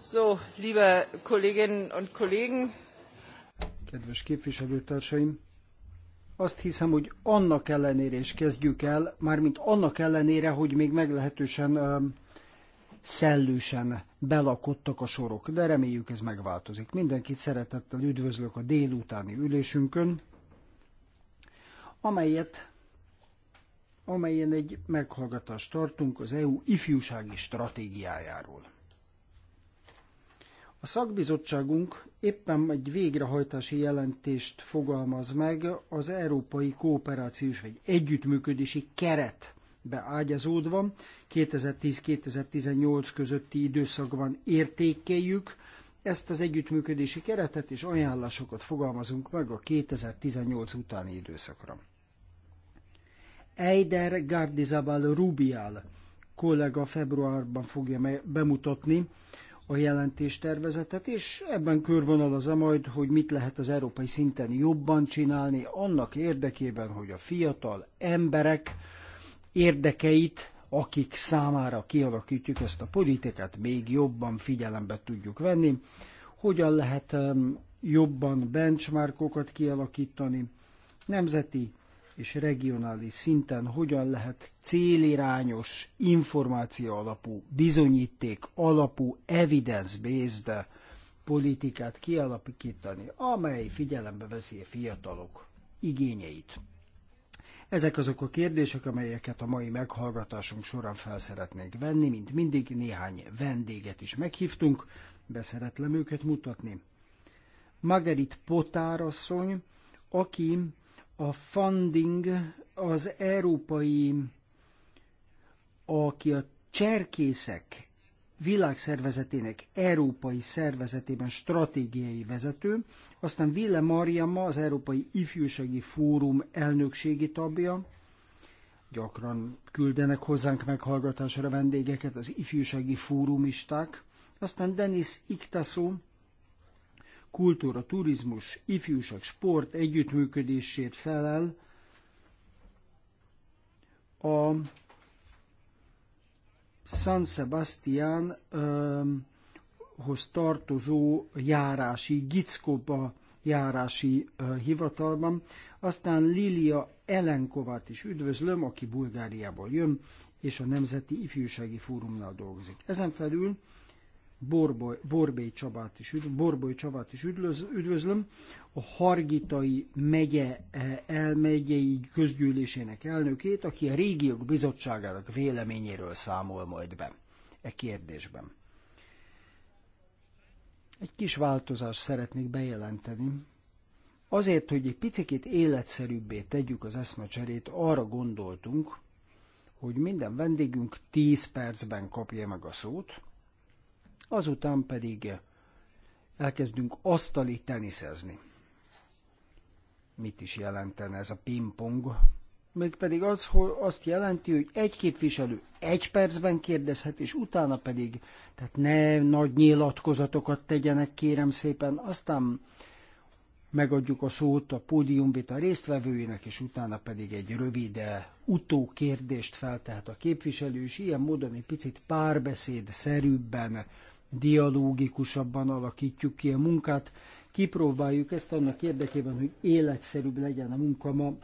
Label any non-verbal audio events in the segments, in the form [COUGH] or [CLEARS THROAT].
So, liebe Kolleginnen und Kollegen. Kedves képviselőtársaim, azt hiszem, hogy annak ellenére is kezdjük el, mármint annak ellenére, hogy még meglehetősen um, szellősen belakottak a sorok, de reméljük ez megváltozik. Mindenkit szeretettel üdvözlök a délutáni ülésünkön, amelyet amelyen egy meghallgatást tartunk az EU ifjúsági stratégiájáról. A szakbizottságunk éppen egy végrehajtási jelentést fogalmaz meg az Európai Kooperációs vagy Együttműködési Keret beágyazódva 2010-2018 közötti időszakban értékeljük ezt az együttműködési keretet és ajánlásokat fogalmazunk meg a 2018 utáni időszakra. Eider Gardizabal Rubial kollega februárban fogja bemutatni a jelentéstervezetet, és ebben körvonalazza majd, hogy mit lehet az európai szinten jobban csinálni, annak érdekében, hogy a fiatal emberek érdekeit, akik számára kialakítjuk ezt a politikát, még jobban figyelembe tudjuk venni, hogyan lehet um, jobban benchmarkokat kialakítani, nemzeti és regionális szinten hogyan lehet célirányos, információ alapú, bizonyíték alapú, evidence-based politikát kialakítani, amely figyelembe veszi a fiatalok igényeit. Ezek azok a kérdések, amelyeket a mai meghallgatásunk során fel szeretnénk venni, mint mindig néhány vendéget is meghívtunk, beszeretlem őket mutatni. Margarit Potár asszony, aki a funding az európai, aki a cserkészek világszervezetének európai szervezetében stratégiai vezető, aztán Ville Mariama, az Európai Ifjúsági Fórum elnökségi tabja, gyakran küldenek hozzánk meghallgatásra vendégeket az ifjúsági fórumisták, aztán Denis Iktasu, kultúra, turizmus, ifjúság, sport együttműködésért felel. A San Sebastiánhoz tartozó járási, Gickóba járási hivatalban. Aztán Lilia Elenkovát is üdvözlöm, aki Bulgáriából jön, és a Nemzeti Ifjúsági Fórumnál dolgozik. Ezen felül Borboly, Borbély Csabát is, Borboly Csabát is üdvöz, üdvözlöm, a Hargitai megye eh, elmegyei közgyűlésének elnökét, aki a régiók bizottságának véleményéről számol majd be e kérdésben. Egy kis változást szeretnék bejelenteni. Azért, hogy egy picit életszerűbbé tegyük az eszmecserét, arra gondoltunk, hogy minden vendégünk 10 percben kapja meg a szót, azután pedig elkezdünk asztali teniszezni. Mit is jelentene ez a pingpong? Mégpedig az, hogy azt jelenti, hogy egy képviselő egy percben kérdezhet, és utána pedig, tehát ne nagy nyilatkozatokat tegyenek, kérem szépen, aztán megadjuk a szót a pódiumvita résztvevőinek, és utána pedig egy rövid eh, utókérdést feltehet a képviselő, és ilyen módon egy picit párbeszéd szerűbben, dialógikusabban alakítjuk ki a munkát. Kipróbáljuk ezt annak érdekében, hogy életszerűbb legyen a munka ma,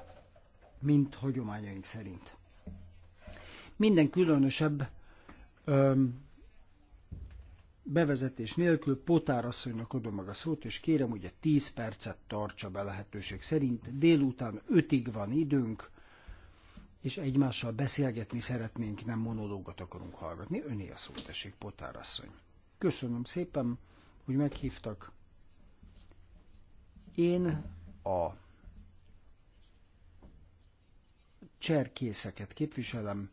mint hagyományaink szerint. Minden különösebb öm, bevezetés nélkül potárasszonynak adom meg a szót, és kérem, hogy a 10 percet tartsa be lehetőség szerint. Délután 5-ig van időnk, és egymással beszélgetni szeretnénk, nem monológot akarunk hallgatni. Öné a szót, tessék, potárasszony. Köszönöm szépen, hogy meghívtak. Én a cserkészeket képviselem,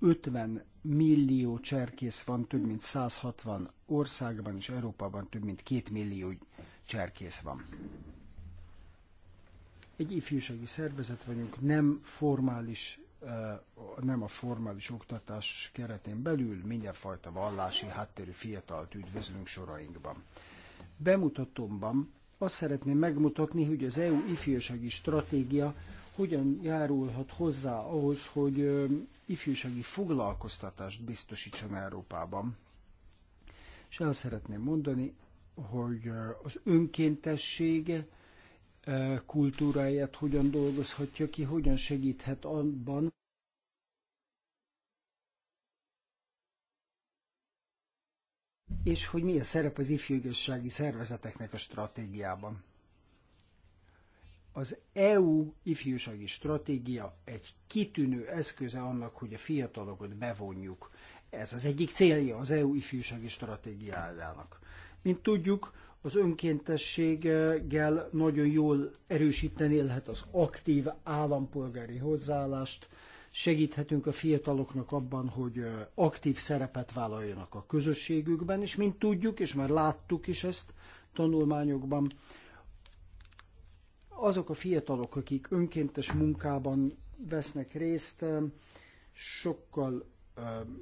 50 millió cserkész van több mint 160 országban, és Európában több mint 2 millió cserkész van. Egy ifjúsági szervezet vagyunk, nem formális eh, nem a formális oktatás keretén belül mindenfajta vallási háttérű fiatalt üdvözlünk sorainkban. Bemutatomban azt szeretném megmutatni, hogy az EU ifjúsági stratégia hogyan járulhat hozzá ahhoz, hogy ifjúsági foglalkoztatást biztosítson Európában. És el szeretném mondani, hogy az önkéntesség kultúráját hogyan dolgozhatja ki, hogyan segíthet abban, és hogy milyen szerep az ifjúsági szervezeteknek a stratégiában. Az EU ifjúsági stratégia egy kitűnő eszköze annak, hogy a fiatalokat bevonjuk. Ez az egyik célja az EU ifjúsági stratégiájának. Mint tudjuk, az önkéntességgel nagyon jól erősíteni lehet az aktív állampolgári hozzáállást, segíthetünk a fiataloknak abban, hogy aktív szerepet vállaljanak a közösségükben, és mint tudjuk, és már láttuk is ezt tanulmányokban, azok a fiatalok, akik önkéntes munkában vesznek részt, sokkal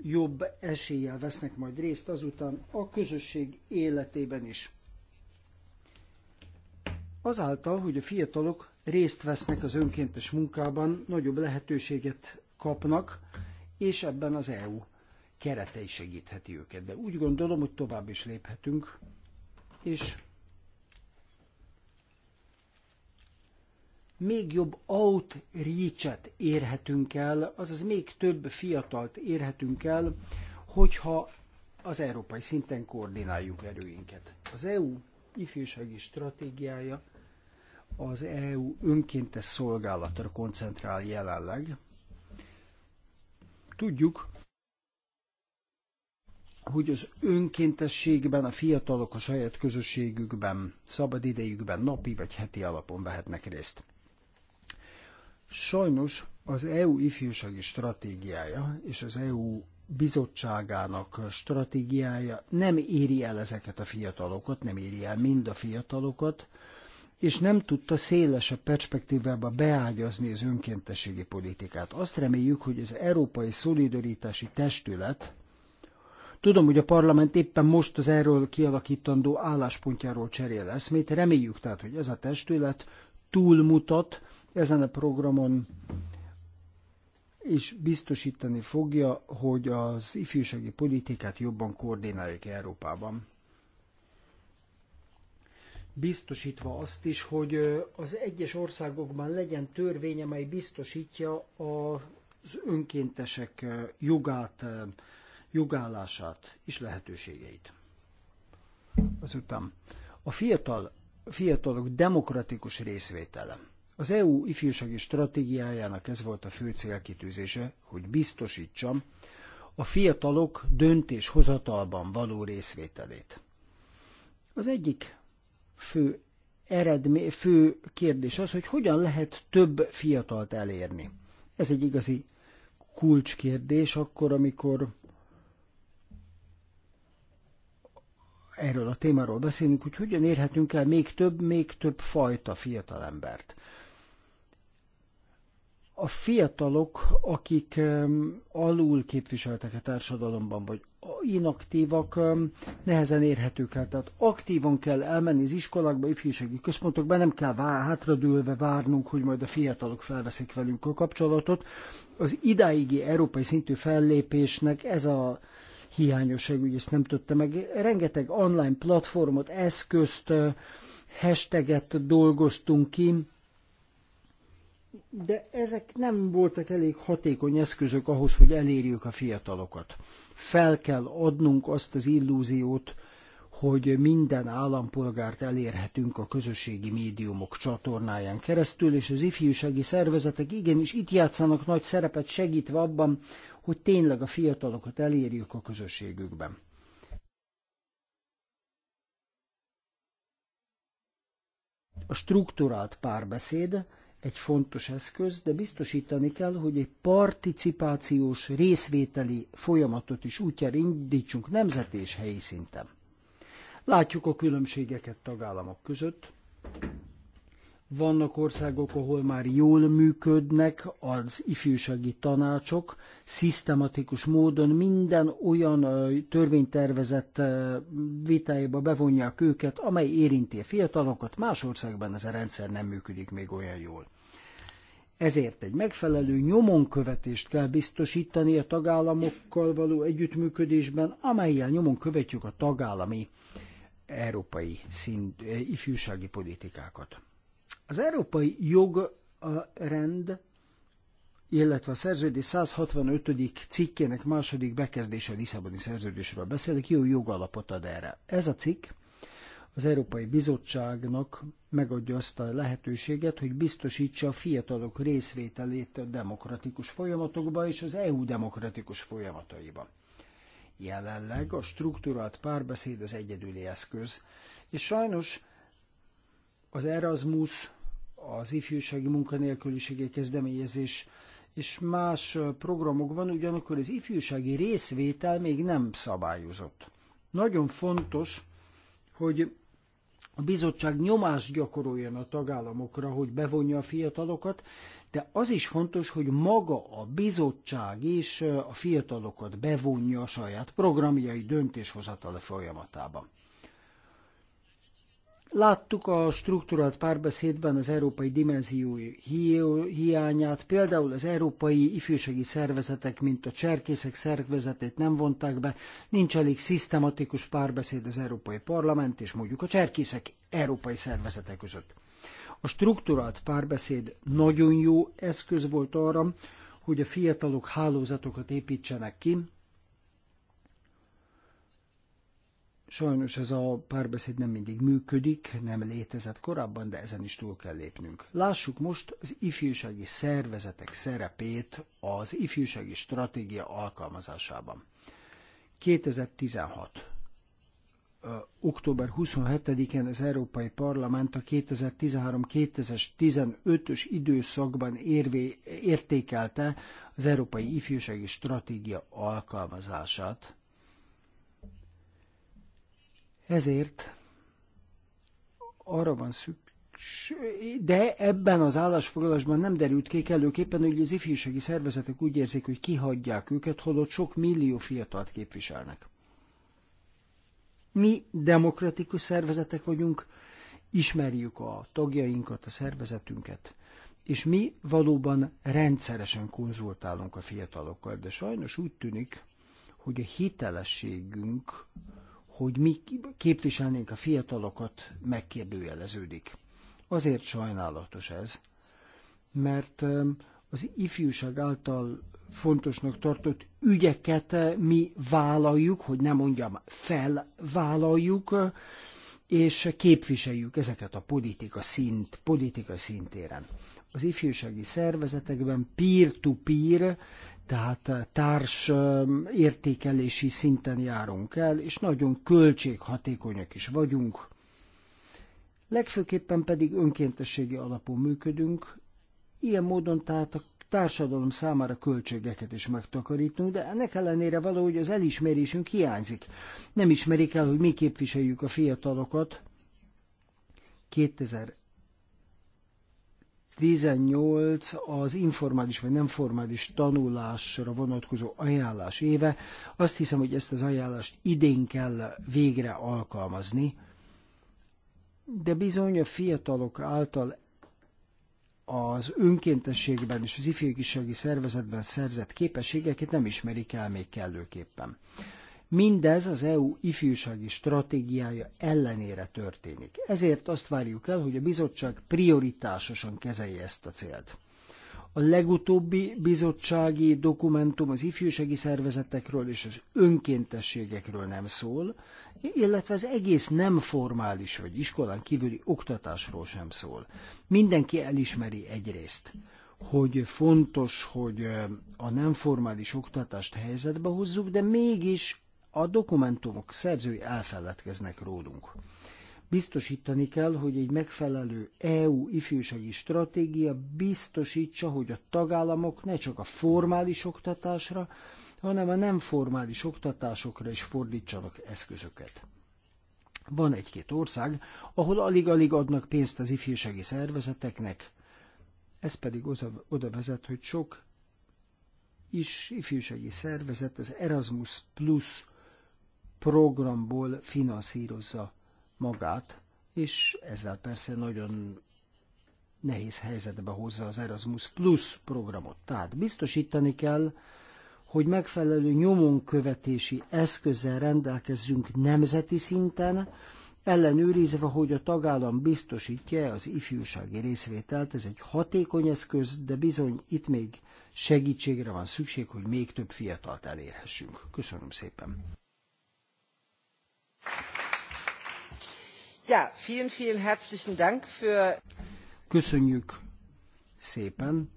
jobb eséllyel vesznek majd részt azután a közösség életében is. Azáltal, hogy a fiatalok részt vesznek az önkéntes munkában, nagyobb lehetőséget kapnak, és ebben az EU keretei segítheti őket. De úgy gondolom, hogy tovább is léphetünk, és még jobb outreach-et érhetünk el, azaz még több fiatalt érhetünk el, hogyha az európai szinten koordináljuk erőinket. Az EU ifjúsági stratégiája az EU önkéntes szolgálatra koncentrál jelenleg. Tudjuk, hogy az önkéntességben a fiatalok a saját közösségükben, szabadidejükben napi vagy heti alapon vehetnek részt. Sajnos az EU ifjúsági stratégiája és az EU bizottságának stratégiája nem éri el ezeket a fiatalokat, nem éri el mind a fiatalokat, és nem tudta szélesebb perspektívába beágyazni az önkéntességi politikát. Azt reméljük, hogy az Európai Szolidaritási Testület, tudom, hogy a parlament éppen most az erről kialakítandó álláspontjáról cserél eszmét, reméljük tehát, hogy ez a testület túlmutat ezen a programon, és biztosítani fogja, hogy az ifjúsági politikát jobban koordináljuk Európában. Biztosítva azt is, hogy az egyes országokban legyen törvény, amely biztosítja az önkéntesek jogát, jogállását és lehetőségeit. Azután a fiatal, fiatalok demokratikus részvétele. Az EU ifjúsági stratégiájának ez volt a fő célkitűzése, hogy biztosítsam a fiatalok döntéshozatalban való részvételét. Az egyik fő, eredmé, fő kérdés az, hogy hogyan lehet több fiatalt elérni. Ez egy igazi kulcskérdés akkor, amikor erről a témáról beszélünk, hogy hogyan érhetünk el még több, még több fajta fiatalembert a fiatalok, akik alul képviseltek a társadalomban, vagy inaktívak, nehezen érhetők el. Tehát aktívan kell elmenni az iskolákba, ifjúsági központokba, nem kell vár, hátradőlve várnunk, hogy majd a fiatalok felveszik velünk a kapcsolatot. Az idáigi európai szintű fellépésnek ez a hiányosság, ugye ezt nem tudta meg. Rengeteg online platformot, eszközt, eh, hashtaget dolgoztunk ki, de ezek nem voltak elég hatékony eszközök ahhoz, hogy elérjük a fiatalokat. Fel kell adnunk azt az illúziót, hogy minden állampolgárt elérhetünk a közösségi médiumok csatornáján keresztül, és az ifjúsági szervezetek igenis itt játszanak nagy szerepet segítve abban, hogy tényleg a fiatalokat elérjük a közösségükben. A strukturált párbeszéd egy fontos eszköz, de biztosítani kell, hogy egy participációs részvételi folyamatot is útjára indítsunk nemzet és helyi szinten. Látjuk a különbségeket tagállamok között, vannak országok, ahol már jól működnek az ifjúsági tanácsok, szisztematikus módon minden olyan törvénytervezet vitájába bevonják őket, amely érinti a fiatalokat, más országban ez a rendszer nem működik még olyan jól. Ezért egy megfelelő nyomonkövetést kell biztosítani a tagállamokkal való együttműködésben, amelyel nyomon követjük a tagállami európai szint, ifjúsági politikákat. Az európai jogrend, illetve a szerződés 165. cikkének második bekezdése a Lisszaboni szerződésről beszélek, jó jogalapot ad erre. Ez a cikk az Európai Bizottságnak megadja azt a lehetőséget, hogy biztosítsa a fiatalok részvételét a demokratikus folyamatokba és az EU demokratikus folyamataiba. Jelenleg a struktúrált párbeszéd az egyedüli eszköz, és sajnos az Erasmus az ifjúsági munkanélküliségi kezdeményezés és más programokban, ugyanakkor az ifjúsági részvétel még nem szabályozott. Nagyon fontos, hogy a bizottság nyomást gyakoroljon a tagállamokra, hogy bevonja a fiatalokat, de az is fontos, hogy maga a bizottság is a fiatalokat bevonja a saját programjai döntéshozatali folyamatában. Láttuk a struktúrált párbeszédben az európai dimenzió hiányát, például az európai ifjúsági szervezetek, mint a cserkészek szervezetét nem vonták be, nincs elég szisztematikus párbeszéd az Európai Parlament és mondjuk a cserkészek európai szervezetek között. A struktúrált párbeszéd nagyon jó eszköz volt arra, hogy a fiatalok hálózatokat építsenek ki, Sajnos ez a párbeszéd nem mindig működik, nem létezett korábban, de ezen is túl kell lépnünk. Lássuk most az ifjúsági szervezetek szerepét az ifjúsági stratégia alkalmazásában. 2016. Október 27-én az Európai Parlament a 2013-2015-ös időszakban érvé, értékelte az Európai Ifjúsági Stratégia alkalmazását ezért arra van szükség, de ebben az állásfoglalásban nem derült ki kellőképpen, hogy az ifjúsági szervezetek úgy érzik, hogy kihagyják őket, holott sok millió fiatalt képviselnek. Mi demokratikus szervezetek vagyunk, ismerjük a tagjainkat, a szervezetünket, és mi valóban rendszeresen konzultálunk a fiatalokkal, de sajnos úgy tűnik, hogy a hitelességünk hogy mi képviselnénk a fiatalokat, megkérdőjeleződik. Azért sajnálatos ez, mert az ifjúság által fontosnak tartott ügyeket eh, mi vállaljuk, hogy nem mondjam felvállaljuk, eh, és képviseljük ezeket a politika szint, politika szintéren. Az ifjúsági szervezetekben peer-to-peer -peer tehát eh, társ eh, értékelési szinten járunk el, és nagyon költséghatékonyak is vagyunk. Legfőképpen pedig önkéntességi alapon működünk, ilyen módon tehát a társadalom számára költségeket is megtakarítunk, de ennek ellenére valahogy az elismerésünk hiányzik. Nem ismerik el, hogy mi képviseljük a fiatalokat. 2000 2018 az informális vagy nem formális tanulásra vonatkozó ajánlás éve. Azt hiszem, hogy ezt az ajánlást idén kell végre alkalmazni, de bizony a fiatalok által az önkéntességben és az ifjúsági szervezetben szerzett képességeket nem ismerik el még kellőképpen. Mindez az EU ifjúsági stratégiája ellenére történik. Ezért azt várjuk el, hogy a bizottság prioritásosan kezelje ezt a célt. A legutóbbi bizottsági dokumentum az ifjúsági szervezetekről és az önkéntességekről nem szól, illetve az egész nem formális vagy iskolán kívüli oktatásról sem szól. Mindenki elismeri egyrészt, hogy fontos, hogy a nem formális oktatást helyzetbe hozzuk, de mégis a dokumentumok szerzői elfeledkeznek rólunk. Biztosítani kell, hogy egy megfelelő EU ifjúsági stratégia biztosítsa, hogy a tagállamok ne csak a formális oktatásra, hanem a nem formális oktatásokra is fordítsanak eszközöket. Van egy-két ország, ahol alig-alig adnak pénzt az ifjúsági szervezeteknek, ez pedig oda vezet, hogy sok is ifjúsági szervezet az Erasmus Plus programból finanszírozza magát, és ezzel persze nagyon nehéz helyzetbe hozza az Erasmus Plus programot. Tehát biztosítani kell, hogy megfelelő nyomonkövetési eszközzel rendelkezzünk nemzeti szinten, ellenőrizve, hogy a tagállam biztosítja az ifjúsági részvételt. Ez egy hatékony eszköz, de bizony itt még segítségre van szükség, hogy még több fiatalt elérhessünk. Köszönöm szépen! Ja, vielen, vielen herzlichen Dank für... Köszönjük szépen.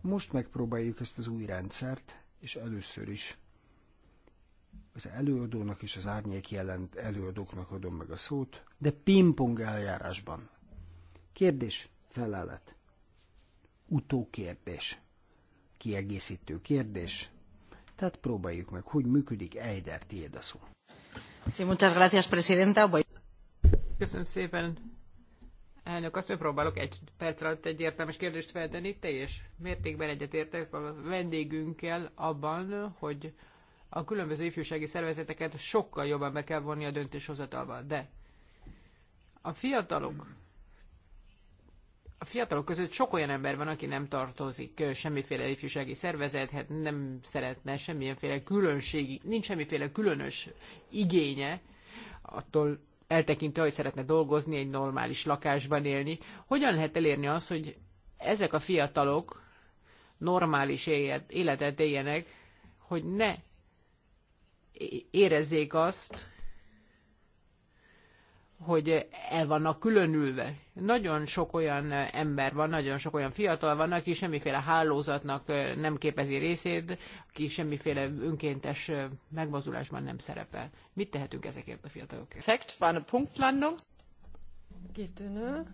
Most megpróbáljuk ezt az új rendszert, és először is az előadónak és az árnyék jelent előadóknak adom meg a szót, de pingpong eljárásban. Kérdés, felelet. Utókérdés. Kiegészítő kérdés. Tehát próbáljuk meg, hogy működik Eider, tiéd a szó. Sí, muchas gracias, presidenta. Voy... Köszönöm szépen, elnök asszony. Próbálok egy perc alatt egy értelmes kérdést feltenni. Teljes mértékben egyetértek a vendégünkkel abban, hogy a különböző ifjúsági szervezeteket sokkal jobban be kell vonni a döntéshozatalba. De a fiatalok a fiatalok között sok olyan ember van, aki nem tartozik semmiféle ifjúsági szervezethez, nem szeretne semmilyenféle különbségi, nincs semmiféle különös igénye, attól eltekintve, hogy szeretne dolgozni, egy normális lakásban élni. Hogyan lehet elérni azt, hogy ezek a fiatalok normális életet éljenek, hogy ne érezzék azt, hogy el vannak különülve. Nagyon sok olyan ember van, nagyon sok olyan fiatal van, aki semmiféle hálózatnak nem képezi részét, aki semmiféle önkéntes megmozulásban nem szerepel. Mit tehetünk ezekért a fiatalokért? Fekt, van a punktlandung. Kitűnő.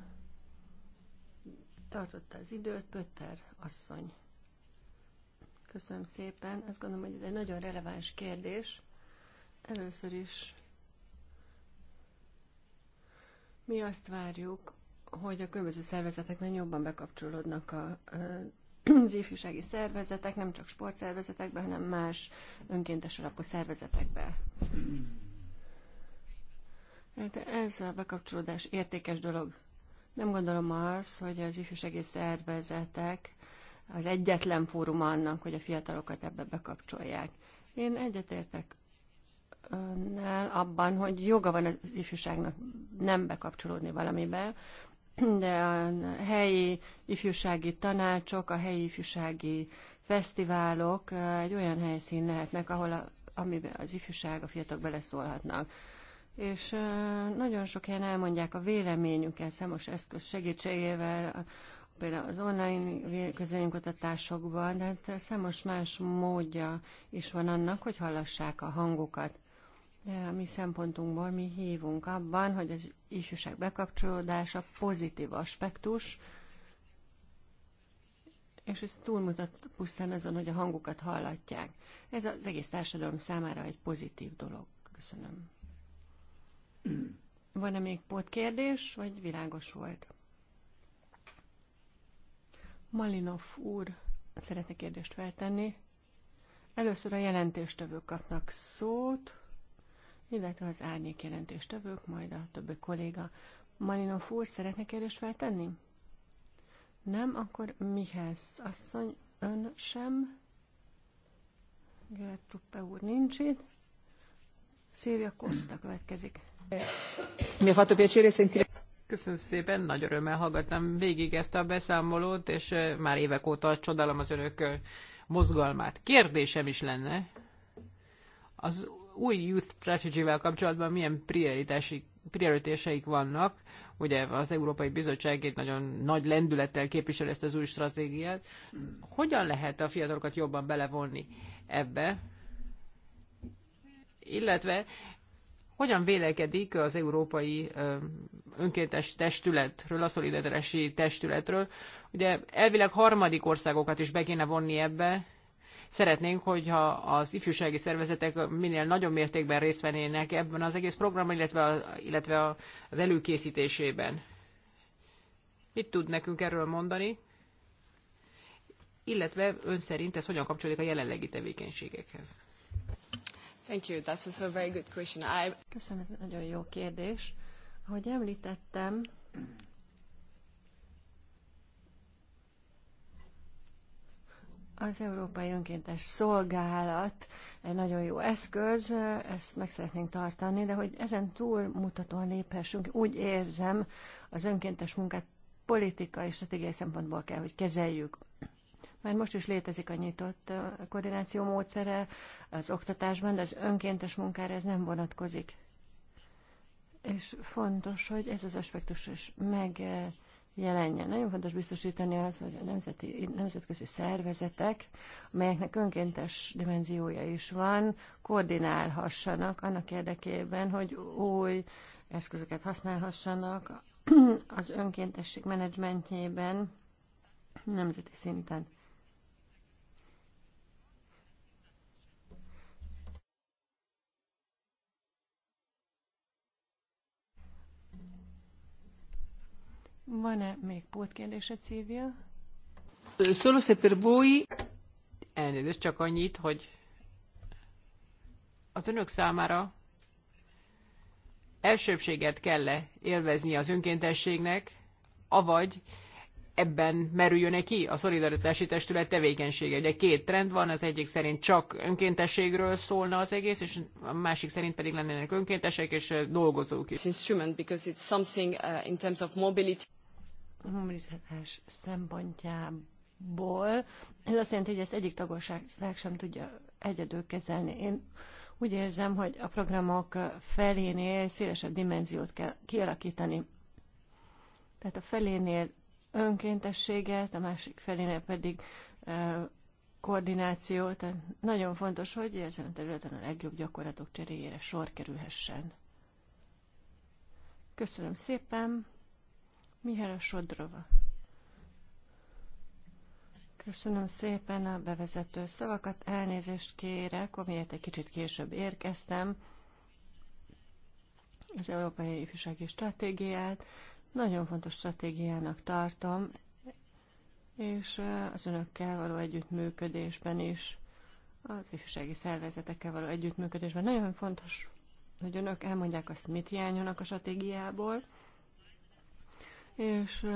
Tartotta az időt, Pötter asszony. Köszönöm szépen. Azt gondolom, hogy ez egy nagyon releváns kérdés. Először is Mi azt várjuk, hogy a különböző nagyon jobban bekapcsolódnak a, [CLEARS THROAT] az ifjúsági szervezetek, nem csak sportszervezetekbe, hanem más önkéntes alapú szervezetekbe. Hát ez a bekapcsolódás értékes dolog. Nem gondolom az, hogy az ifjúsági szervezetek az egyetlen fórum annak, hogy a fiatalokat ebbe bekapcsolják. Én egyetértek önnel abban, hogy joga van az ifjúságnak nem bekapcsolódni valamibe, de a helyi ifjúsági tanácsok, a helyi ifjúsági fesztiválok egy olyan helyszín lehetnek, ahol a, amiben az ifjúság, a fiatalok beleszólhatnak. És nagyon sok helyen elmondják a véleményüket számos eszköz segítségével, például az online közönkutatásokban, de hát számos más módja is van annak, hogy hallassák a hangukat. De a mi szempontunkból mi hívunk abban, hogy az ifjúság bekapcsolódása pozitív aspektus, és ez túlmutat pusztán azon, hogy a hangukat hallatják. Ez az egész társadalom számára egy pozitív dolog. Köszönöm. Van-e még kérdés, vagy világos volt? Malinov úr szeretne kérdést feltenni. Először a jelentéstevők kapnak szót illetve az árnyék jelentős tevők, majd a többi kolléga. Malinov úr, szeretne kérdés feltenni? Nem, akkor mihez? Asszony, ön sem? Gertruppe úr nincs itt. Szilvia Kosta következik. Mi a fatto piacere sentire. Köszönöm szépen, nagy örömmel hallgattam végig ezt a beszámolót, és már évek óta csodálom az önök mozgalmát. Kérdésem is lenne, az új Youth Strategy-vel kapcsolatban milyen prioritási prioritásaik vannak. Ugye az Európai Bizottság egy nagyon nagy lendülettel képvisel ezt az új stratégiát. Hogyan lehet a fiatalokat jobban belevonni ebbe? Illetve hogyan vélekedik az Európai Önkéntes Testületről, a Szolidaritási Testületről? Ugye elvileg harmadik országokat is be kéne vonni ebbe, Szeretnénk, hogyha az ifjúsági szervezetek minél nagyobb mértékben részt vennének ebben az egész programban, illetve, a, illetve az előkészítésében. Mit tud nekünk erről mondani? Illetve ön szerint ez hogyan kapcsolódik a jelenlegi tevékenységekhez? Thank you. That's also a very good question. I... Köszönöm, ez nagyon jó kérdés. Ahogy említettem, Az Európai Önkéntes Szolgálat egy nagyon jó eszköz, ezt meg szeretnénk tartani, de hogy ezen túlmutatóan léphessünk, úgy érzem, az önkéntes munkát politikai és stratégiai szempontból kell, hogy kezeljük. mert most is létezik a nyitott koordináció módszere az oktatásban, de az önkéntes munkára ez nem vonatkozik. És fontos, hogy ez az aspektus is meg jelenjen. Nagyon fontos biztosítani az, hogy a nemzeti, nemzetközi szervezetek, amelyeknek önkéntes dimenziója is van, koordinálhassanak annak érdekében, hogy új eszközöket használhassanak az önkéntesség menedzsmentjében nemzeti szinten. Van-e még pótkérdése, civil? Solo se per voi... Elnézést, csak annyit, hogy az önök számára elsőbséget kell-e élvezni az önkéntességnek, avagy ebben merüljön-e ki a szolidaritási testület tevékenysége. Ugye két trend van, az egyik szerint csak önkéntességről szólna az egész, és a másik szerint pedig lennének önkéntesek és dolgozók is. Instrument because it's something uh, in terms of mobility humanizálás szempontjából. Ez azt jelenti, hogy ezt egyik tagország sem tudja egyedül kezelni. Én úgy érzem, hogy a programok felénél szélesebb dimenziót kell kialakítani. Tehát a felénél önkéntességet, a másik felénél pedig e, koordinációt. Tehát nagyon fontos, hogy ezen a területen a legjobb gyakorlatok cseréjére sor kerülhessen. Köszönöm szépen! Mihály Sodrova. Köszönöm szépen a bevezető szavakat. Elnézést kérek, amiért egy kicsit később érkeztem. Az Európai Ifjúsági Stratégiát nagyon fontos stratégiának tartom, és az önökkel való együttműködésben is, az ifjúsági szervezetekkel való együttműködésben nagyon fontos, hogy önök elmondják azt, mit hiányolnak a stratégiából, és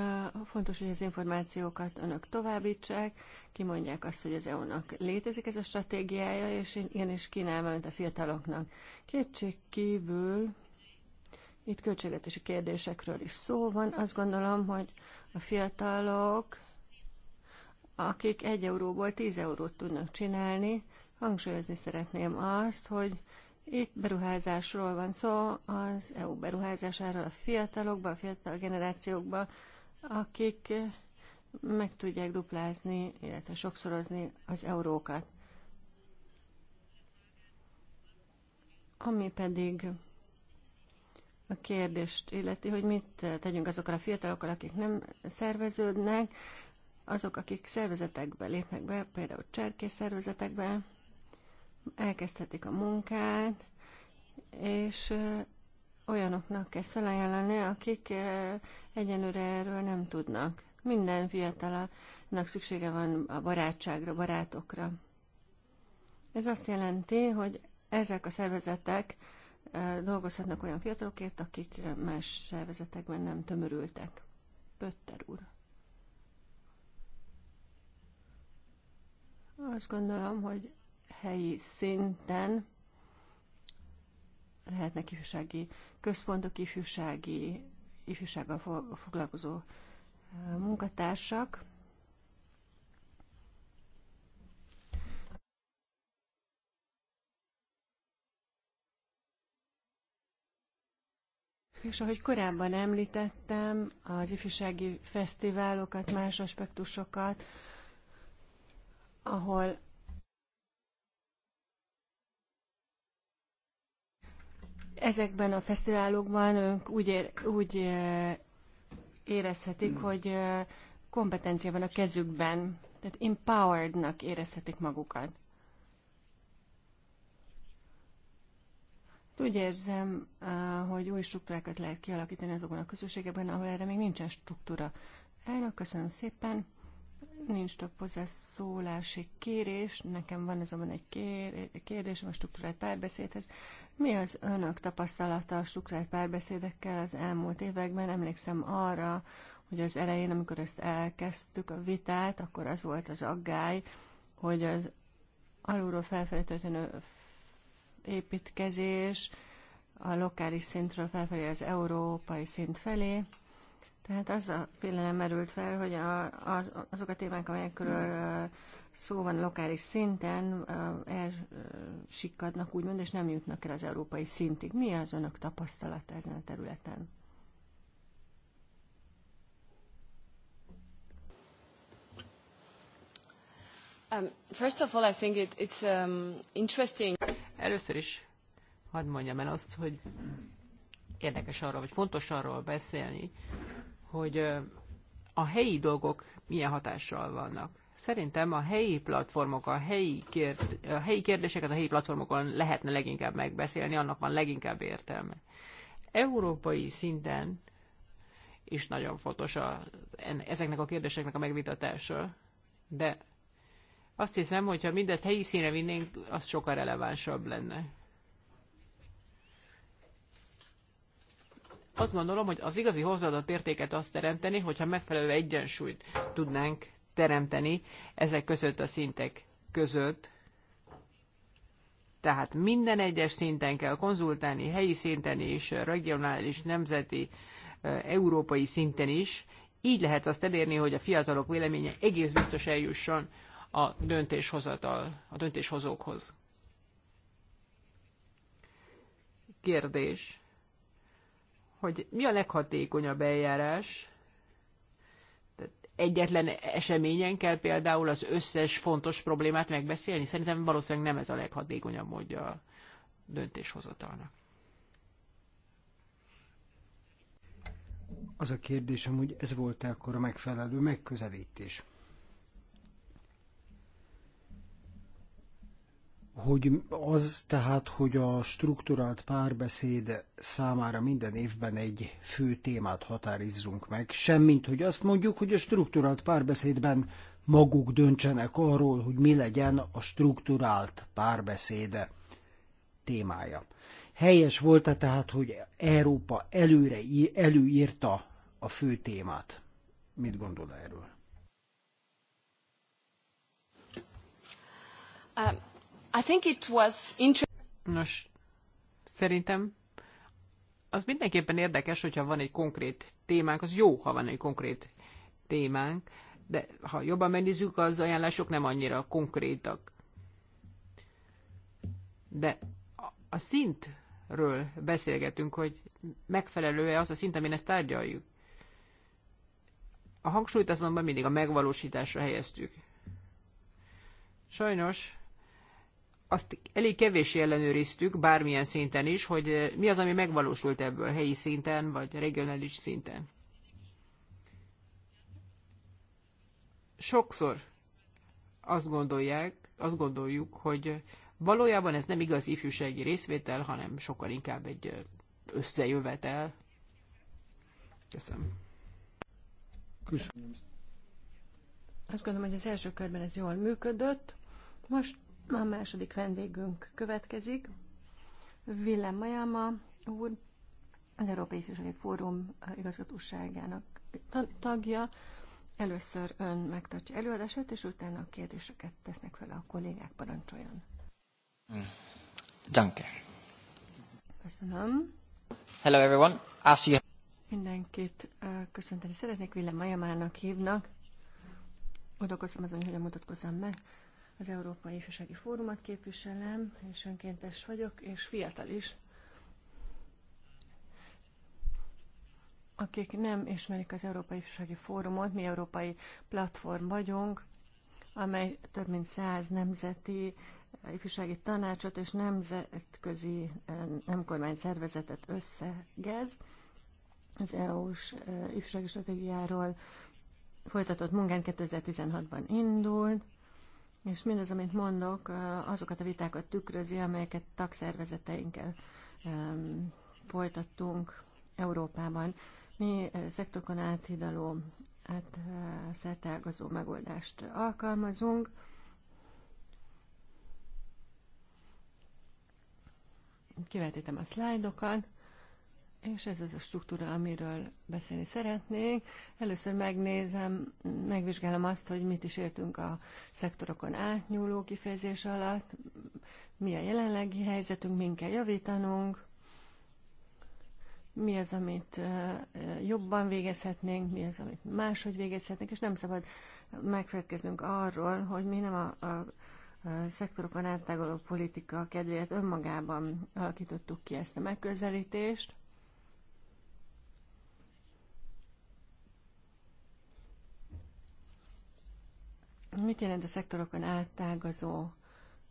fontos, hogy az információkat önök továbbítsák, kimondják azt, hogy az EU-nak létezik ez a stratégiája, és én is kínálom ment a fiataloknak. Kétség kívül itt költségetési kérdésekről is szó van. Azt gondolom, hogy a fiatalok, akik egy euróból 10 eurót tudnak csinálni, hangsúlyozni szeretném azt, hogy itt beruházásról van szó, az EU beruházásáról a fiatalokba, a fiatal generációkba, akik meg tudják duplázni, illetve sokszorozni az eurókat. Ami pedig a kérdést illeti, hogy mit tegyünk azokkal a fiatalokkal, akik nem szerveződnek, azok, akik szervezetekbe lépnek be, például cserkész szervezetekbe, elkezdhetik a munkát, és olyanoknak kell felajánlani, akik egyenlőre erről nem tudnak. Minden fiatalnak szüksége van a barátságra, barátokra. Ez azt jelenti, hogy ezek a szervezetek dolgozhatnak olyan fiatalokért, akik más szervezetekben nem tömörültek. Pötter úr. Azt gondolom, hogy helyi szinten lehetnek ifjúsági központok, ifjúsági, ifjúsággal foglalkozó munkatársak. És ahogy korábban említettem, az ifjúsági fesztiválokat, más aspektusokat, ahol ezekben a fesztiválokban ők úgy, ér, úgy érezhetik, hogy kompetencia van a kezükben, tehát empowerednak érezhetik magukat. Úgy érzem, hogy új struktúrákat lehet kialakítani azokban a közösségekben, ahol erre még nincsen struktúra. Elnök, köszönöm szépen. Nincs több hozzászólási kérés, nekem van azonban egy kérdés, kérdésem a struktúrált párbeszédhez. Mi az önök tapasztalata a struktúrált párbeszédekkel az elmúlt években? Emlékszem arra, hogy az elején, amikor ezt elkezdtük a vitát, akkor az volt az aggály, hogy az alulról felfelé történő építkezés a lokális szintről felfelé az európai szint felé, tehát az a félelem merült fel, hogy a, az, azok a témák, amelyekről szó van lokális szinten, elsikkadnak úgymond, és nem jutnak el az európai szintig. Mi az önök tapasztalata ezen a területen? Um, first of all, I think it, it's um, interesting. Először is hadd mondjam el azt, hogy érdekes arról, vagy fontos arról beszélni, hogy a helyi dolgok milyen hatással vannak. Szerintem a helyi platformok, a helyi, kérd, a helyi kérdéseket a helyi platformokon lehetne leginkább megbeszélni, annak van leginkább értelme. Európai szinten is nagyon fontos a, ezeknek a kérdéseknek a megvitatása, de azt hiszem, hogyha mindezt helyi színre vinnénk, az sokkal relevánsabb lenne. Azt gondolom, hogy az igazi hozzáadott értéket azt teremteni, hogyha megfelelő egyensúlyt tudnánk teremteni ezek között a szintek között. Tehát minden egyes szinten kell konzultálni, helyi szinten is, regionális, nemzeti, európai szinten is. Így lehet azt elérni, hogy a fiatalok véleménye egész biztos eljusson a döntéshozatal, a döntéshozókhoz. Kérdés hogy mi a leghatékonyabb eljárás, tehát egyetlen eseményen kell például az összes fontos problémát megbeszélni. Szerintem valószínűleg nem ez a leghatékonyabb módja a döntéshozatalnak. Az a kérdésem, hogy ez volt-e akkor a megfelelő megközelítés? hogy az tehát, hogy a strukturált párbeszéd számára minden évben egy fő témát határizzunk meg, semmint, hogy azt mondjuk, hogy a strukturált párbeszédben maguk döntsenek arról, hogy mi legyen a strukturált párbeszéd témája. Helyes volt -e tehát, hogy Európa előre előírta a fő témát? Mit gondol erről? Um. I think it was Nos, szerintem az mindenképpen érdekes, hogyha van egy konkrét témánk, az jó, ha van egy konkrét témánk, de ha jobban megnézzük, az ajánlások nem annyira konkrétak. De a szintről beszélgetünk, hogy megfelelő-e az a szint, amin ezt tárgyaljuk. A hangsúlyt azonban mindig a megvalósításra helyeztük. Sajnos azt elég kevéssé ellenőriztük, bármilyen szinten is, hogy eh, mi az, ami megvalósult ebből helyi szinten, vagy regionális szinten. Sokszor azt gondolják, azt gondoljuk, hogy valójában ez nem igaz ifjúsági részvétel, hanem sokkal inkább egy eh, összejövetel. Köszönöm. Köszönöm. Azt gondolom, hogy az első körben ez jól működött. Most a második vendégünk következik. Willem Majama úr, az Európai Ifjúsági Fórum igazgatóságának tagja. Először ön megtartja előadását, és utána a kérdéseket tesznek fel a kollégák, parancsoljon. Danke. Köszönöm. Hello everyone. As you... Mindenkit köszönteni szeretnék, Willem Majamának hívnak. Odakozom azon, hogy hogyan mutatkozzam meg az Európai Ifjúsági Fórumot képviselem, és önkéntes vagyok, és fiatal is. Akik nem ismerik az Európai Ifjúsági Fórumot, mi európai platform vagyunk, amely több mint száz nemzeti eh, ifjúsági tanácsot és nemzetközi eh, nemkormány szervezetet összegez. Az EU-s eh, ifjúsági stratégiáról folytatott munkán 2016-ban indult, és mindaz, amit mondok, azokat a vitákat tükrözi, amelyeket tagszervezeteinkkel folytattunk Európában. Mi szektorkon áthidaló, át szertágazó megoldást alkalmazunk. Kivetítem a szlájdokat. És ez az a struktúra, amiről beszélni szeretnék. Először megnézem, megvizsgálom azt, hogy mit is értünk a szektorokon átnyúló kifejezés alatt, mi a jelenlegi helyzetünk, min kell javítanunk, mi az, amit jobban végezhetnénk, mi az, amit máshogy végezhetnénk, és nem szabad megfelelkeznünk arról, hogy mi nem a, a szektorokon átágoló politika kedvéért önmagában alakítottuk ki ezt a megközelítést, Mit jelent a szektorokon áttágazó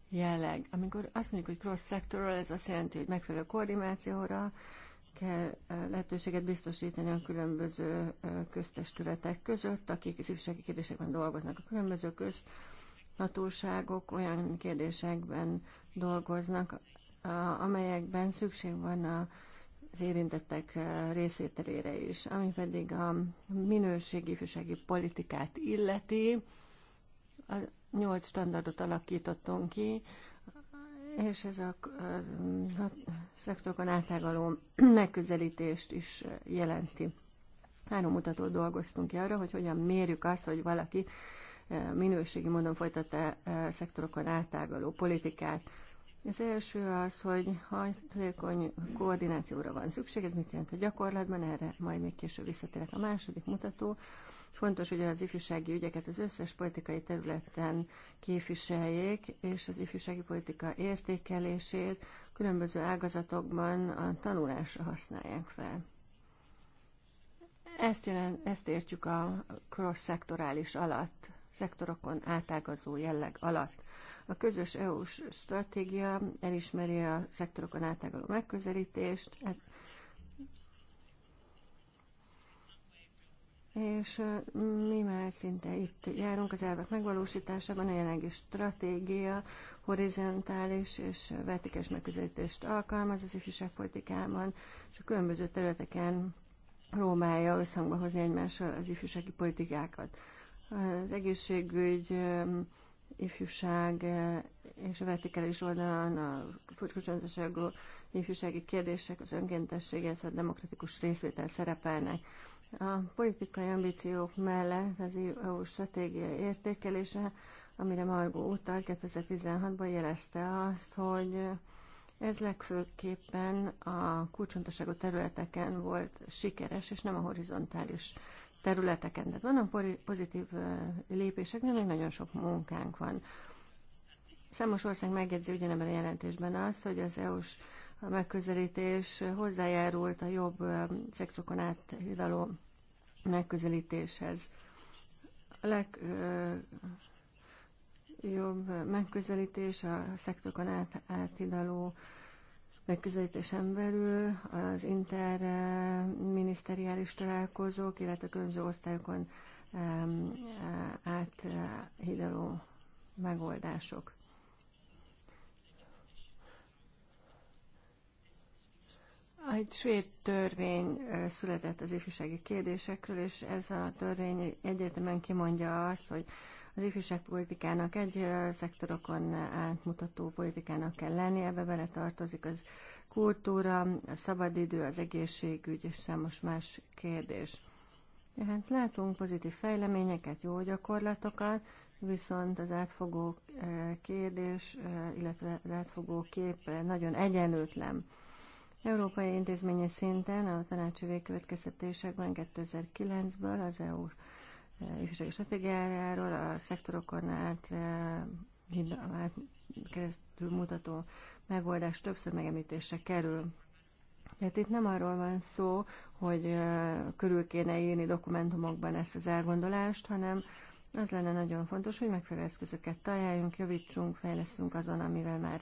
jelleg? Amikor azt mondjuk, hogy cross sectoral, ez azt jelenti, hogy megfelelő koordinációra kell lehetőséget biztosítani a különböző köztestületek között, akik szükségi kérdésekben dolgoznak a különböző közt, hatóságok olyan kérdésekben dolgoznak, amelyekben szükség van a az érintettek részvételére is, ami pedig a minőségi ifjúsági politikát illeti. A nyolc standardot alakítottunk ki, és ez a, a, a szektorokon átágaló megközelítést is jelenti. Három mutatót dolgoztunk ki arra, hogy hogyan mérjük azt, hogy valaki e, minőségi módon folytatta e, szektorokon átágaló politikát. Az első az, hogy hajtékony koordinációra van szükség, ez mit jelent a gyakorlatban, erre majd még később visszatérek a második mutató, Fontos, hogy az ifjúsági ügyeket az összes politikai területen képviseljék, és az ifjúsági politika értékelését különböző ágazatokban a tanulásra használják fel. Ezt, jelent, ezt értjük a cross-szektorális alatt, szektorokon átágazó jelleg alatt. A közös EU-s stratégia elismeri a szektorokon átágoló megközelítést, és mi már szinte itt járunk az elvek megvalósításában, a jelenlegi stratégia horizontális és vertikális megközelítést alkalmaz az ifjúságpolitikában, és a különböző területeken próbálja összhangba hozni egymással az ifjúsági politikákat. Az egészségügy, ifjúság és a vertikális oldalon a fogyatkozatosságú ifjúsági kérdések, az önkéntességet, a demokratikus részvétel szerepelnek. A politikai ambíciók mellett az EU stratégia értékelése, amire Margó utal 2016-ban jelezte azt, hogy ez legfőképpen a kulcsontosságú területeken volt sikeres, és nem a horizontális területeken. Tehát vannak pozitív lépések, de még nagyon sok munkánk van. Számos ország megjegyzi ugyanebben a jelentésben azt, hogy az EU-s a megközelítés hozzájárult a jobb szektorokon áthidaló megközelítéshez. A legjobb megközelítés a szektorokon át, átívelő megközelítésen belül az interminiszteriális találkozók, illetve különböző osztályokon áthidaló megoldások. Egy svéd törvény született az ifjúsági kérdésekről, és ez a törvény egyértelműen kimondja azt, hogy az ifjúságpolitikának egy szektorokon átmutató politikának kell lennie. ebbe bele tartozik az kultúra, a szabadidő, az egészségügy és számos más kérdés. Tehát látunk pozitív fejleményeket, jó gyakorlatokat, viszont az átfogó kérdés, illetve az átfogó kép nagyon egyenlőtlen. Európai intézményi szinten a tanácsi végkövetkeztetésekben 2009-ből az EU ifjúsági stratégiájáról a szektorokon át, e, át keresztül mutató megoldás többször megemlítése kerül. Tehát itt nem arról van szó, hogy e, körül kéne írni dokumentumokban ezt az elgondolást, hanem az lenne nagyon fontos, hogy megfelelő eszközöket találjunk, javítsunk, fejleszünk azon, amivel már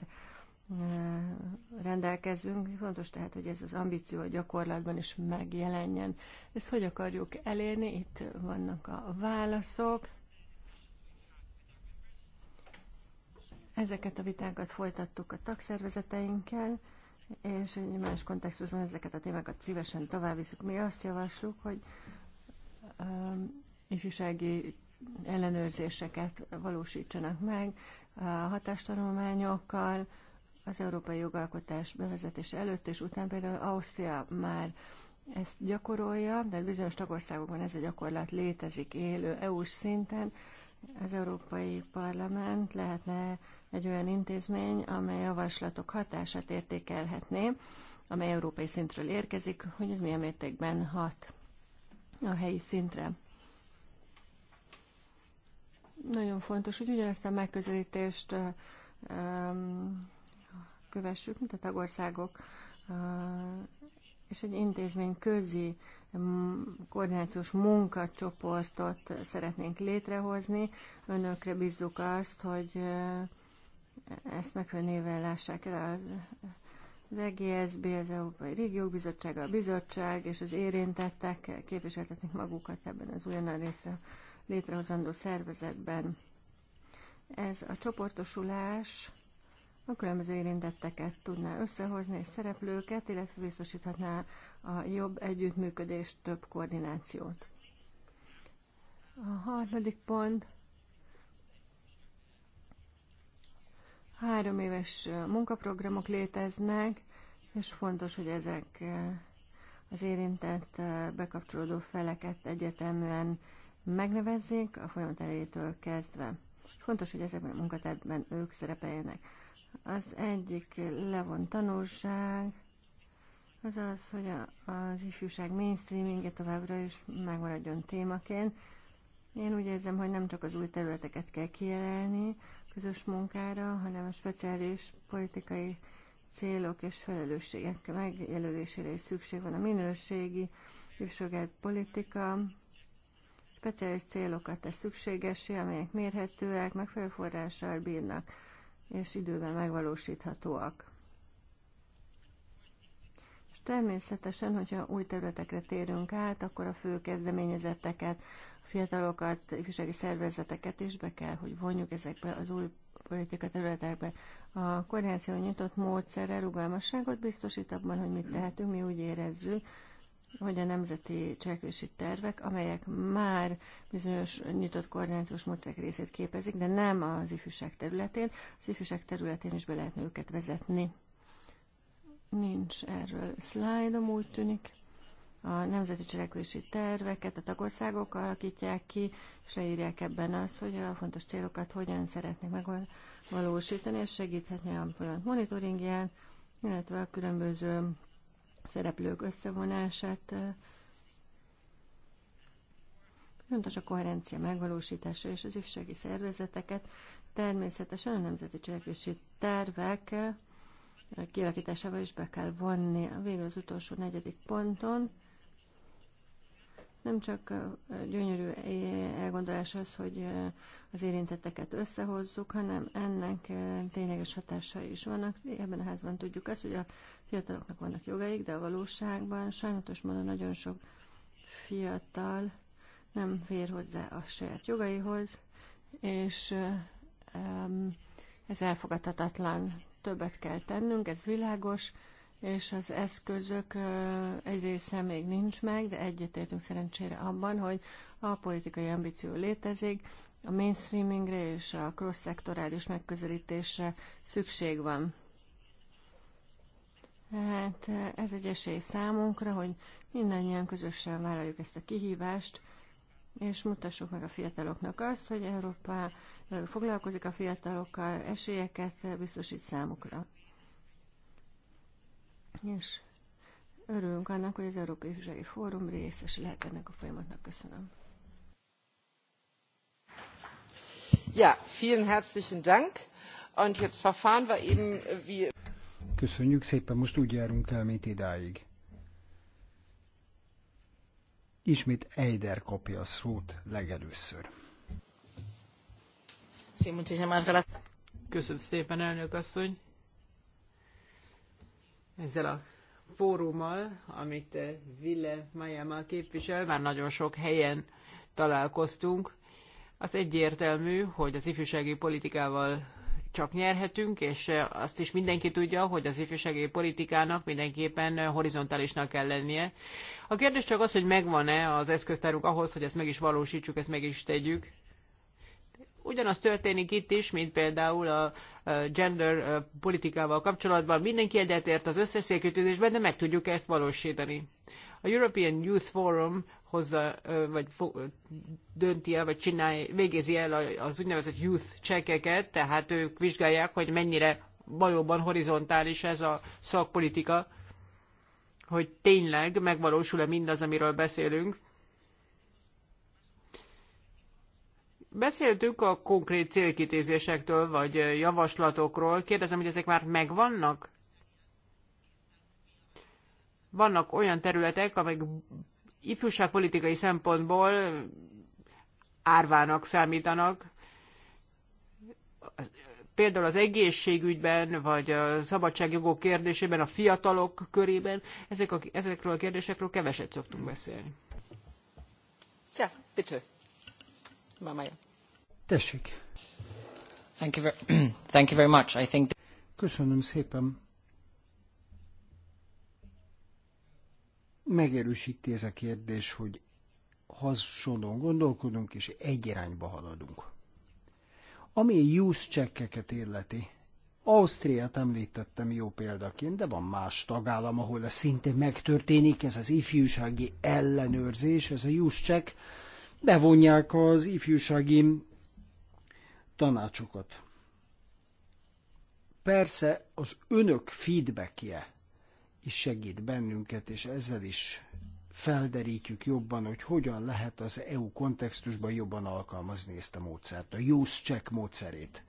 Eh, rendelkezünk. Fontos tehát, hogy ez az ambíció a gyakorlatban is megjelenjen. Ezt hogy akarjuk elérni? Itt vannak a válaszok. Ezeket a vitákat folytattuk a tagszervezeteinkkel, és egy más kontextusban ezeket a témákat szívesen viszük. Mi azt javasljuk, hogy um, ifjúsági ellenőrzéseket valósítsanak meg, hatástanulmányokkal, az európai jogalkotás bevezetése előtt és után például Ausztria már ezt gyakorolja, de bizonyos tagországokban ez a gyakorlat létezik élő EU-s szinten. Az Európai Parlament lehetne egy olyan intézmény, amely javaslatok hatását értékelhetné, amely európai szintről érkezik, hogy ez milyen mértékben hat a helyi szintre. Nagyon fontos, hogy ugyanezt a megközelítést um, kövessük, mint a tagországok, és egy intézmény közi koordinációs munkacsoportot szeretnénk létrehozni. Önökre bízzuk azt, hogy ezt megfelelően lássák el az az EGSB, az Európai Régiók Bizottsága, a bizottság és az érintettek képviseltetnek magukat ebben az újonnan részre létrehozandó szervezetben. Ez a csoportosulás a különböző érintetteket tudná összehozni és szereplőket, illetve biztosíthatná a jobb együttműködést, több koordinációt. A harmadik pont három éves munkaprogramok léteznek, és fontos, hogy ezek az érintett bekapcsolódó feleket egyértelműen megnevezzék a folyamat elejétől kezdve. Fontos, hogy ezekben a munkatervben ők szerepeljenek. Az egyik levon tanulság az az, hogy a, az ifjúság mainstreamingje továbbra is megmaradjon témaként. Én úgy érzem, hogy nem csak az új területeket kell kijelölni közös munkára, hanem a speciális politikai célok és felelősségek megjelölésére is szükség van. A minőségi ifjúsági politika speciális célokat tesz szükségesé, amelyek mérhetőek, megfelelő forrással bírnak és időben megvalósíthatóak. És természetesen, hogyha új területekre térünk át, akkor a fő kezdeményezetteket, a fiatalokat, ifjúsági szervezeteket is be kell, hogy vonjuk ezekbe az új politika területekbe. A koordináció nyitott módszerre rugalmasságot biztosít abban, hogy mit tehetünk, mi úgy érezzük, hogy a nemzeti cselekvési tervek, amelyek már bizonyos nyitott koordinációs módszerek részét képezik, de nem az ifjúság területén, az ifjúság területén is be lehetne őket vezetni. Nincs erről szlájdom, úgy tűnik. A nemzeti cselekvési terveket a tagországok alakítják ki, és leírják ebben azt, hogy a fontos célokat hogyan szeretnék megvalósítani, és segíthetni a folyamat monitoringján, illetve a különböző szereplők összevonását. Fontos a koherencia megvalósítása és az ifjúsági szervezeteket. Természetesen a nemzeti cselekvési tervek kialakításával is be kell vonni. Végül az utolsó negyedik ponton nem csak gyönyörű elgondolás az, hogy az érintetteket összehozzuk, hanem ennek tényleges hatásai is vannak. Ebben a házban tudjuk azt, hogy a fiataloknak vannak jogaik, de a valóságban sajnos módon nagyon sok fiatal nem fér hozzá a saját jogaihoz, és ez elfogadhatatlan. Többet kell tennünk, ez világos, és az eszközök egy része még nincs meg, de egyetértünk szerencsére abban, hogy a politikai ambíció létezik, a mainstreamingre és a cross-szektorális megközelítésre szükség van. Tehát ez egy esély számunkra, hogy mindannyian közösen vállaljuk ezt a kihívást, és mutassuk meg a fiataloknak azt, hogy Európa foglalkozik a fiatalokkal, esélyeket biztosít számukra és örülünk annak, hogy az Európai Üzsai Fórum részes lehet ennek a folyamatnak. Köszönöm. Ja, vielen herzlichen Dank. Und jetzt verfahren wir eben wie... Köszönjük szépen, most úgy járunk el, mint idáig. Ismét Eider kapja a szót legelőször. Köszönöm szépen, elnök asszony ezzel a fórummal, amit Ville eh, Mayama képvisel, már nagyon sok helyen találkoztunk. Az egyértelmű, hogy az ifjúsági politikával csak nyerhetünk, és eh, azt is mindenki tudja, hogy az ifjúsági politikának mindenképpen eh, horizontálisnak kell lennie. A kérdés csak az, hogy megvan-e az eszköztárunk ahhoz, hogy ezt meg is valósítsuk, ezt meg is tegyük. Ugyanaz történik itt is, mint például a gender politikával kapcsolatban. Mindenki egyetért az összeszélkütőzésben, de meg tudjuk ezt valósítani. A European Youth Forum hozza, vagy dönti el, vagy csinálja, végezi el az úgynevezett youth csekeket, tehát ők vizsgálják, hogy mennyire valóban horizontális ez a szakpolitika, hogy tényleg megvalósul-e mindaz, amiről beszélünk. Beszéltünk a konkrét célkitézésektől, vagy javaslatokról. Kérdezem, hogy ezek már megvannak? Vannak olyan területek, amelyek ifjúságpolitikai szempontból árvának számítanak. Például az egészségügyben, vagy a szabadságjogok kérdésében, a fiatalok körében, ezek a, ezekről a kérdésekről keveset szoktunk beszélni. Ja, bitte. Tessék. Thank you, very, [CLEARS THROAT] thank you very much. I think Köszönöm szépen. Megerősíti ez a kérdés, hogy hasonlóan gondolkodunk, és egy irányba haladunk. Ami a use csekkeket illeti, Ausztriát említettem jó példaként, de van más tagállam, ahol ez szintén megtörténik, ez az ifjúsági ellenőrzés, ez a use check, bevonják az ifjúsági tanácsokat. Persze az önök feedbackje is segít bennünket, és ezzel is felderítjük jobban, hogy hogyan lehet az EU kontextusban jobban alkalmazni ezt a módszert, a use check módszerét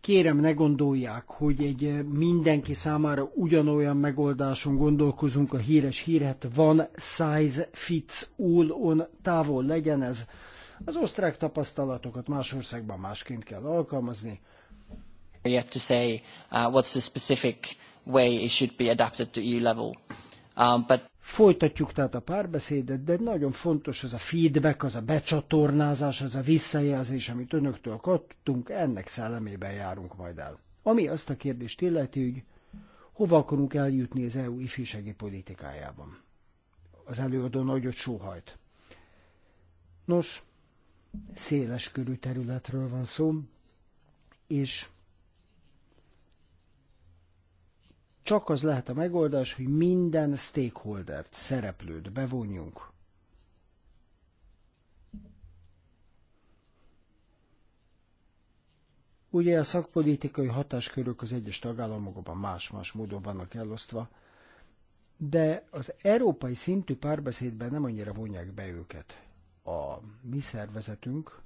kérem ne gondolják, hogy egy eh, mindenki számára ugyanolyan megoldáson gondolkozunk, a híres hírhet van size fits all on távol legyen ez. Az osztrák tapasztalatokat más országban másként kell alkalmazni. Yet to say uh, what's the specific way it should be adapted to EU level. Um, but Folytatjuk tehát a párbeszédet, de nagyon fontos az a feedback, az a becsatornázás, az a visszajelzés, amit önöktől kaptunk, ennek szellemében járunk majd el. Ami azt a kérdést illeti, hogy hova akarunk eljutni az EU ifjúsági politikájában. Az előadó nagyot sóhajt. Nos, széles körű területről van szó, és csak az lehet a megoldás, hogy minden stakeholdert, szereplőt bevonjunk. Ugye a szakpolitikai hatáskörök az egyes tagállamokban más-más módon vannak elosztva, de az európai szintű párbeszédben nem annyira vonják be őket. A mi szervezetünk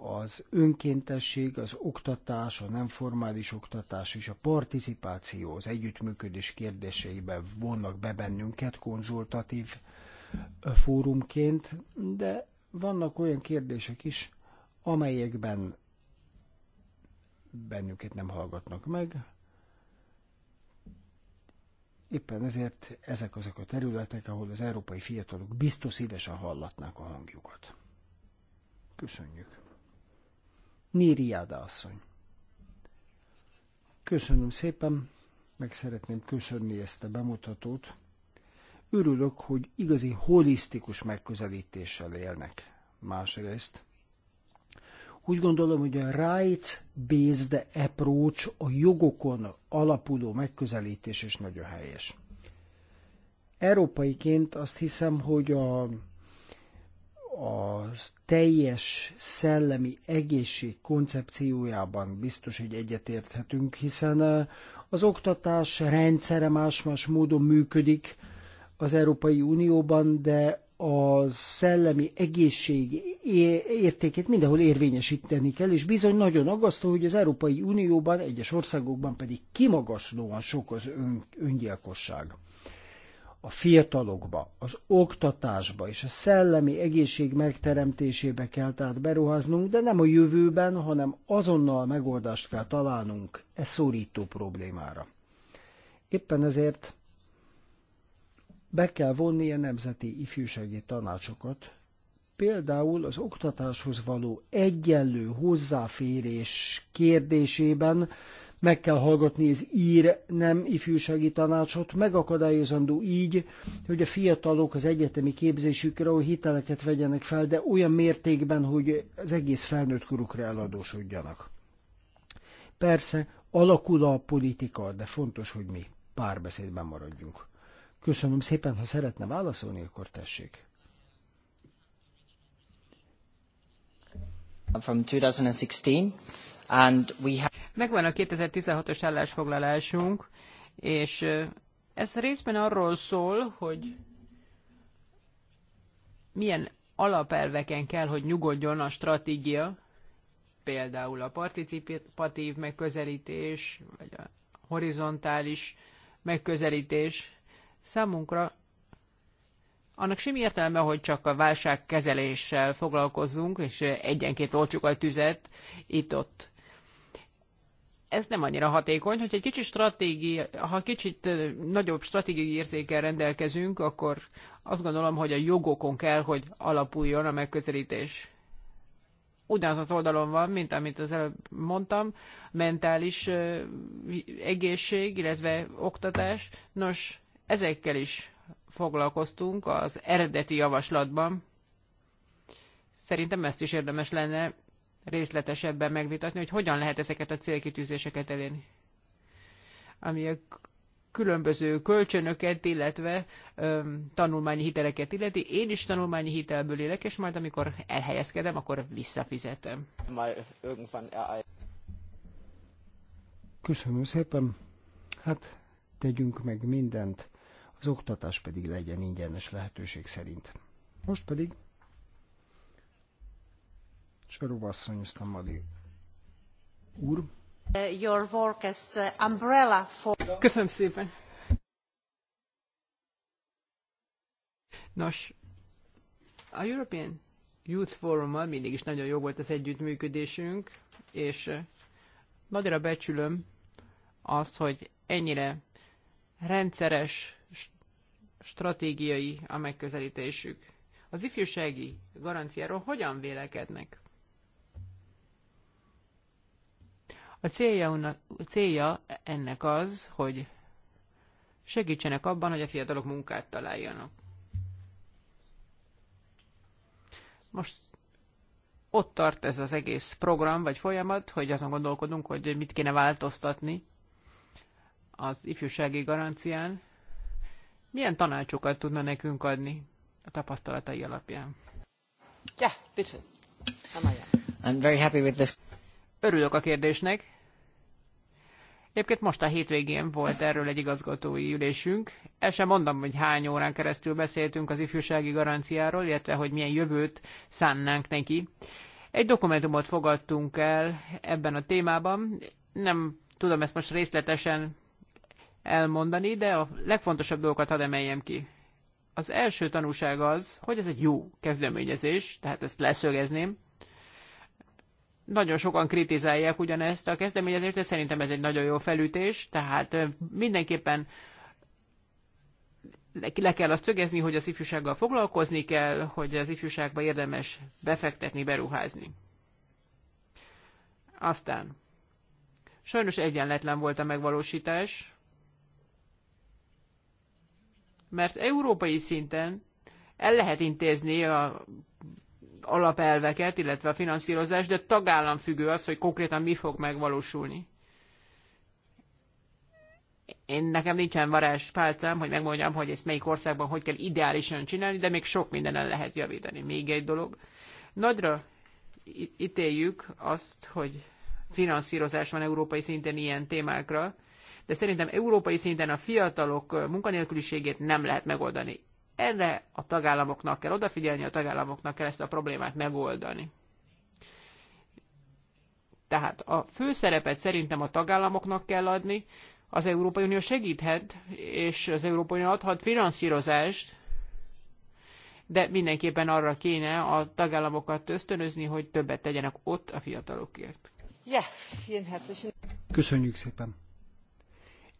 az önkéntesség, az oktatás, a nem formális oktatás és a participáció, az együttműködés kérdéseibe vonnak be bennünket konzultatív fórumként, de vannak olyan kérdések is, amelyekben bennünket nem hallgatnak meg. Éppen ezért ezek azok a területek, ahol az európai fiatalok biztos szívesen hallatnák a hangjukat. Köszönjük! Níriáda asszony. Köszönöm szépen, meg szeretném köszönni ezt a bemutatót. Örülök, hogy igazi holisztikus megközelítéssel élnek. Másrészt, úgy gondolom, hogy a rights-based approach, a jogokon alapuló megközelítés is nagyon helyes. Európaiként azt hiszem, hogy a a teljes szellemi egészség koncepciójában biztos, hogy egyetérthetünk, hiszen az oktatás rendszere más-más módon működik az Európai Unióban, de a szellemi egészség értékét mindenhol érvényesíteni kell, és bizony nagyon aggasztó, hogy az Európai Unióban, egyes országokban pedig kimagaslóan sok az ön, öngyilkosság a fiatalokba, az oktatásba és a szellemi egészség megteremtésébe kell tehát beruháznunk, de nem a jövőben, hanem azonnal megoldást kell találnunk e szorító problémára. Éppen ezért be kell vonni a nemzeti ifjúsági tanácsokat, például az oktatáshoz való egyenlő hozzáférés kérdésében meg kell hallgatni az ír nem ifjúsági tanácsot, megakadályozandó így, hogy a fiatalok az egyetemi képzésükre ahol hiteleket vegyenek fel, de olyan mértékben, hogy az egész felnőtt korukra eladósodjanak. Persze, alakul a politika, de fontos, hogy mi párbeszédben maradjunk. Köszönöm szépen, ha szeretne válaszolni, akkor tessék. From 2016. Megvan a 2016-os állásfoglalásunk, és ez részben arról szól, hogy milyen alapelveken kell, hogy nyugodjon a stratégia, például a participatív megközelítés, vagy a horizontális megközelítés. Számunkra annak semmi értelme, hogy csak a válságkezeléssel foglalkozzunk, és egyenként olcsuk a tüzet itt-ott ez nem annyira hatékony, hogyha egy kicsit stratégia, ha kicsit nagyobb stratégiai érzékkel rendelkezünk, akkor azt gondolom, hogy a jogokon kell, hogy alapuljon a megközelítés. Ugyanaz az oldalon van, mint amit az előbb mondtam, mentális egészség, illetve oktatás. Nos, ezekkel is foglalkoztunk az eredeti javaslatban. Szerintem ezt is érdemes lenne részletesebben megvitatni, hogy hogyan lehet ezeket a célkitűzéseket elérni. Ami a különböző kölcsönöket, illetve öm, tanulmányi hiteleket illeti. Én is tanulmányi hitelből élek, és majd amikor elhelyezkedem, akkor visszafizetem. Köszönöm szépen. Hát tegyünk meg mindent, az oktatás pedig legyen ingyenes lehetőség szerint. Most pedig Csorova asszony, úr. Your work as uh, umbrella for... Köszönöm szépen. Nos, a European Youth forum mindig is nagyon jó volt az együttműködésünk, és uh, nagyra becsülöm azt, hogy ennyire rendszeres, stratégiai a megközelítésük. Az ifjúsági garanciáról hogyan vélekednek? A célja, a célja ennek az, hogy segítsenek abban, hogy a fiatalok munkát találjanak. Most ott tart ez az egész program vagy folyamat, hogy azon gondolkodunk, hogy mit kéne változtatni az ifjúsági garancián. Milyen tanácsokat tudna nekünk adni a tapasztalatai alapján? Yeah, bitte. I'm very happy with this. Örülök a kérdésnek. Egyébként most a hétvégén volt erről egy igazgatói ülésünk. El sem mondom, hogy hány órán keresztül beszéltünk az ifjúsági garanciáról, illetve hogy milyen jövőt szánnánk neki. Egy dokumentumot fogadtunk el ebben a témában. Nem tudom ezt most részletesen elmondani, de a legfontosabb dolgokat hadd emeljem ki. Az első tanúság az, hogy ez egy jó kezdeményezés, tehát ezt leszögezném. Nagyon sokan kritizálják ugyanezt a kezdeményezést, de szerintem ez egy nagyon jó felütés, tehát mindenképpen le kell azt szögezni, hogy az ifjúsággal foglalkozni kell, hogy az ifjúságba érdemes befektetni, beruházni. Aztán sajnos egyenletlen volt a megvalósítás, mert európai szinten el lehet intézni a alapelveket, illetve a finanszírozás, de tagállam függő az, hogy konkrétan mi fog megvalósulni. Én nekem nincsen varázspálcám, hogy megmondjam, hogy ezt melyik országban hogy kell ideálisan csinálni, de még sok mindenen lehet javítani. Még egy dolog. Nagyra ítéljük azt, hogy finanszírozás van európai szinten ilyen témákra, de szerintem európai szinten a fiatalok munkanélküliségét nem lehet megoldani. Erre a tagállamoknak kell odafigyelni, a tagállamoknak kell ezt a problémát megoldani. Tehát a főszerepet szerintem a tagállamoknak kell adni, az Európai Unió segíthet, és az Európai Unió adhat finanszírozást, de mindenképpen arra kéne a tagállamokat ösztönözni, hogy többet tegyenek ott a fiatalokért. Ja, Köszönjük szépen.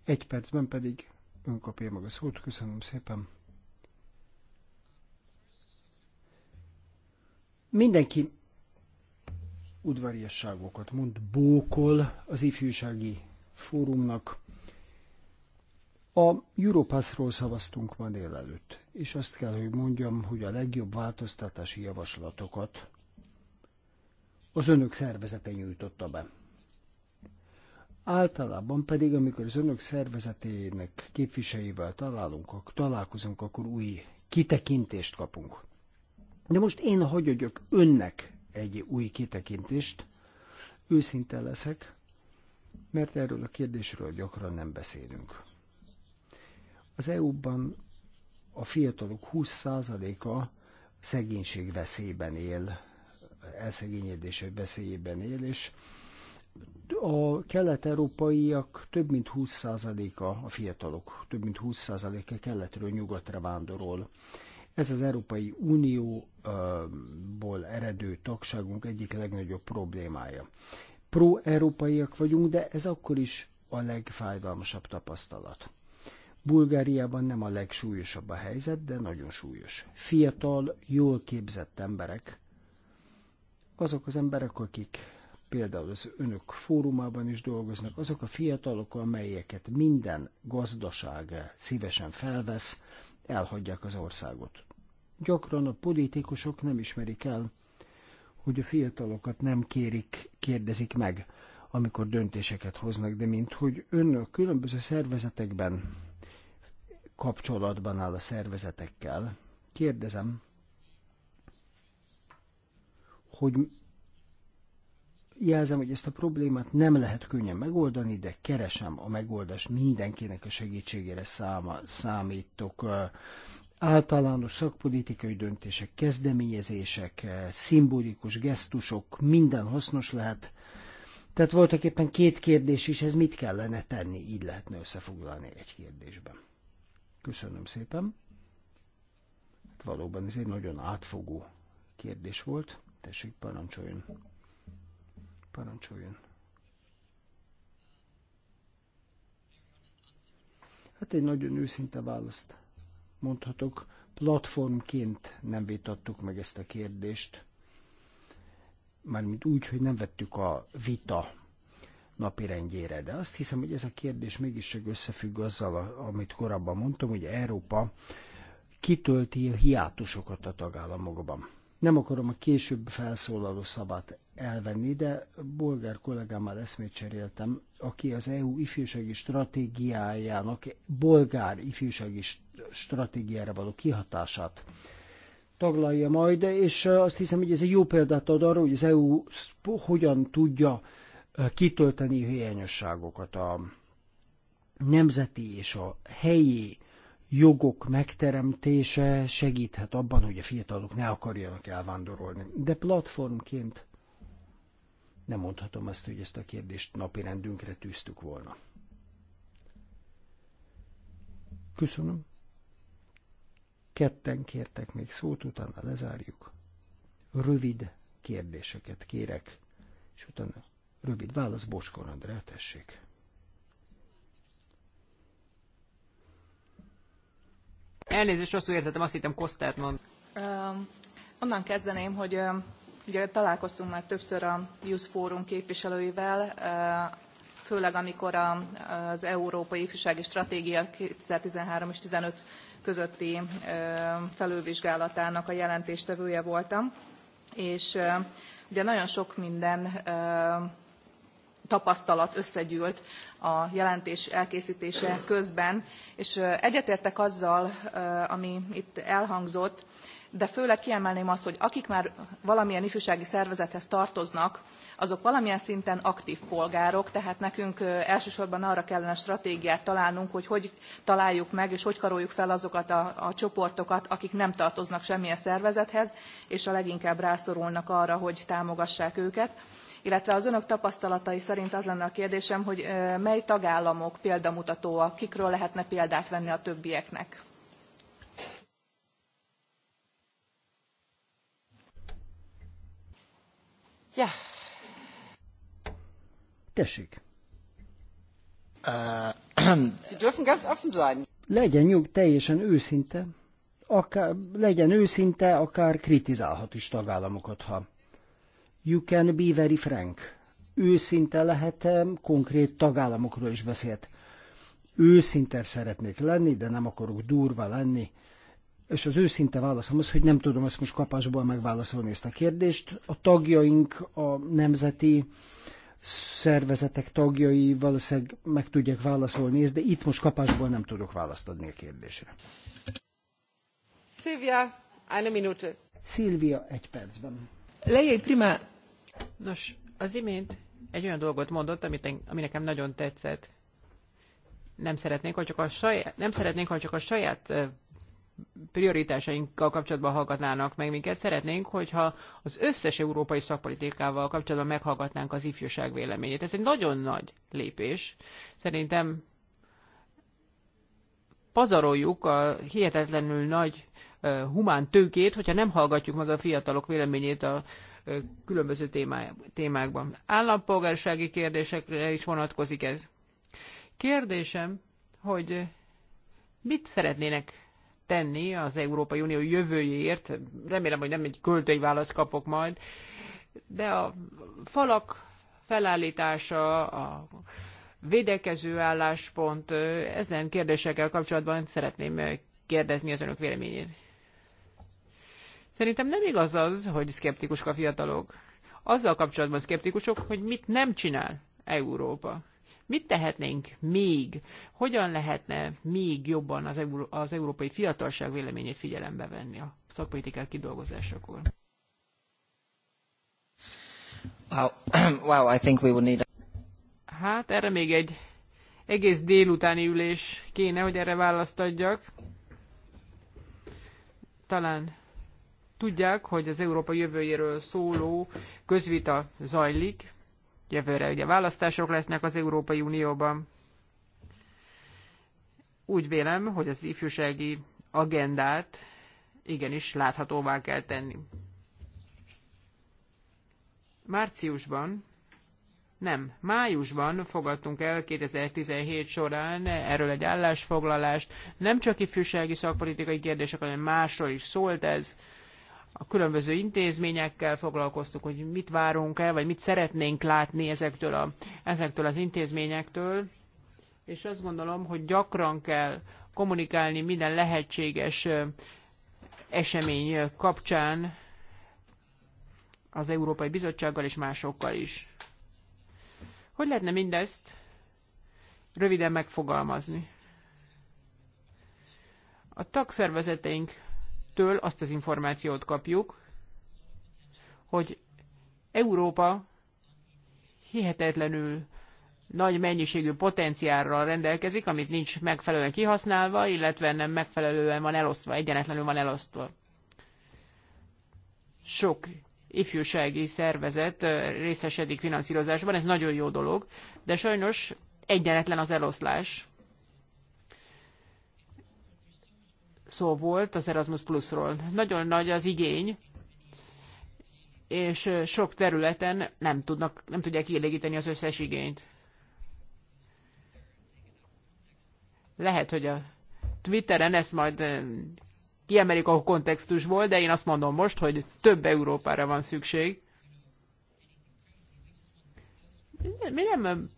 Egy percben pedig önkapja maga szót. Köszönöm szépen. Mindenki udvariasságokat mond, bókol az ifjúsági fórumnak. A Europassról szavaztunk ma délelőtt, és azt kell, hogy mondjam, hogy a legjobb változtatási javaslatokat az önök szervezete nyújtotta be. Általában pedig, amikor az önök szervezetének képviselőivel találunk, találkozunk, akkor új kitekintést kapunk. De most én hagyjuk önnek egy új kitekintést, őszinte leszek, mert erről a kérdésről gyakran nem beszélünk. Az EU-ban a fiatalok 20%-a szegénység veszélyben él, elszegényedése veszélyében él, és a kelet-európaiak több mint 20%-a, a fiatalok több mint 20%-a keletről nyugatra vándorol. Ez az Európai Unióból eredő tagságunk egyik legnagyobb problémája. Pro-európaiak vagyunk, de ez akkor is a legfájdalmasabb tapasztalat. Bulgáriában nem a legsúlyosabb a helyzet, de nagyon súlyos. Fiatal, jól képzett emberek, azok az emberek, akik például az önök fórumában is dolgoznak, azok a fiatalok, amelyeket minden gazdaság szívesen felvesz, elhagyják az országot. Gyakran a politikusok nem ismerik el, hogy a fiatalokat nem kérik, kérdezik meg, amikor döntéseket hoznak, de mint hogy ön a különböző szervezetekben kapcsolatban áll a szervezetekkel, kérdezem, hogy jelzem, hogy ezt a problémát nem lehet könnyen megoldani, de keresem a megoldást, mindenkinek a segítségére száma, számítok. Általános szakpolitikai döntések, kezdeményezések, szimbolikus gesztusok, minden hasznos lehet. Tehát voltak éppen két kérdés is, ez mit kellene tenni, így lehetne összefoglalni egy kérdésben. Köszönöm szépen. Hát valóban ez egy nagyon átfogó kérdés volt. Tessék, parancsoljon. Parancsoljon. Hát egy nagyon őszinte választ mondhatok. Platformként nem vitattuk meg ezt a kérdést. Mármint úgy, hogy nem vettük a vita napirendjére. De azt hiszem, hogy ez a kérdés mégiscsak összefügg azzal, amit korábban mondtam, hogy Európa kitölti a hiátusokat a tagállamokban. Nem akarom a később felszólaló szabát elvenni, de bolgár kollégámmal eszmét cseréltem, aki az EU ifjúsági stratégiájának, bolgár ifjúsági stratégiára való kihatását taglalja majd, és azt hiszem, hogy ez egy jó példát ad arra, hogy az EU hogyan tudja kitölteni hiányosságokat a nemzeti és a helyi jogok megteremtése segíthet abban, hogy a fiatalok ne akarjanak elvándorolni. De platformként nem mondhatom azt, hogy ezt a kérdést napi rendünkre tűztük volna. Köszönöm. Ketten kértek még szót, utána lezárjuk. Rövid kérdéseket kérek, és utána rövid válasz Bocskor Andrá, tessék. Elnézést, rosszul értettem, azt hittem Kosztát mond. Uh, onnan kezdeném, hogy uh, ugye találkoztunk már többször a Youth Forum képviselőivel, uh, főleg amikor a, az Európai Ifjúsági Stratégia 2013 és 15 közötti felülvizsgálatának a jelentéstevője voltam, és ugye nagyon sok minden tapasztalat összegyűlt a jelentés elkészítése közben, és egyetértek azzal, ami itt elhangzott, de főleg kiemelném azt, hogy akik már valamilyen ifjúsági szervezethez tartoznak, azok valamilyen szinten aktív polgárok, tehát nekünk elsősorban arra kellene stratégiát találnunk, hogy hogy találjuk meg és hogy karoljuk fel azokat a, a csoportokat, akik nem tartoznak semmilyen szervezethez, és a leginkább rászorulnak arra, hogy támogassák őket illetve az önök tapasztalatai szerint az lenne a kérdésem, hogy mely tagállamok példamutatóak, kikről lehetne példát venni a többieknek? Ja. Tessék. [CLEARS THROAT] Sie dürfen ganz offen sein. Legyen nyug, teljesen őszinte. Akár, legyen őszinte, akár kritizálhat is tagállamokat, ha You can be very frank. Őszinte lehetem, konkrét tagállamokról is beszélt. Őszinte szeretnék lenni, de nem akarok durva lenni. És az őszinte válaszom az, hogy nem tudom ezt most kapásból megválaszolni ezt a kérdést. A tagjaink, a nemzeti szervezetek tagjai valószínűleg meg tudják válaszolni ezt, de itt most kapásból nem tudok választ adni a kérdésre. Szilvia, egy Minute. Szilvia, egy percben. Lei prima... Nos, az imént egy olyan dolgot mondott, amit en, ami nekem nagyon tetszett. Nem szeretnénk, ha csak a saját, nem szeretnénk, ha csak a saját prioritásainkkal kapcsolatban hallgatnának meg minket. Szeretnénk, hogyha az összes európai szakpolitikával kapcsolatban meghallgatnánk az ifjúság véleményét. Ez egy nagyon nagy lépés. Szerintem pazaroljuk a hihetetlenül nagy humán tőkét, hogyha nem hallgatjuk meg a fiatalok véleményét a különböző témákban. Állampolgársági kérdésekre is vonatkozik ez. Kérdésem, hogy mit szeretnének tenni az Európai Unió jövőjéért? Remélem, hogy nem egy költői választ kapok majd, de a falak felállítása, a védekező álláspont, ezen kérdésekkel kapcsolatban szeretném kérdezni az önök véleményét. Szerintem nem igaz az, hogy szkeptikusok a fiatalok. Azzal kapcsolatban szkeptikusok, hogy mit nem csinál Európa. Mit tehetnénk még? Hogyan lehetne még jobban az, euró- az európai fiatalság véleményét figyelembe venni a szakpolitikák kidolgozásakor? Wow. [CLEARS THROAT] wow, I think we will need Hát erre még egy egész délutáni ülés kéne, hogy erre választ adjak. Talán tudják, hogy az Európa jövőjéről szóló közvita zajlik. Jövőre ugye választások lesznek az Európai Unióban. Úgy vélem, hogy az ifjúsági agendát igenis láthatóvá kell tenni. Márciusban nem, májusban fogadtunk el 2017 során erről egy állásfoglalást. Nem csak ifjúsági szakpolitikai kérdések, hanem másról is szólt ez. A különböző intézményekkel foglalkoztuk, hogy mit várunk el, vagy mit szeretnénk látni ezektől, a, ezektől az intézményektől. És azt gondolom, hogy gyakran kell kommunikálni minden lehetséges esemény kapcsán az Európai Bizottsággal és másokkal is. Hogy lehetne mindezt röviden megfogalmazni? A tagszervezeteinktől azt az információt kapjuk, hogy Európa hihetetlenül nagy mennyiségű potenciárral rendelkezik, amit nincs megfelelően kihasználva, illetve nem megfelelően van elosztva, egyenetlenül van elosztva. Sok ifjúsági szervezet részesedik finanszírozásban, ez nagyon jó dolog, de sajnos egyenetlen az eloszlás. Szó volt az Erasmus Plusról. Nagyon nagy az igény, és sok területen nem, tudnak, nem tudják kielégíteni az összes igényt. Lehet, hogy a Twitteren ezt majd kiemelik a kontextusból, de én azt mondom most, hogy több Európára van szükség. Mi nem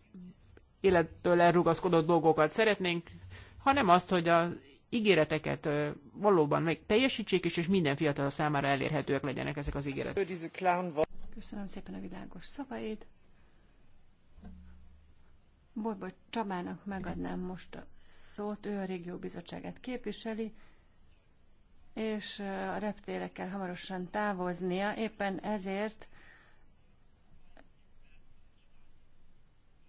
élettől elrugaszkodott dolgokat szeretnénk, hanem azt, hogy az ígéreteket valóban meg teljesítsék, és, és minden fiatal számára elérhetőek legyenek ezek az ígéretek. Köszönöm szépen a világos szavaid. Borbor Csabának megadnám most a szót, ő a régió bizottságát képviseli, és a reptérekkel hamarosan távoznia. Éppen ezért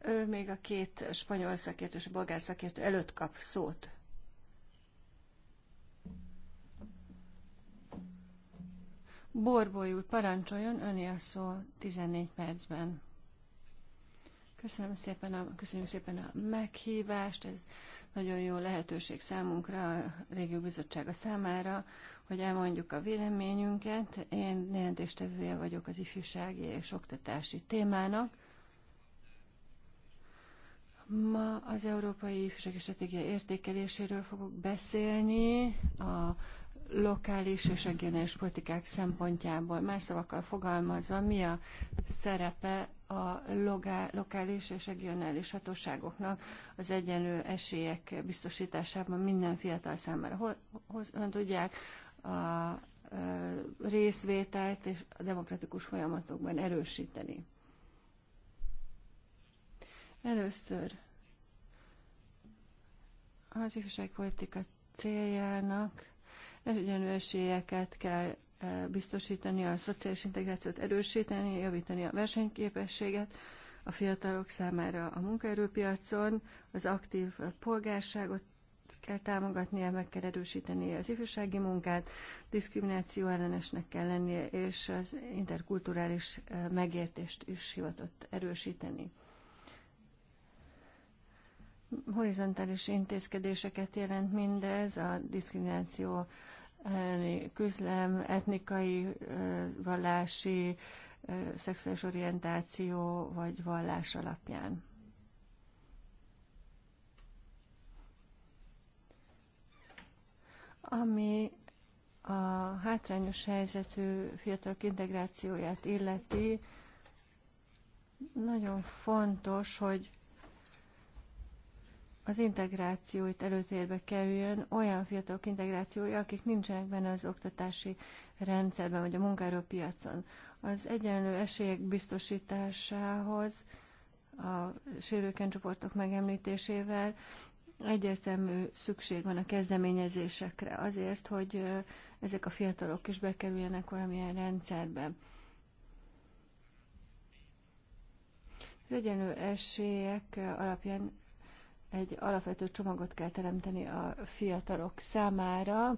ő még a két spanyol szakértő és bolgár szakértő előtt kap szót. Borbolyul parancsoljon, öné a szó 14 percben. Köszönöm szépen a, köszönjük szépen a meghívást, ez nagyon jó lehetőség számunkra, a Régió Bizottsága számára, hogy elmondjuk a véleményünket. Én jelentéstevője vagyok az ifjúsági és oktatási témának. Ma az Európai Ifjúsági Stratégia értékeléséről fogok beszélni, a lokális és regionális politikák szempontjából. Más szavakkal fogalmazva, mi a szerepe a lokális és regionális hatóságoknak az egyenlő esélyek biztosításában minden fiatal számára. Hol, honnan tudják a, a részvételt és a demokratikus folyamatokban erősíteni? Először az ifjúságpolitika céljának Egyenlő esélyeket kell eh, biztosítani, a szociális integrációt erősíteni, javítani a versenyképességet a fiatalok számára a munkaerőpiacon, az aktív polgárságot kell támogatnia, meg kell erősíteni az ifjúsági munkát, diszkrimináció ellenesnek kell lennie, és az interkulturális eh, megértést is hivatott erősíteni. Horizontális intézkedéseket jelent mindez a diszkrimináció küzlem, etnikai, vallási, szexuális orientáció vagy vallás alapján. Ami a hátrányos helyzetű fiatalok integrációját illeti, nagyon fontos, hogy az integráció itt előtérbe kerüljön, olyan fiatalok integrációja, akik nincsenek benne az oktatási rendszerben, vagy a piacon Az egyenlő esélyek biztosításához, a sérülőken csoportok megemlítésével egyértelmű szükség van a kezdeményezésekre azért, hogy ezek a fiatalok is bekerüljenek valamilyen rendszerbe. Az egyenlő esélyek alapján egy alapvető csomagot kell teremteni a fiatalok számára.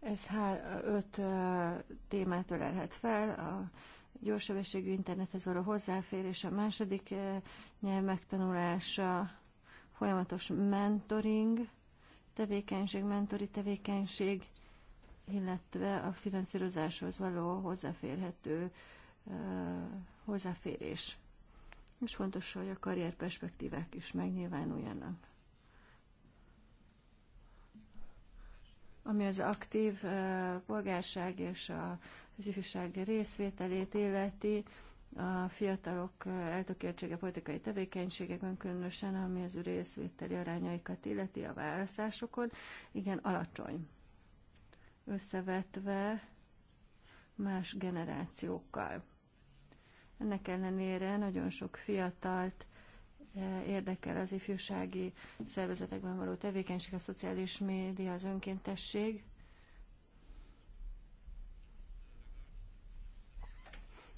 Ez hár, öt témát ölelhet fel, a gyorsebességű internethez való hozzáférés, a második nyelv megtanulása, folyamatos mentoring, tevékenység, mentori tevékenység, illetve a finanszírozáshoz való hozzáférhető hozzáférés és fontos, hogy a karrierperspektívák is megnyilvánuljanak. Ami az aktív polgárság és az ifjúság részvételét illeti, a fiatalok eltökéltsége politikai tevékenységekben, különösen ami az ő részvételi arányaikat illeti a választásokon, igen, alacsony. Összevetve más generációkkal. Ennek ellenére nagyon sok fiatalt eh, érdekel az ifjúsági szervezetekben való tevékenység, a szociális média, az önkéntesség.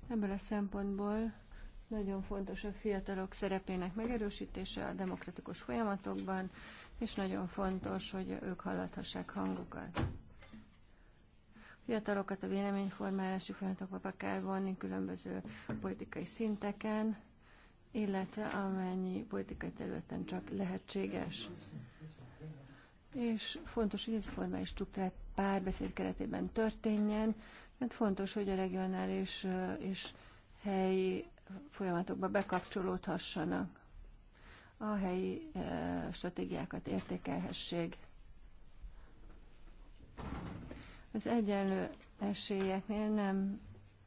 Ebből a szempontból nagyon fontos a fiatalok szerepének megerősítése a demokratikus folyamatokban, és nagyon fontos, hogy ők hallathassák hangukat. Fiatalokat a véleményformálási folyamatokba kell vonni különböző politikai szinteken, illetve amennyi politikai területen csak lehetséges. És fontos, hogy ez formális struktúrát párbeszéd keretében történjen, mert fontos, hogy a regionális és helyi folyamatokba bekapcsolódhassanak. A helyi stratégiákat értékelhessék. Az egyenlő esélyeknél nem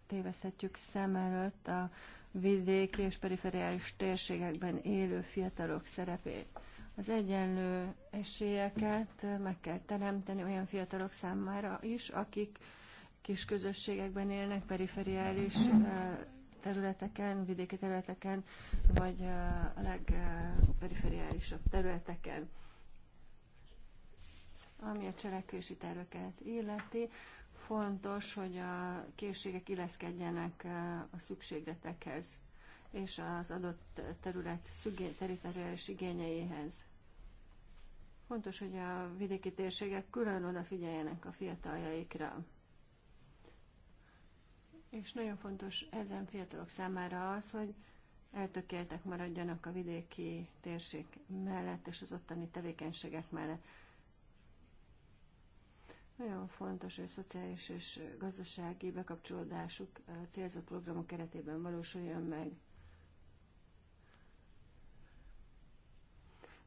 téveszthetjük szem előtt a vidéki és perifériális térségekben élő fiatalok szerepét. Az egyenlő esélyeket meg kell teremteni olyan fiatalok számára is, akik kis közösségekben élnek, perifériális területeken, vidéki területeken, vagy a legperifériálisabb területeken. Ami a cselekvési terveket illeti, fontos, hogy a készségek illeszkedjenek a szükségletekhez és az adott terület teritoriális igényeihez. Fontos, hogy a vidéki térségek külön odafigyeljenek a fiataljaikra. És nagyon fontos ezen fiatalok számára az, hogy eltökéltek maradjanak a vidéki térség mellett és az ottani tevékenységek mellett. Nagyon fontos, hogy a szociális és gazdasági bekapcsolódásuk célzott programok keretében valósuljon meg.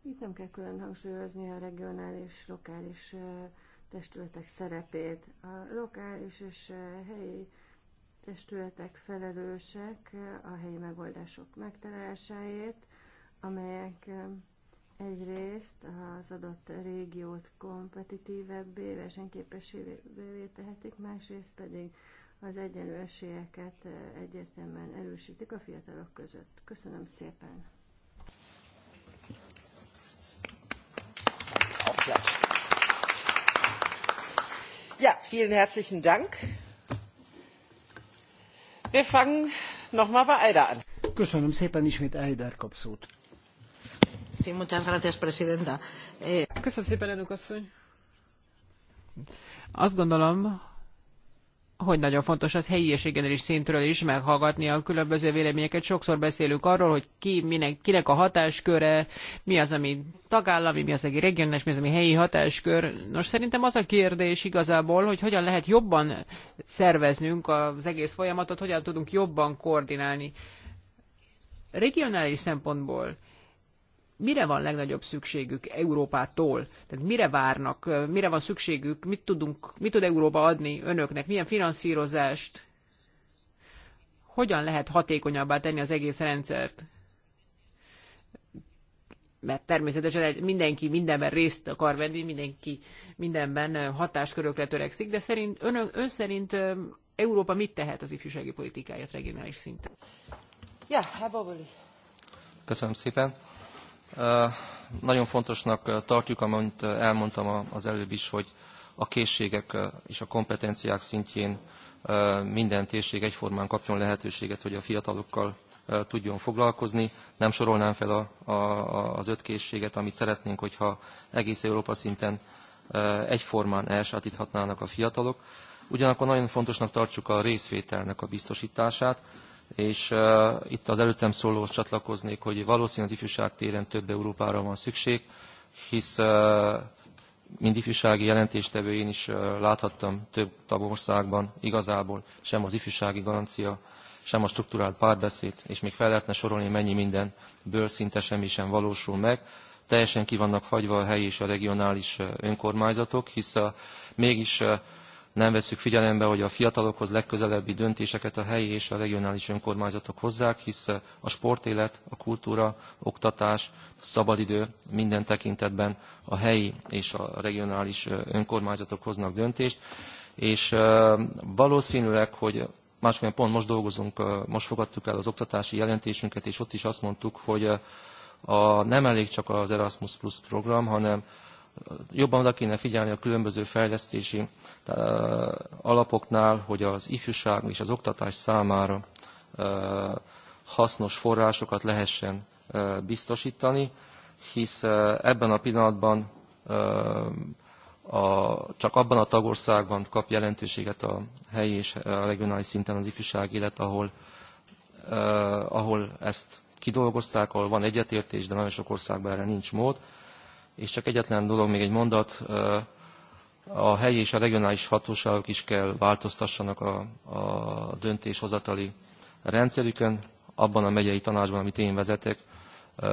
Itt nem kell külön hangsúlyozni a regionális, lokális testületek szerepét. A lokális és helyi testületek felelősek a helyi megoldások megtalálásáért, amelyek egyrészt az adott régiót kompetitívebbé, versenyképesévé tehetik, másrészt pedig az egyenlő esélyeket egyértelműen erősítik a fiatalok között. Köszönöm szépen! Ja, vielen herzlichen Dank. Wir fangen nochmal bei Eider an. Köszönöm szépen ismét Eider kapszót. Eh, Köszönöm szépen, elnök asszony. Azt gondolom, hogy nagyon fontos az helyi és regionális szintről is meghallgatni a különböző véleményeket. Sokszor beszélünk arról, hogy ki, minek, kinek a hatásköre, mi az, ami tagállami, mi az, ami regionális, mi az, ami helyi hatáskör. Nos, szerintem az a kérdés igazából, hogy hogyan lehet jobban szerveznünk az egész folyamatot, hogyan tudunk jobban koordinálni. Regionális szempontból mire van legnagyobb szükségük Európától? Tehát mire várnak, mire van szükségük, mit, tudunk, mit tud Európa adni önöknek, milyen finanszírozást, hogyan lehet hatékonyabbá tenni az egész rendszert? Mert természetesen mindenki mindenben részt akar venni, mindenki mindenben hatáskörökre törekszik, de szerint, ön, ön szerint Európa mit tehet az ifjúsági politikáját regionális szinten? Ja, yeah, Köszönöm szépen. Nagyon fontosnak tartjuk, amint elmondtam az előbb is, hogy a készségek és a kompetenciák szintjén minden térség egyformán kapjon lehetőséget, hogy a fiatalokkal tudjon foglalkozni. Nem sorolnám fel a, a, az öt készséget, amit szeretnénk, hogyha egész Európa szinten egyformán elsátíthatnának a fiatalok. Ugyanakkor nagyon fontosnak tartjuk a részvételnek a biztosítását, és uh, itt az előttem szólóhoz csatlakoznék, hogy valószínűleg az ifjúság téren több Európára van szükség, hisz uh, mind ifjúsági jelentéstevő én is uh, láthattam több tagországban igazából sem az ifjúsági garancia, sem a struktúrált párbeszéd, és még fel lehetne sorolni mennyi mindenből szinte semmi sem valósul meg. Teljesen ki vannak hagyva a helyi és a regionális önkormányzatok, hisz uh, mégis nem vesszük figyelembe, hogy a fiatalokhoz legközelebbi döntéseket a helyi és a regionális önkormányzatok hozzák, hisz a sportélet, a kultúra, oktatás, a szabadidő minden tekintetben a helyi és a regionális önkormányzatok hoznak döntést, és valószínűleg, hogy másfél pont most dolgozunk, most fogadtuk el az oktatási jelentésünket, és ott is azt mondtuk, hogy a, nem elég csak az Erasmus Plus program, hanem jobban oda kéne figyelni a különböző fejlesztési alapoknál, hogy az ifjúság és az oktatás számára hasznos forrásokat lehessen biztosítani, hisz ebben a pillanatban a, csak abban a tagországban kap jelentőséget a helyi és a regionális szinten az ifjúság élet, ahol, ahol ezt kidolgozták, ahol van egyetértés, de nagyon sok országban erre nincs mód és csak egyetlen dolog, még egy mondat, a helyi és a regionális hatóságok is kell változtassanak a, a döntéshozatali rendszerükön. Abban a megyei tanácsban, amit én vezetek,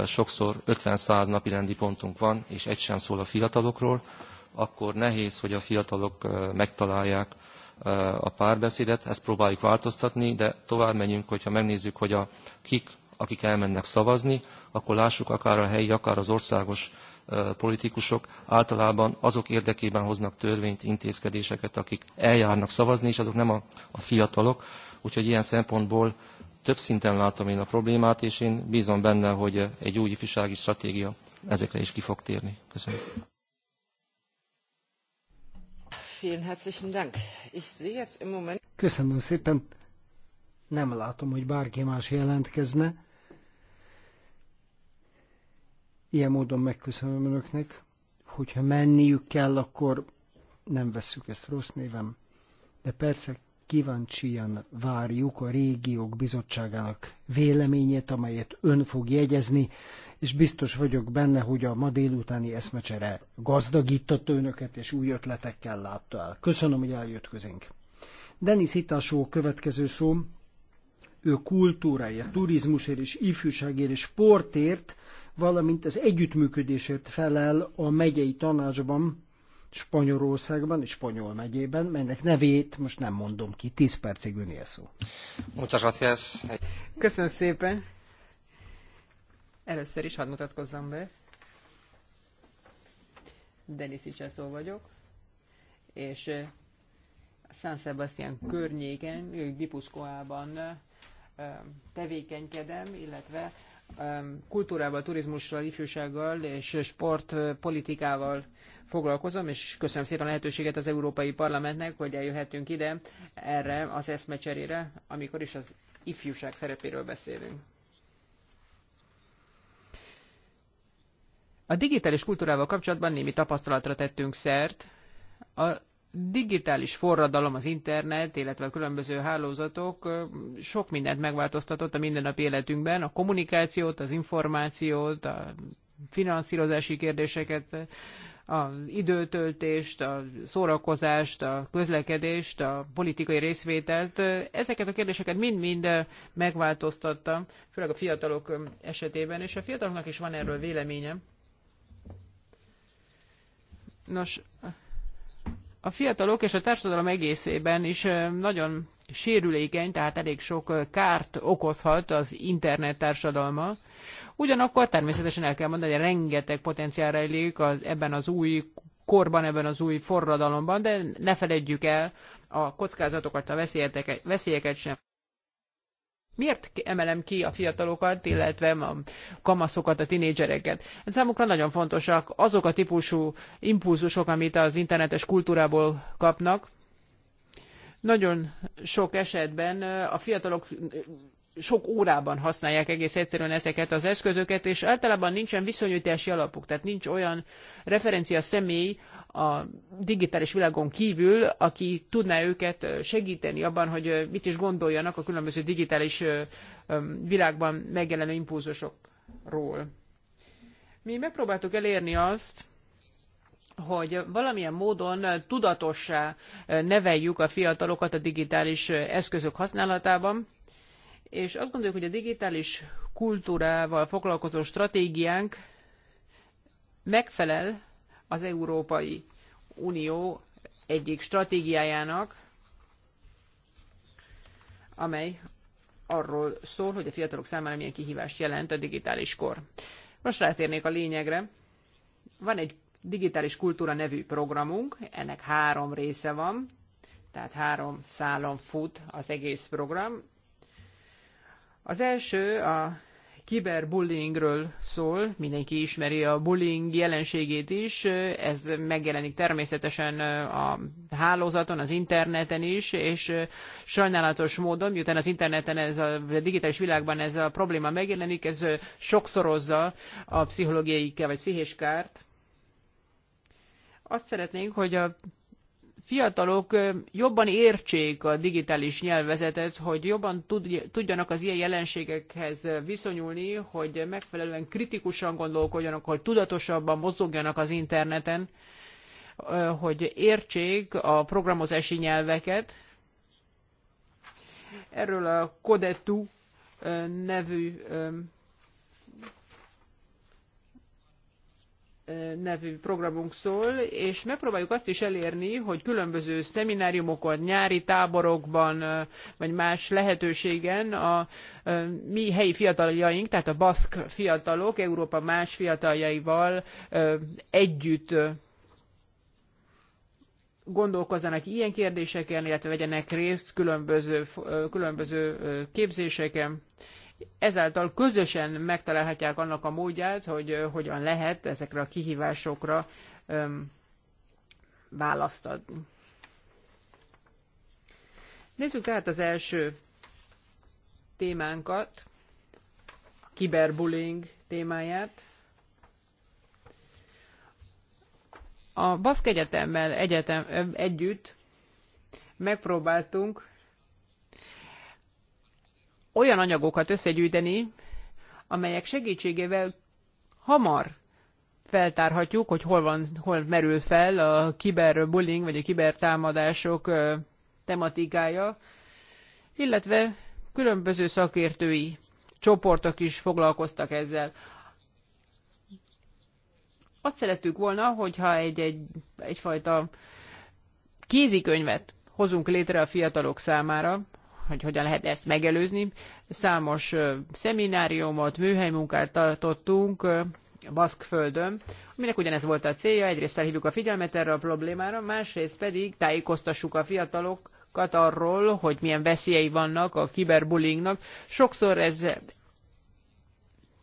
sokszor 50-100 napi rendi pontunk van, és egy sem szól a fiatalokról, akkor nehéz, hogy a fiatalok megtalálják a párbeszédet, ezt próbáljuk változtatni, de tovább megyünk, hogyha megnézzük, hogy a kik, akik elmennek szavazni, akkor lássuk akár a helyi, akár az országos politikusok általában azok érdekében hoznak törvényt, intézkedéseket, akik eljárnak szavazni, és azok nem a, a fiatalok. Úgyhogy ilyen szempontból több szinten látom én a problémát, és én bízom benne, hogy egy új ifjúsági stratégia ezekre is ki fog térni. Köszönöm. Köszönöm szépen. Nem látom, hogy bárki más jelentkezne. Ilyen módon megköszönöm önöknek, hogyha menniük kell, akkor nem vesszük ezt rossz névem, de persze kíváncsian várjuk a régiók bizottságának véleményét, amelyet ön fog jegyezni, és biztos vagyok benne, hogy a ma délutáni eszmecsere gazdagított önöket, és új ötletekkel látta el. Köszönöm, hogy eljött közénk. Denis Itasó következő szó, ő kultúráért, turizmusért és ifjúságért és sportért valamint az együttműködésért felel a megyei tanácsban, Spanyolországban és Spanyol megyében, melynek nevét most nem mondom ki, 10 percig önél szó. Muchas gracias. Köszönöm szépen. Először is hadd mutatkozzam be. Denis Icsászó vagyok, és San Sebastián környéken, Gipuszkoában tevékenykedem, illetve kultúrával, turizmussal, ifjúsággal és sportpolitikával foglalkozom, és köszönöm szépen a lehetőséget az Európai Parlamentnek, hogy eljöhetünk ide erre az eszmecserére, amikor is az ifjúság szerepéről beszélünk. A digitális kultúrával kapcsolatban némi tapasztalatra tettünk szert. A digitális forradalom, az internet, illetve a különböző hálózatok sok mindent megváltoztatott a mindennapi életünkben, a kommunikációt, az információt, a finanszírozási kérdéseket, az időtöltést, a szórakozást, a közlekedést, a politikai részvételt. Ezeket a kérdéseket mind-mind megváltoztatta, főleg a fiatalok esetében, és a fiataloknak is van erről véleményem. Nos, a fiatalok és a társadalom egészében is nagyon sérülékeny, tehát elég sok kárt okozhat az internet társadalma. Ugyanakkor természetesen el kell mondani, hogy rengeteg potenciál rejlik az, ebben az új korban, ebben az új forradalomban, de ne feledjük el a kockázatokat, a veszélyeket, veszélyeket sem. Miért emelem ki a fiatalokat, illetve a kamaszokat, a tinédzsereket? Ez hát számukra nagyon fontosak azok a típusú impulzusok, amit az internetes kultúrából kapnak. Nagyon sok esetben a fiatalok sok órában használják egész egyszerűen ezeket az eszközöket, és általában nincsen viszonyítási alapuk, tehát nincs olyan referencia személy, a digitális világon kívül, aki tudná őket segíteni abban, hogy mit is gondoljanak a különböző digitális világban megjelenő impulzusokról. Mi megpróbáltuk elérni azt, hogy valamilyen módon tudatossá neveljük a fiatalokat a digitális eszközök használatában, és azt gondoljuk, hogy a digitális kultúrával foglalkozó stratégiánk megfelel az Európai Unió egyik stratégiájának, amely arról szól, hogy a fiatalok számára milyen kihívást jelent a digitális kor. Most rátérnék a lényegre. Van egy digitális kultúra nevű programunk, ennek három része van, tehát három szálon fut az egész program. Az első a kiberbullyingről szól, mindenki ismeri a bullying jelenségét is, ez megjelenik természetesen a hálózaton, az interneten is, és sajnálatos módon, miután az interneten, ez a digitális világban ez a probléma megjelenik, ez sokszorozza a pszichológiai vagy pszichés kárt. Azt szeretnénk, hogy a fiatalok jobban értsék a digitális nyelvezetet, hogy jobban tudjanak az ilyen jelenségekhez viszonyulni, hogy megfelelően kritikusan gondolkodjanak, hogy tudatosabban mozogjanak az interneten, hogy értsék a programozási nyelveket. Erről a Kodetu nevű nevű programunk szól, és megpróbáljuk azt is elérni, hogy különböző szemináriumokon, nyári táborokban, vagy más lehetőségen a mi helyi fiataljaink, tehát a baszk fiatalok, Európa más fiataljaival együtt gondolkozzanak ilyen kérdéseken, illetve vegyenek részt különböző, különböző képzéseken, ezáltal közösen megtalálhatják annak a módját, hogy hogyan lehet ezekre a kihívásokra öm, választ adni. Nézzük tehát az első témánkat, a kiberbullying témáját. A Baszk Egyetemmel egyetem, együtt megpróbáltunk olyan anyagokat összegyűjteni, amelyek segítségével hamar feltárhatjuk, hogy hol, van, hol merül fel a kiberbullying vagy a kibertámadások tematikája, illetve különböző szakértői csoportok is foglalkoztak ezzel. Azt szerettük volna, hogyha egy, egy, egyfajta kézikönyvet hozunk létre a fiatalok számára, hogy hogyan lehet ezt megelőzni. Számos szemináriumot, műhelymunkát tartottunk Baszkföldön, aminek ugyanez volt a célja, egyrészt felhívjuk a figyelmet erre a problémára, másrészt pedig tájékoztassuk a fiatalokat arról, hogy milyen veszélyei vannak a kiberbullyingnak. Sokszor ez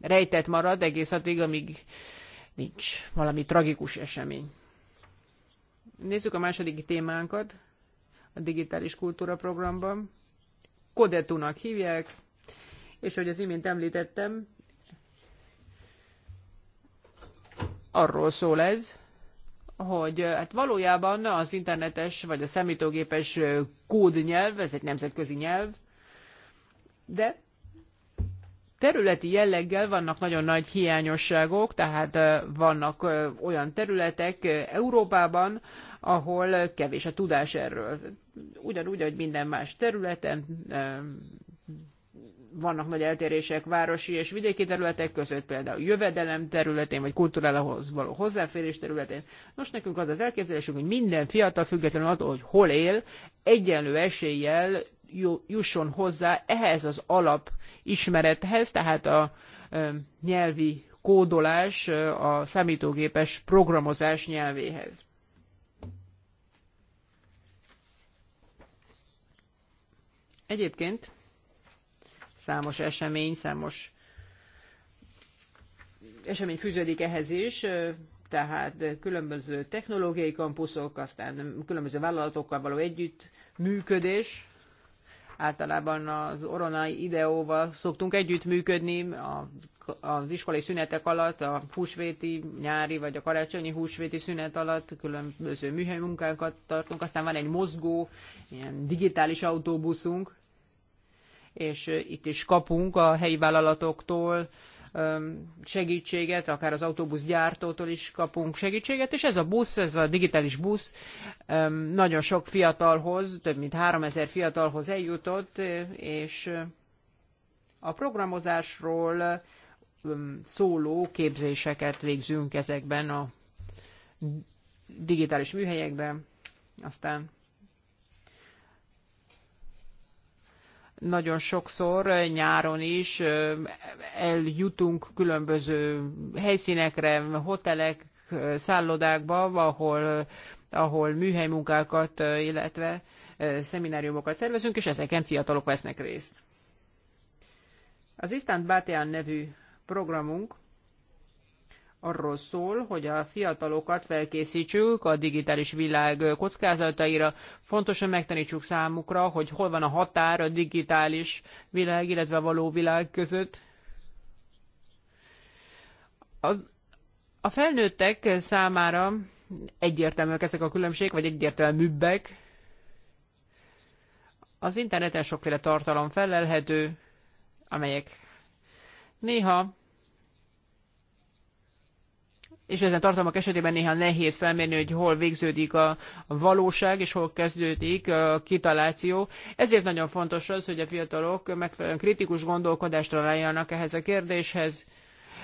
rejtett marad egész addig, amíg nincs valami tragikus esemény. Nézzük a második témánkat a digitális kultúra programban. Kodetunak hívják, és hogy az imént említettem, arról szól ez, hogy hát valójában az internetes vagy a számítógépes kódnyelv, ez egy nemzetközi nyelv, de területi jelleggel vannak nagyon nagy hiányosságok, tehát vannak olyan területek Európában, ahol kevés a tudás erről ugyanúgy, hogy minden más területen vannak nagy eltérések városi és vidéki területek között, például jövedelem területén, vagy kulturálahoz való hozzáférés területén. Nos, nekünk az az elképzelésünk, hogy minden fiatal függetlenül attól, hogy hol él, egyenlő eséllyel jusson hozzá ehhez az alap ismerethez, tehát a nyelvi kódolás a számítógépes programozás nyelvéhez. Egyébként számos esemény, számos esemény fűződik ehhez is, tehát különböző technológiai kampuszok, aztán különböző vállalatokkal való együttműködés, Általában az Oronai Ideóval szoktunk együttműködni a, az iskolai szünetek alatt, a húsvéti, nyári vagy a karácsonyi húsvéti szünet alatt különböző műhely munkákat tartunk. Aztán van egy mozgó, ilyen digitális autóbuszunk, és eh, itt is kapunk a helyi vállalatoktól, segítséget, akár az autóbuszgyártótól is kapunk segítséget, és ez a busz, ez a digitális busz nagyon sok fiatalhoz, több mint 3000 fiatalhoz eljutott, és a programozásról szóló képzéseket végzünk ezekben a digitális műhelyekben, aztán nagyon sokszor nyáron is eljutunk különböző helyszínekre, hotelek, szállodákba, ahol, ahol műhelymunkákat, illetve szemináriumokat szervezünk, és ezeken fiatalok vesznek részt. Az Isztánt Bátyán nevű programunk arról szól, hogy a fiatalokat felkészítsük a digitális világ kockázataira, fontosan megtanítsuk számukra, hogy hol van a határ a digitális világ, illetve a való világ között. Az, a felnőttek számára egyértelműek ezek a különbség, vagy egyértelműbbek. Az interneten sokféle tartalom felelhető, amelyek néha és ezen tartalmak esetében néha nehéz felmérni, hogy hol végződik a valóság, és hol kezdődik a kitaláció. Ezért nagyon fontos az, hogy a fiatalok megfelelően kritikus gondolkodást találjanak ehhez a kérdéshez,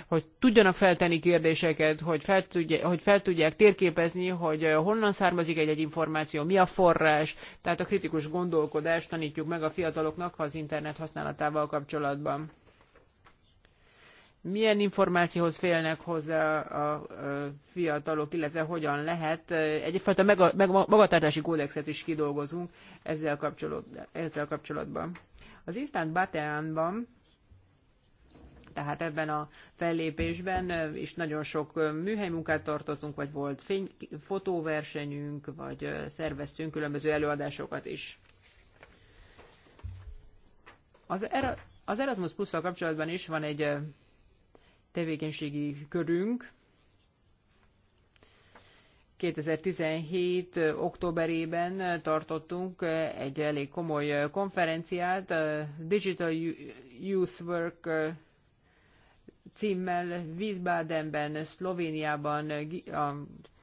hogy tudjanak feltenni kérdéseket, hogy fel, tudja, hogy fel tudják térképezni, hogy honnan származik egy-egy információ, mi a forrás. Tehát a kritikus gondolkodást tanítjuk meg a fiataloknak az internet használatával kapcsolatban milyen információhoz félnek hozzá a, fiatalok, illetve hogyan lehet. Egyfajta meg, meg, magatartási kódexet is kidolgozunk ezzel, kapcsolat, ezzel kapcsolatban. Az Instant Bateánban, tehát ebben a fellépésben is nagyon sok műhelymunkát tartottunk, vagy volt fény, fotóversenyünk, vagy szerveztünk különböző előadásokat is. Az, az Erasmus plus kapcsolatban is van egy tevékenységi körünk. 2017. októberében tartottunk egy elég komoly konferenciát, Digital Youth Work címmel Wiesbadenben, Szlovéniában, a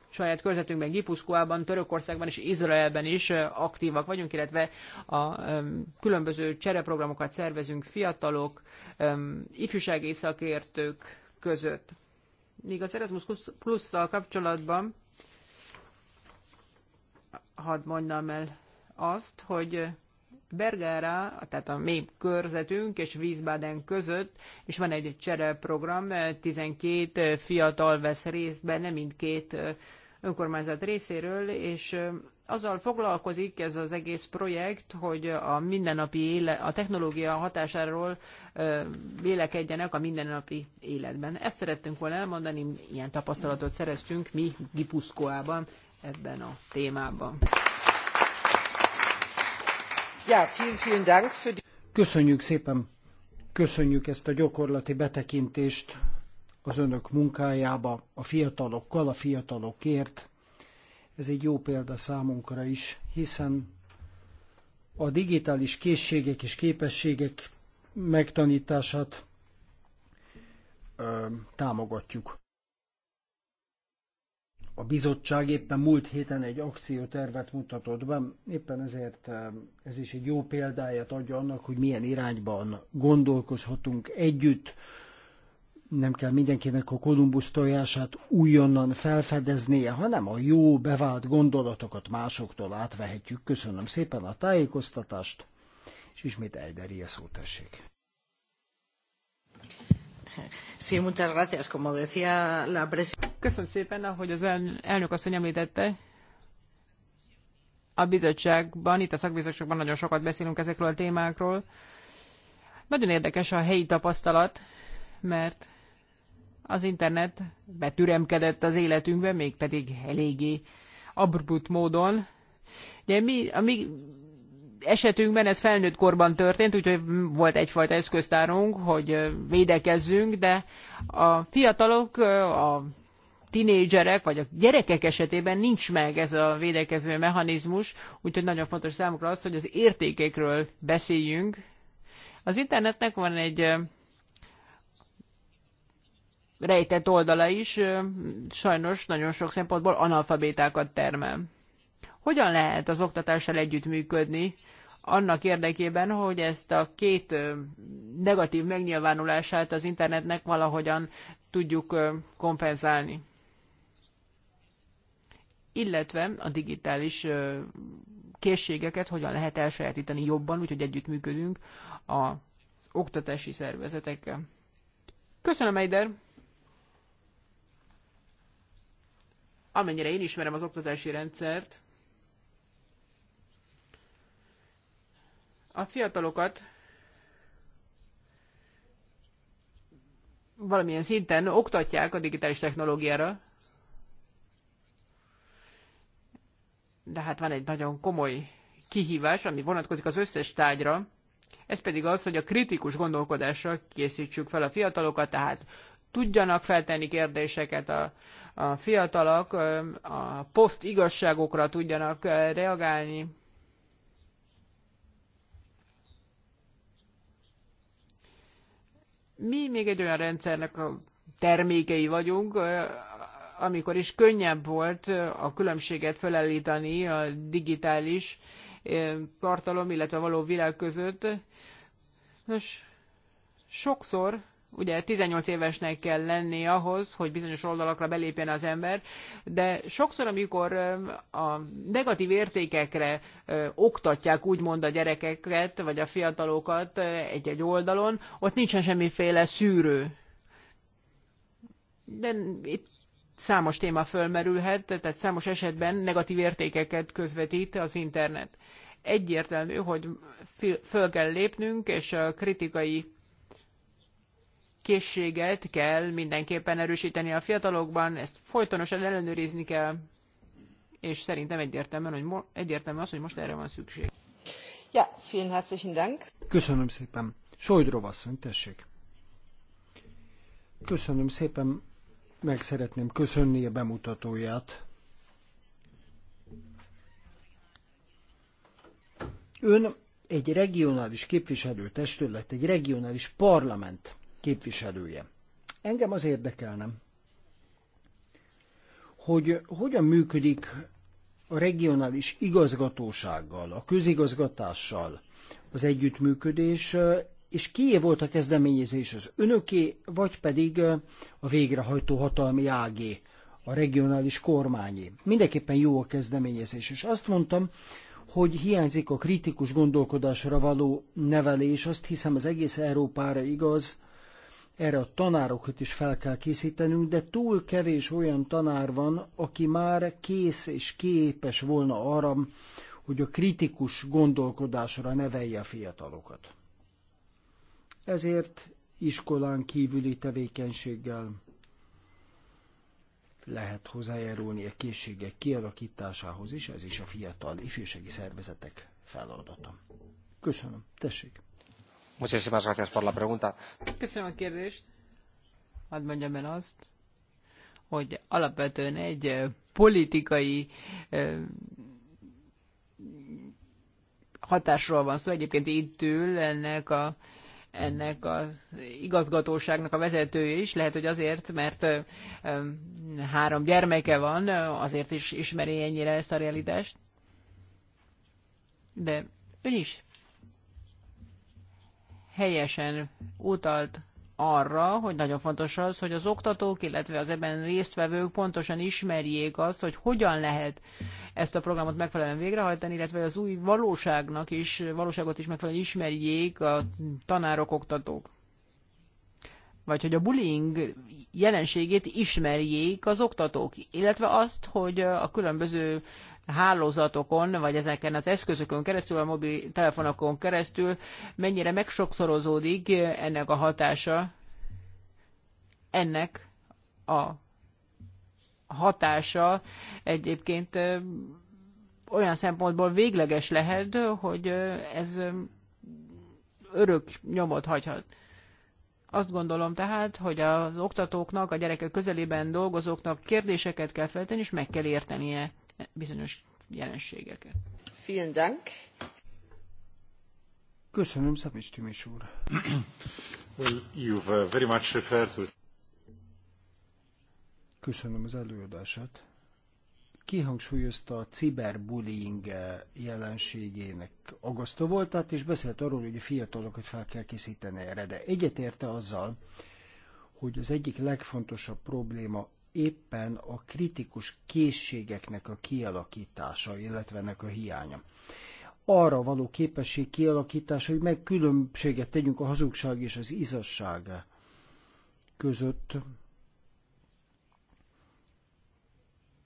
saját körzetünkben, Gipuszkóában, Törökországban és Izraelben is aktívak vagyunk, illetve a különböző csereprogramokat szervezünk fiatalok, ifjúsági szakértők, között. Míg az Erasmus Plus-szal kapcsolatban hadd mondjam el azt, hogy Bergára, tehát a mi körzetünk és Wiesbaden között, és van egy csereprogram, 12 fiatal vesz részt benne mindkét önkormányzat részéről, és azzal foglalkozik ez az egész projekt, hogy a mindennapi éle, a technológia hatásáról vélekedjenek a mindennapi életben. Ezt szerettünk volna elmondani, ilyen tapasztalatot szereztünk mi Gipuszkoában ebben a témában. Ja, vielen, vielen Dank für die... Köszönjük szépen, köszönjük ezt a gyakorlati betekintést az önök munkájába, a fiatalokkal, a fiatalokért ez egy jó példa számunkra is, hiszen a digitális készségek és képességek megtanítását ö, támogatjuk. A bizottság éppen múlt héten egy akciótervet mutatott be, éppen ezért ez is egy jó példáját adja annak, hogy milyen irányban gondolkozhatunk együtt nem kell mindenkinek a Kolumbusz tojását újonnan felfedeznie, hanem a jó bevált gondolatokat másoktól átvehetjük. Köszönöm szépen a tájékoztatást, és ismét Eideri a szót tessék. Köszönöm szépen, ahogy az elnök asszony említette, a bizottságban, itt a szakbizottságban nagyon sokat beszélünk ezekről a témákról. Nagyon érdekes a helyi tapasztalat, mert az internet betüremkedett az életünkbe, mégpedig eléggé abrupt módon. Ugye mi, a mi esetünkben ez felnőtt korban történt, úgyhogy volt egyfajta eszköztárunk, hogy védekezzünk, de a fiatalok, a tinédzserek vagy a gyerekek esetében nincs meg ez a védekező mechanizmus, úgyhogy nagyon fontos számukra az, hogy az értékekről beszéljünk. Az internetnek van egy rejtett oldala is sajnos nagyon sok szempontból analfabétákat termel. Hogyan lehet az oktatással együttműködni annak érdekében, hogy ezt a két negatív megnyilvánulását az internetnek valahogyan tudjuk kompenzálni? Illetve a digitális készségeket hogyan lehet elsajátítani jobban, úgyhogy együttműködünk az oktatási szervezetekkel. Köszönöm, Eider! amennyire én ismerem az oktatási rendszert, a fiatalokat valamilyen szinten oktatják a digitális technológiára, de hát van egy nagyon komoly kihívás, ami vonatkozik az összes tárgyra, ez pedig az, hogy a kritikus gondolkodásra készítsük fel a fiatalokat, tehát tudjanak feltenni kérdéseket a, a fiatalok, a poszt igazságokra tudjanak reagálni. Mi még egy olyan rendszernek a termékei vagyunk, amikor is könnyebb volt a különbséget felállítani a digitális tartalom, illetve való világ között. Nos, sokszor ugye 18 évesnek kell lenni ahhoz, hogy bizonyos oldalakra belépjen az ember, de sokszor, amikor a negatív értékekre oktatják úgymond a gyerekeket, vagy a fiatalokat egy-egy oldalon, ott nincsen semmiféle szűrő. De itt számos téma fölmerülhet, tehát számos esetben negatív értékeket közvetít az internet. Egyértelmű, hogy föl kell lépnünk, és a kritikai készséget kell mindenképpen erősíteni a fiatalokban, ezt folytonosan ellenőrizni kell, és szerintem egyértelműen, hogy mo- egyértelmű az, hogy most erre van szükség. Ja, vielen herzlichen Dank. Köszönöm szépen. Sojdrov asszony, tessék. Köszönöm szépen, meg szeretném köszönni a bemutatóját. Ön egy regionális képviselőtestület, egy regionális parlament képviselője. Engem az érdekelne, hogy hogyan működik a regionális igazgatósággal, a közigazgatással az együttműködés, és kié volt a kezdeményezés az önöké, vagy pedig a végrehajtó hatalmi ágé, a regionális kormányé. Mindenképpen jó a kezdeményezés, és azt mondtam, hogy hiányzik a kritikus gondolkodásra való nevelés, azt hiszem az egész Európára igaz, erre a tanárokat is fel kell készítenünk, de túl kevés olyan tanár van, aki már kész és képes volna arra, hogy a kritikus gondolkodásra nevelje a fiatalokat. Ezért iskolán kívüli tevékenységgel lehet hozzájárulni a készségek kialakításához is, ez is a fiatal ifjúsági szervezetek feladata. Köszönöm, tessék! Muchísimas gracias por la pregunta. Köszönöm a kérdést. Hadd mondjam el azt, hogy alapvetően egy politikai hatásról van szó. Egyébként itt ül ennek a ennek az igazgatóságnak a vezetője is, lehet, hogy azért, mert három gyermeke van, azért is ismeri ennyire ezt a realitást. De ön is helyesen utalt arra, hogy nagyon fontos az, hogy az oktatók, illetve az ebben résztvevők pontosan ismerjék azt, hogy hogyan lehet ezt a programot megfelelően végrehajtani, illetve az új valóságnak is, valóságot is megfelelően ismerjék a tanárok, oktatók. Vagy hogy a bullying jelenségét ismerjék az oktatók, illetve azt, hogy a különböző hálózatokon, vagy ezeken az eszközökön keresztül, a mobiltelefonokon keresztül, mennyire megsokszorozódik ennek a hatása, ennek a hatása egyébként olyan szempontból végleges lehet, hogy ez örök nyomot hagyhat. Azt gondolom tehát, hogy az oktatóknak, a gyerekek közelében dolgozóknak kérdéseket kell feltenni, és meg kell értenie bizonyos jelenségeket. Vielen Dank. Köszönöm, Szabics Tümés úr. [CLEARS THROAT] well, you've uh, very much referred to... Köszönöm az előadását. Kihangsúlyozta a ciberbullying eh, jelenségének agasztó voltát, és beszélt arról, hogy a fiatalokat fel kell készíteni erre, de egyetérte azzal, hogy az egyik legfontosabb probléma éppen a kritikus készségeknek a kialakítása, illetve ennek a hiánya. Arra való képesség kialakítása, hogy meg különbséget tegyünk a hazugság és az izasság között.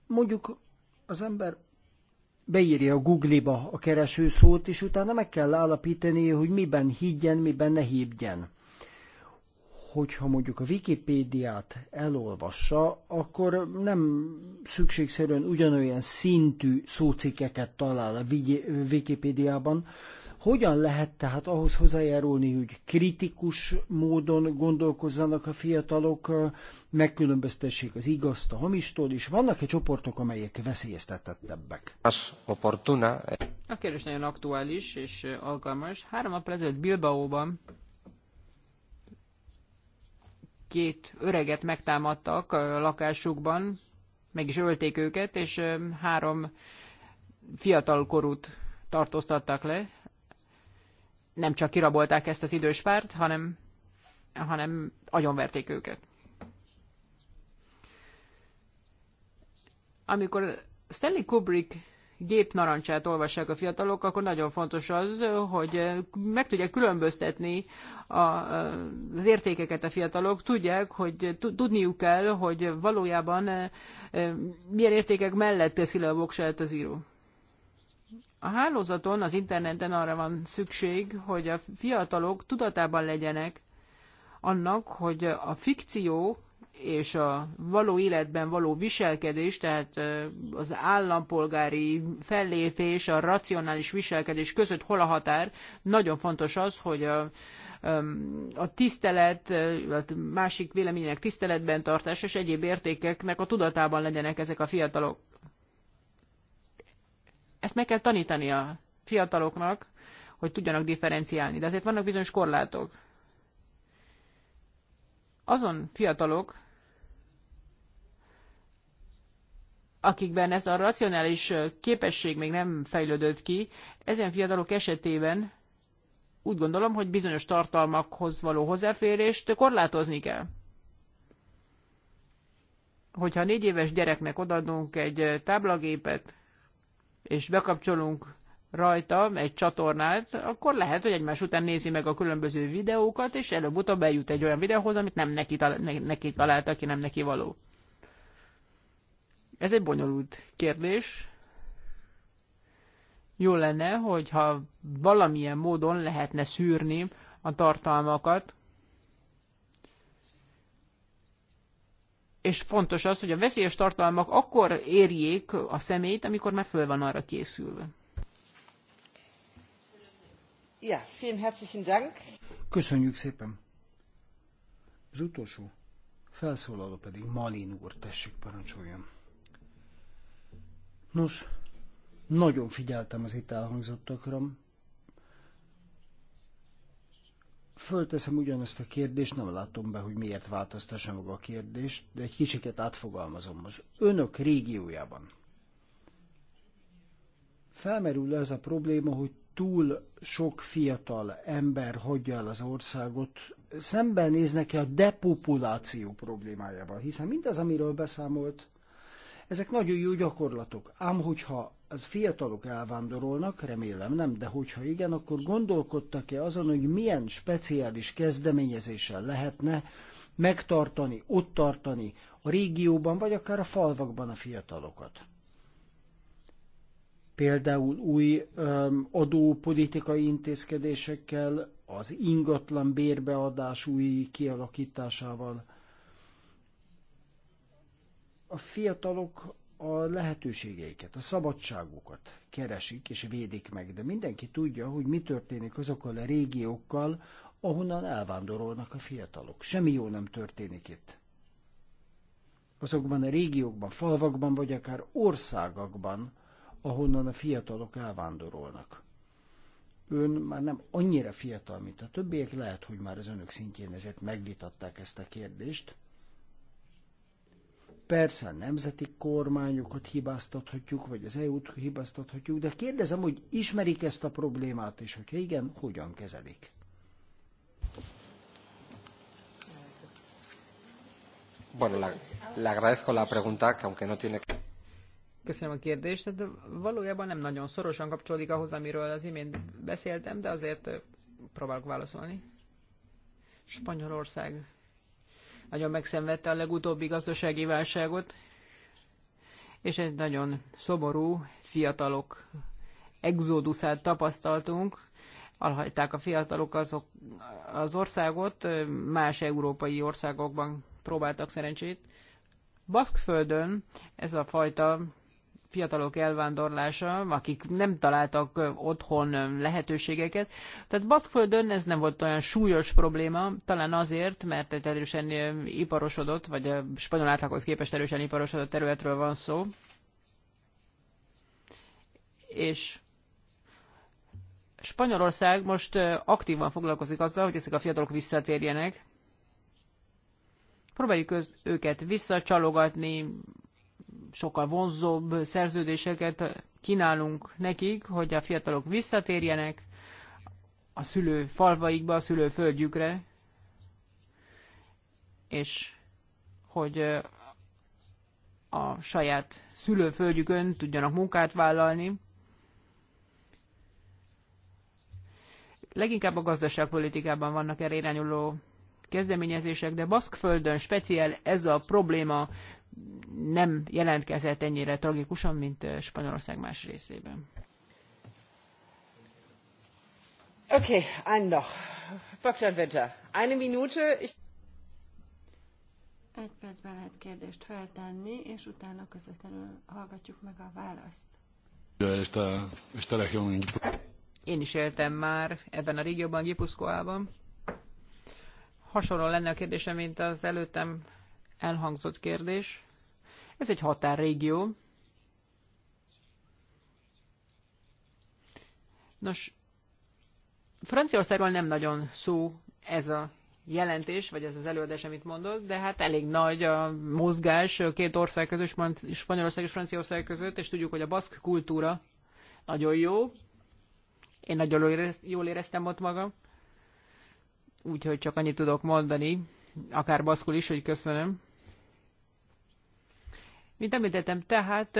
Mondjuk az ember beírja a Google-ba a keresőszót, és utána meg kell állapítani, hogy miben higgyen, miben ne higgyen hogyha mondjuk a Wikipédiát elolvassa, akkor nem szükségszerűen ugyanolyan szintű szócikkeket talál a Wikipédiában. Hogyan lehet tehát ahhoz hozzájárulni, hogy kritikus módon gondolkozzanak a fiatalok, megkülönböztessék az igazt a hamistól, és vannak-e csoportok, amelyek veszélyeztetettebbek? A kérdés nagyon aktuális és alkalmas. Három nap ezelőtt Bilbaóban két öreget megtámadtak a lakásukban, meg is ölték őket, és három fiatalkorút tartóztattak le. Nem csak kirabolták ezt az idős párt, hanem, hanem agyonverték őket. Amikor Stanley Kubrick gép narancsát olvassák a fiatalok, akkor nagyon fontos az, hogy meg tudják különböztetni a, az értékeket a fiatalok, tudják, hogy tudniuk kell, hogy valójában e, e, milyen értékek mellett teszi le a voksát az író. A hálózaton, az interneten arra van szükség, hogy a fiatalok tudatában legyenek annak, hogy a fikció és a való életben való viselkedés, tehát az állampolgári fellépés, a racionális viselkedés között hol a határ, nagyon fontos az, hogy a, a tisztelet, a hát másik vélemények tiszteletben tartás és egyéb értékeknek a tudatában legyenek ezek a fiatalok. Ezt meg kell tanítani a fiataloknak, hogy tudjanak differenciálni, de azért vannak bizonyos korlátok azon fiatalok, akikben ez a racionális képesség még nem fejlődött ki, ezen fiatalok esetében úgy gondolom, hogy bizonyos tartalmakhoz való hozzáférést korlátozni kell. Hogyha négy éves gyereknek odaadunk egy táblagépet, és bekapcsolunk rajta egy csatornát, akkor lehet, hogy egymás után nézi meg a különböző videókat, és előbb-utóbb eljut egy olyan videóhoz, amit nem neki, tal- neki találta, aki nem neki való. Ez egy bonyolult kérdés. Jó lenne, hogyha valamilyen módon lehetne szűrni a tartalmakat, és fontos az, hogy a veszélyes tartalmak akkor érjék a szemét, amikor már föl van arra készülve. Ja, vielen herzlichen Dank. Köszönjük szépen. Az utolsó felszólaló pedig Malin úr, tessék parancsoljon. Nos, nagyon figyeltem az itt elhangzottakra. Fölteszem ugyanazt a kérdést, nem látom be, hogy miért változtassam meg a kérdést, de egy kicsiket átfogalmazom. most. önök régiójában felmerül ez a probléma, hogy túl sok fiatal ember hagyja el az országot, szembenéznek-e a depopuláció problémájával, hiszen mindaz, amiről beszámolt, ezek nagyon jó gyakorlatok, ám hogyha az fiatalok elvándorolnak, remélem nem, de hogyha igen, akkor gondolkodtak-e azon, hogy milyen speciális kezdeményezéssel lehetne megtartani, ott tartani a régióban, vagy akár a falvakban a fiatalokat? Például új öm, adópolitikai intézkedésekkel, az ingatlan bérbeadás új kialakításával – a fiatalok a lehetőségeiket, a szabadságukat keresik és védik meg, de mindenki tudja, hogy mi történik azokkal a régiókkal, ahonnan elvándorolnak a fiatalok. Semmi jó nem történik itt. Azokban a régiókban, falvakban, vagy akár országokban, ahonnan a fiatalok elvándorolnak. Ön már nem annyira fiatal, mint a többiek, lehet, hogy már az önök szintjén ezért megvitatták ezt a kérdést, Persze a nemzeti kormányokat hibáztathatjuk, vagy az EU-t hibáztathatjuk, de kérdezem, hogy ismerik ezt a problémát, és hogyha igen, hogyan kezelik? Bueno, la, le agradezco la pregunta, que aunque no tiene... Köszönöm a kérdést, de hát valójában nem nagyon szorosan kapcsolódik ahhoz, amiről az imént beszéltem, de azért próbálok válaszolni. Spanyolország nagyon megszenvedte a legutóbbi gazdasági válságot, és egy nagyon szomorú fiatalok exóduszát tapasztaltunk. Alhagyták a fiatalok azok, az országot, más európai országokban próbáltak szerencsét. Baszkföldön ez a fajta fiatalok elvándorlása, akik nem találtak otthon lehetőségeket. Tehát Baszkföldön ez nem volt olyan súlyos probléma, talán azért, mert egy erősen iparosodott, vagy a spanyol átlaghoz képest erősen iparosodott területről van szó. És Spanyolország most aktívan foglalkozik azzal, hogy ezek a fiatalok visszatérjenek. Próbáljuk őket visszacsalogatni, sokkal vonzóbb szerződéseket kínálunk nekik, hogy a fiatalok visszatérjenek a szülő falvaikba, a szülő földjükre, és hogy a saját szülőföldjükön tudjanak munkát vállalni. Leginkább a gazdaságpolitikában vannak erre irányuló kezdeményezések, de Baszkföldön speciál ez a probléma nem jelentkezett ennyire tragikusan, mint Spanyolország más részében. Oké, okay, ein noch. Dr. Winter, eine Minute. Ich... Egy percben lehet kérdést feltenni, és utána közvetlenül hallgatjuk meg a választ. Én is éltem már ebben a régióban, Gipuszkoában. Hasonló lenne a kérdésem, mint az előttem elhangzott kérdés. Ez egy határrégió. Nos, Franciaországról nem nagyon szó ez a jelentés, vagy ez az előadás, amit mondod, de hát elég nagy a mozgás két ország között, Spanyolország és Franciaország között, és tudjuk, hogy a baszk kultúra nagyon jó. Én nagyon jól éreztem ott magam, úgyhogy csak annyit tudok mondani, akár baszkul is, hogy köszönöm. Mint említettem, tehát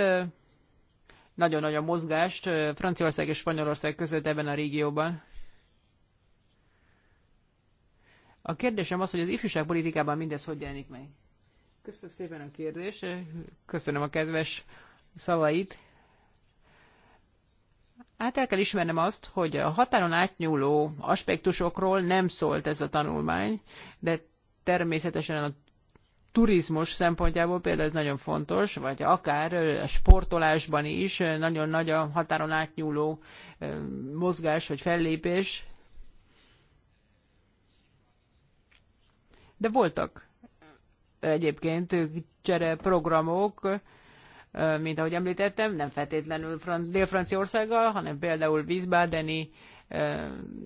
nagyon nagy a mozgást Franciaország és Spanyolország között ebben a régióban. A kérdésem az, hogy az ifjúságpolitikában mindez hogy jelenik meg? Köszönöm szépen a kérdést, köszönöm a kedves szavait. Hát el kell ismernem azt, hogy a határon átnyúló aspektusokról nem szólt ez a tanulmány, de természetesen a turizmus szempontjából például ez nagyon fontos, vagy akár a sportolásban is nagyon nagy a határon átnyúló mozgás vagy fellépés. De voltak egyébként csere programok, mint ahogy említettem, nem feltétlenül Dél-Franciaországgal, hanem például Wiesbadeni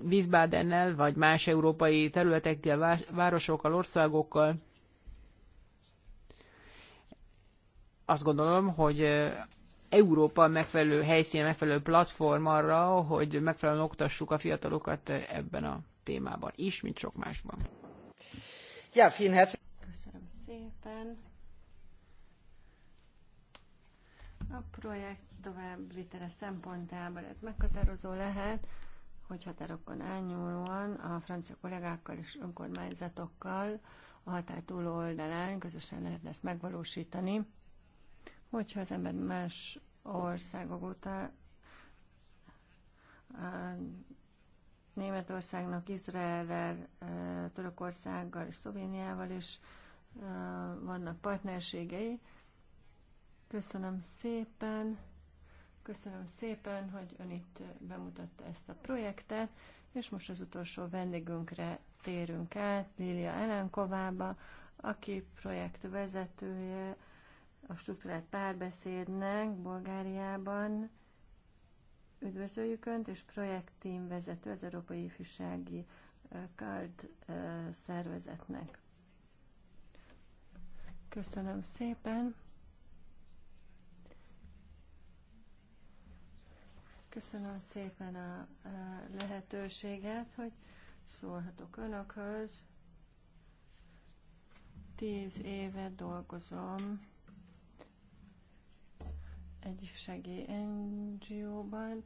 Wiesbadennel, vagy más európai területekkel, városokkal, országokkal. azt gondolom, hogy Európa megfelelő helyszín, megfelelő platform arra, hogy megfelelően oktassuk a fiatalokat ebben a témában is, mint sok másban. Ja, finhez. Köszönöm szépen. A projekt tovább vitele szempontjából ez meghatározó lehet, hogy határokon elnyúlóan a francia kollégákkal és önkormányzatokkal a határ túloldalán közösen lehet ezt megvalósítani Hogyha az ember más országok óta Németországnak, Izraelrel, Törökországgal és Szlovéniával is vannak partnerségei. Köszönöm szépen, köszönöm szépen, hogy ön itt bemutatta ezt a projektet, és most az utolsó vendégünkre térünk át, Lilia Elenkovába, aki projektvezetője a struktúrált párbeszédnek Bulgáriában. Üdvözöljük Önt, és projektteam vezető az Európai Ifjúsági Kard szervezetnek. Köszönöm szépen! Köszönöm szépen a lehetőséget, hogy szólhatok Önökhöz. Tíz éve dolgozom egy segély NGO-ban,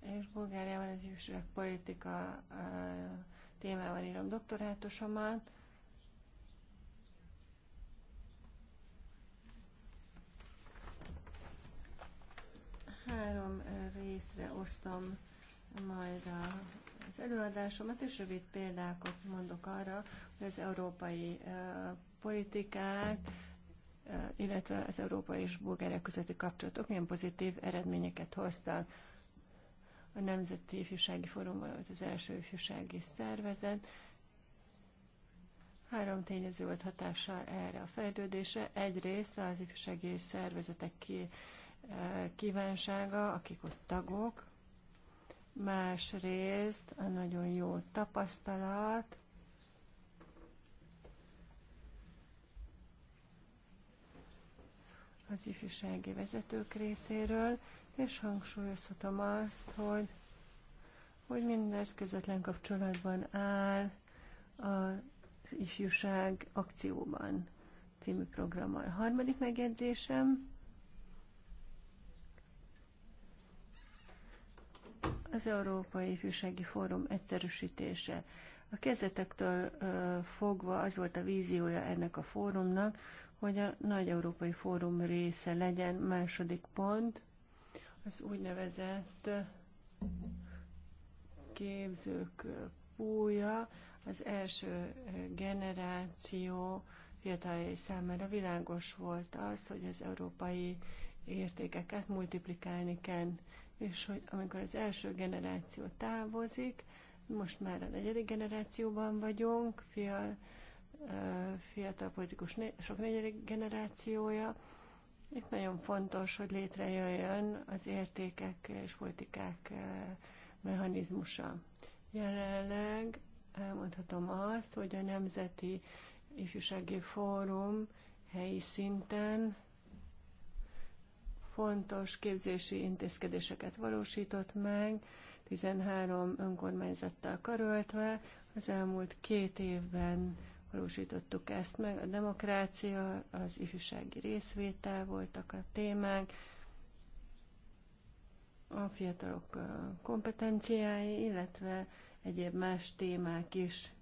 és Bulgáriában az ifjúság politika témában írom doktorátusomat. Három részre osztom majd a az előadásomat, és rövid példákat mondok arra, hogy az európai uh, politikák Eh, illetve az Európa és Bulgária közötti kapcsolatok milyen pozitív eredményeket hoztak. A Nemzeti Ifjúsági Fórum volt az első ifjúsági szervezet. Három tényező volt hatással erre a fejlődése. Egyrészt az ifjúsági szervezetek ki, eh, kívánsága, akik ott tagok, másrészt a nagyon jó tapasztalat, az ifjúsági vezetők részéről, és hangsúlyozhatom azt, hogy, hogy mindez közvetlen kapcsolatban áll az ifjúság akcióban című programmal. A harmadik megjegyzésem az Európai Ifjúsági Fórum egyszerűsítése. A kezdetektől fogva az volt a víziója ennek a fórumnak, hogy a Nagy Európai Fórum része legyen. Második pont, az úgynevezett képzők púja, az első generáció fiatal számára világos volt az, hogy az európai értékeket multiplikálni kell, és hogy amikor az első generáció távozik, most már a negyedik generációban vagyunk, fiatal fiatal politikus sok negyedik generációja. Itt nagyon fontos, hogy létrejöjjön az értékek és politikák mechanizmusa. Jelenleg elmondhatom azt, hogy a Nemzeti Ifjúsági Fórum helyi szinten fontos képzési intézkedéseket valósított meg, 13 önkormányzattal karöltve az elmúlt két évben valósítottuk ezt meg. A demokrácia, az ifjúsági részvétel voltak a témák, a fiatalok kompetenciái, illetve egyéb más témák is.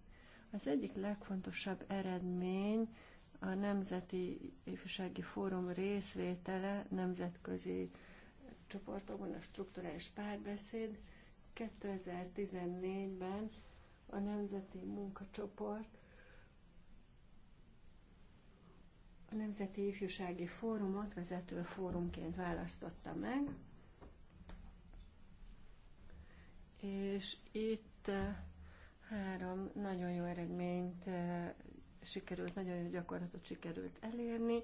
Az egyik legfontosabb eredmény a Nemzeti Ifjúsági Fórum részvétele nemzetközi csoportokban, a strukturális párbeszéd 2014-ben a Nemzeti Munkacsoport a Nemzeti Ifjúsági Fórumot vezető fórumként választotta meg, és itt eh, három nagyon jó eredményt eh, sikerült, nagyon jó gyakorlatot sikerült elérni,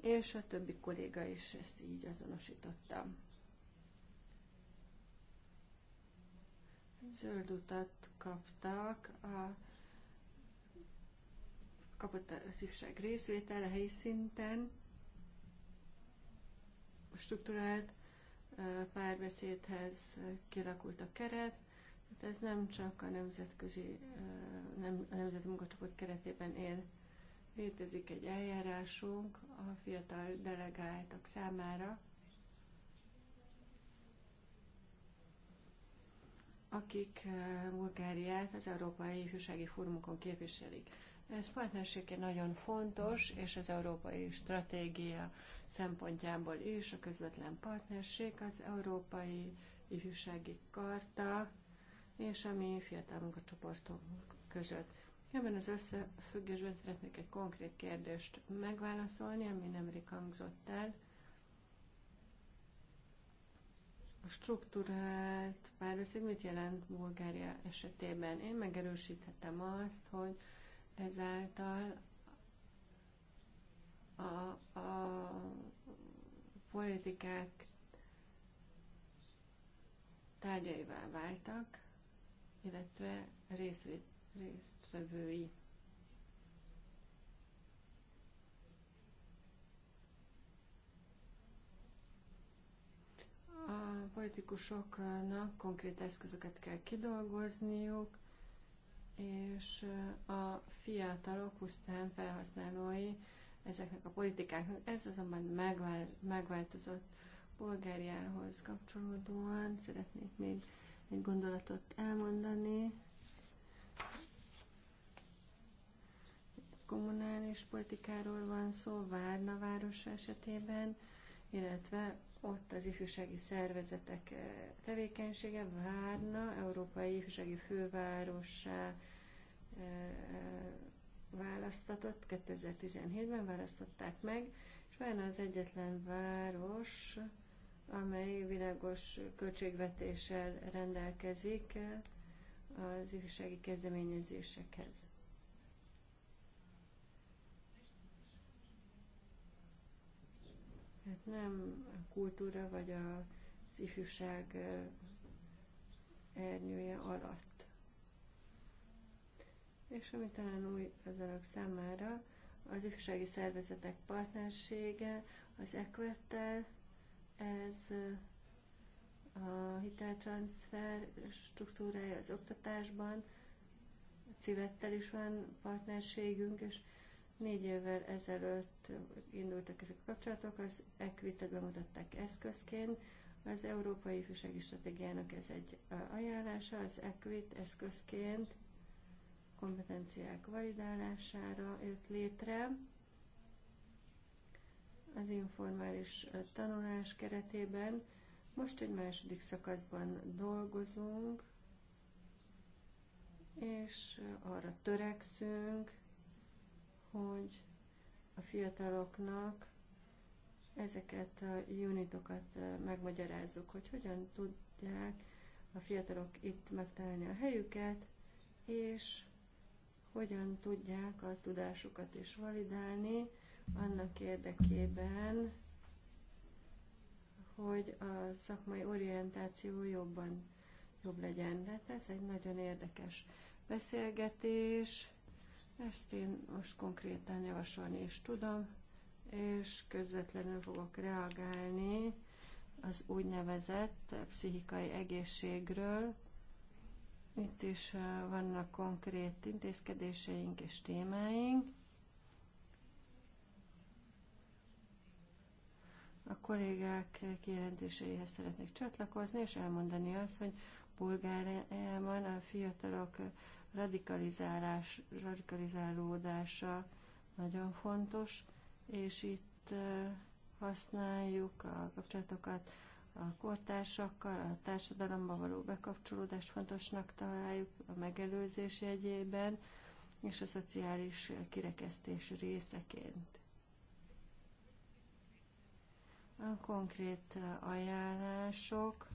és a többi kolléga is ezt így azonosította. Zöld utat kaptak a kapott a szívság részvétel a helyi szinten, struktúrált párbeszédhez kialakult a keret, tehát ez nem csak a nemzetközi, nem, a nemzeti munkacsoport keretében él. Létezik egy eljárásunk a fiatal delegáltak számára, akik Bulgáriát az Európai Ifjúsági Fórumokon képviselik. Ez partnerségként nagyon fontos, és az európai stratégia szempontjából is a közvetlen partnerség, az európai ifjúsági karta és a mi fiatal csoportunk között. Ebben az összefüggésben szeretnék egy konkrét kérdést megválaszolni, ami nemrég hangzott el. A struktúrált párbeszéd mit jelent Bulgária esetében? Én megerősíthetem azt, hogy ezáltal a, a politikák tárgyaivá váltak, illetve részvét, résztvevői. A politikusoknak konkrét eszközöket kell kidolgozniuk, és a fiatalok, pusztán felhasználói ezeknek a politikáknak. Ez azonban megvál, megváltozott Bulgáriához kapcsolódóan. Szeretnék még egy gondolatot elmondani. Kommunális politikáról van szó Várna város esetében, illetve ott az ifjúsági szervezetek eh, tevékenysége várna európai ifjúsági fővárossá eh, eh, választatott, 2017-ben választották meg, és várna az egyetlen város, amely világos költségvetéssel rendelkezik az ifjúsági kezdeményezésekhez. Tehát nem a kultúra vagy az ifjúság ernyője alatt. És ami talán új az önök számára, az ifjúsági szervezetek partnersége, az Equettel, ez a hiteltranszfer struktúrája az oktatásban, a Civettel is van partnerségünk, és Négy évvel ezelőtt indultak ezek a kapcsolatok, az Equitet bemutatták eszközként, az Európai Ifjúsági Stratégiának ez egy ajánlása, az Equit eszközként kompetenciák validálására jött létre. Az informális tanulás keretében most egy második szakaszban dolgozunk, és arra törekszünk, hogy a fiataloknak ezeket a unitokat megmagyarázzuk, hogy hogyan tudják a fiatalok itt megtalálni a helyüket, és hogyan tudják a tudásukat is validálni annak érdekében, hogy a szakmai orientáció jobban jobb legyen. De hát ez egy nagyon érdekes beszélgetés. Ezt én most konkrétan javasolni is tudom, és közvetlenül fogok reagálni az úgynevezett pszichikai egészségről. Itt is vannak konkrét intézkedéseink és témáink. A kollégák kijelentéseihez szeretnék csatlakozni, és elmondani azt, hogy Bulgáriában a fiatalok radikalizálás, radikalizálódása nagyon fontos, és itt használjuk a kapcsolatokat a kortársakkal, a társadalomba való bekapcsolódást fontosnak találjuk a megelőzés jegyében, és a szociális kirekesztés részeként. A konkrét ajánlások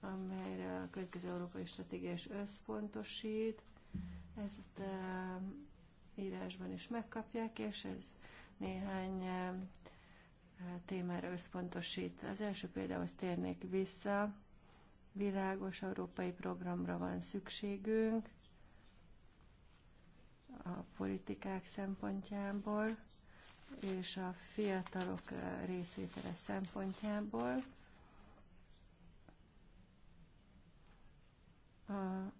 amelyre a következő európai stratégia is összpontosít. Ezt eh, írásban is megkapják, és ez néhány eh, témára összpontosít. Az első példához térnék vissza. Világos európai programra van szükségünk a politikák szempontjából és a fiatalok eh, részvétele szempontjából. A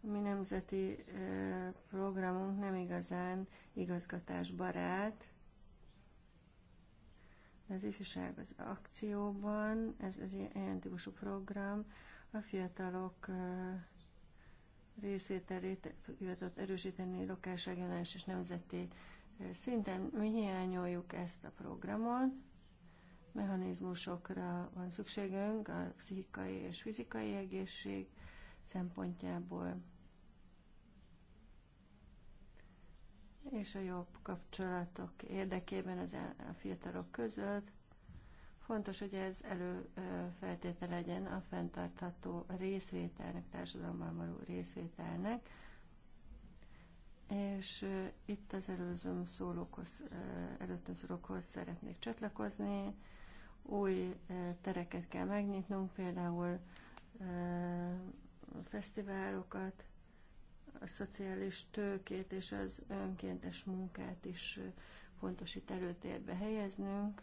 mi nemzeti programunk nem igazán igazgatásbarát. Az ifjúság az akcióban, ez, ez ilyen típusú program, a fiatalok részételét hivatott erősíteni lokálságjonális és nemzeti szinten. Mi hiányoljuk ezt a programot mechanizmusokra van szükségünk a pszichikai és fizikai egészség szempontjából, és a jobb kapcsolatok érdekében az a fiatalok között. Fontos, hogy ez előfeltétel legyen a fenntartható részvételnek, társadalomban való részvételnek, és itt az előző szólókhoz, előttem szólókhoz szeretnék csatlakozni, új tereket kell megnyitnunk, például fesztiválokat, a szociális tőkét és az önkéntes munkát is fontos itt előtérbe helyeznünk,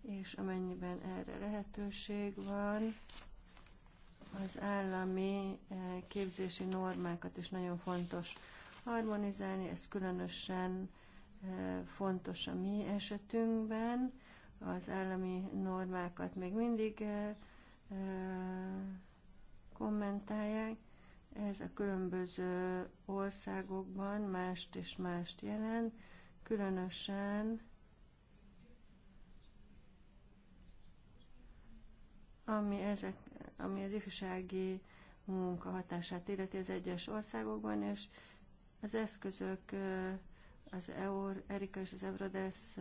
és amennyiben erre lehetőség van, az állami képzési normákat is nagyon fontos harmonizálni, ez különösen fontos a mi esetünkben, az állami normákat még mindig eh, eh, kommentálják. Ez a különböző országokban mást és mást jelent, különösen ami, ezek, ami az ifjúsági munka hatását illeti az egyes országokban, és az eszközök, eh, az EUR, Erika és az Eurodesz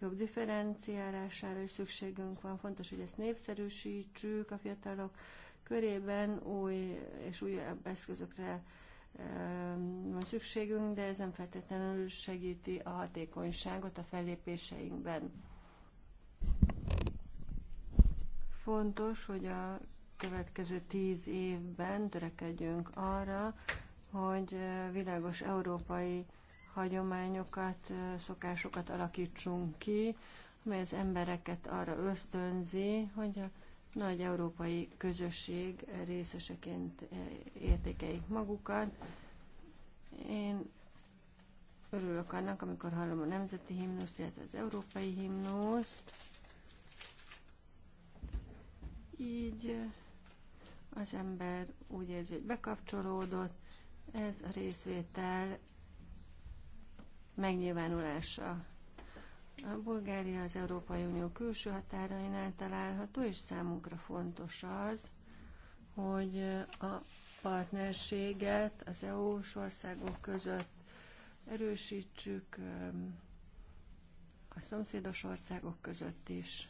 jobb differenciálására is szükségünk van. Fontos, hogy ezt népszerűsítsük a fiatalok körében, új és újabb eszközökre van szükségünk, de ez nem feltétlenül segíti a hatékonyságot a fellépéseinkben. Fontos, hogy a következő tíz évben törekedjünk arra, hogy eh, világos európai hagyományokat, szokásokat alakítsunk ki, amely az embereket arra ösztönzi, hogy a nagy európai közösség részeseként értékeik magukat. Én örülök annak, amikor hallom a nemzeti himnuszt, illetve az európai himnuszt. Így az ember úgy érzi, hogy bekapcsolódott, ez a részvétel megnyilvánulása. A Bulgária az Európai Unió külső határainál található, és számunkra fontos az, hogy a partnerséget az EU-s országok között erősítsük, a szomszédos országok között is.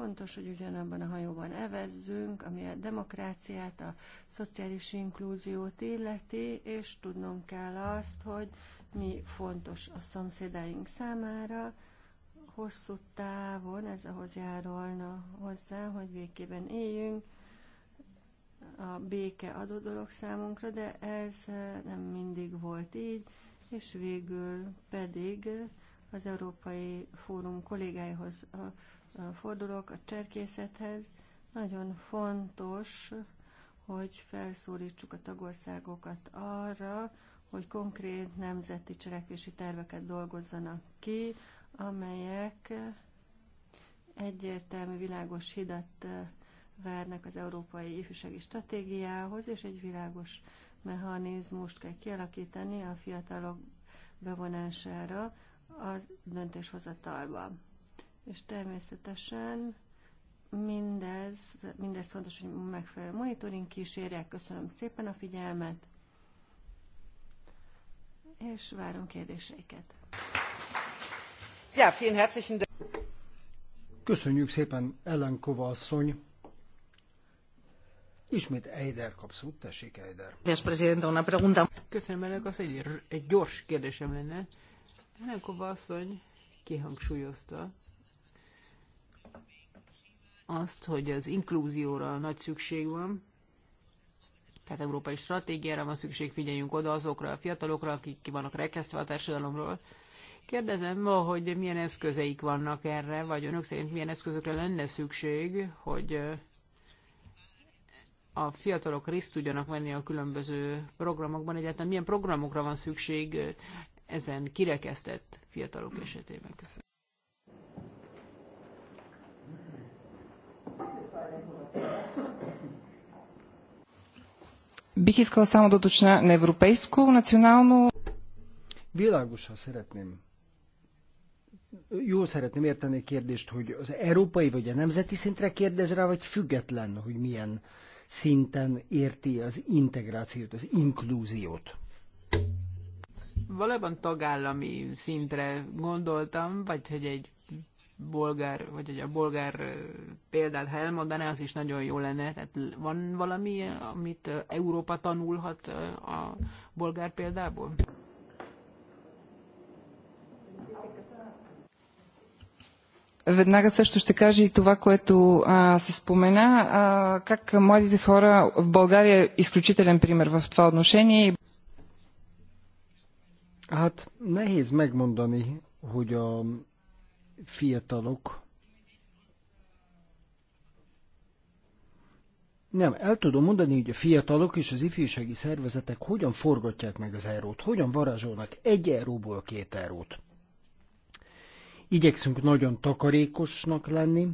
Fontos, hogy ugyanabban a hajóban evezzünk, ami a demokráciát, a szociális inklúziót illeti, és tudnom kell azt, hogy mi fontos a szomszédáink számára, hosszú távon ez ahhoz járulna hozzá, hogy végképpen éljünk, a béke adó dolog számunkra, de ez eh, nem mindig volt így, és végül pedig az Európai Fórum kollégáihoz fordulok a cserkészethez. Nagyon fontos, hogy felszólítsuk a tagországokat arra, hogy konkrét nemzeti cselekvési terveket dolgozzanak ki, amelyek egyértelmű, világos hidat eh, várnak az európai ifjúsági stratégiához, és egy világos mechanizmust kell kialakítani a fiatalok bevonására az döntéshozatalban és természetesen mindez, mindez fontos, hogy megfelelő monitoring kísérjek. Köszönöm szépen a figyelmet, és várom kérdéseiket. Ja, vielen herzlichen Köszönjük szépen, Ellenkova asszony. Ismét Eider kapszunk, tessék Eider. Köszönöm, elnök asszony, egy, egy gyors kérdésem lenne. Kova asszony kihangsúlyozta, azt, hogy az inklúzióra nagy szükség van, tehát európai stratégiára van szükség, figyeljünk oda azokra a fiatalokra, akik ki vannak rekesztve a társadalomról. Kérdezem ma, hogy milyen eszközeik vannak erre, vagy önök szerint milyen eszközökre lenne szükség, hogy eh, a fiatalok részt tudjanak venni a különböző programokban, egyáltalán milyen programokra van szükség eh, ezen kirekesztett fiatalok esetében. Köszönöm. Bih iskala samo da уточня na evropejsku, nacionalnu... Világosan szeretném jól szeretném érteni a kérdést, hogy az európai vagy a nemzeti szintre kérdez rá, vagy független, hogy milyen szinten érti az integrációt, az inklúziót? Valóban tagállami szintre gondoltam, vagy hogy egy bolgár, vagy hogy a bolgár példát, ha elmondaná, az is nagyon jó lenne. Tehát van valami, amit Európa tanulhat a bolgár példából? Веднага също ще кажа и това, което а, се спомена, а, как младите хора в България е изключителен пример в това отношение. Hát nehéz megmondani, hogy a fiatalok. Nem, el tudom mondani, hogy a fiatalok és az ifjúsági szervezetek hogyan forgatják meg az erót, hogyan varázsolnak egy euróból két erót. Igyekszünk nagyon takarékosnak lenni,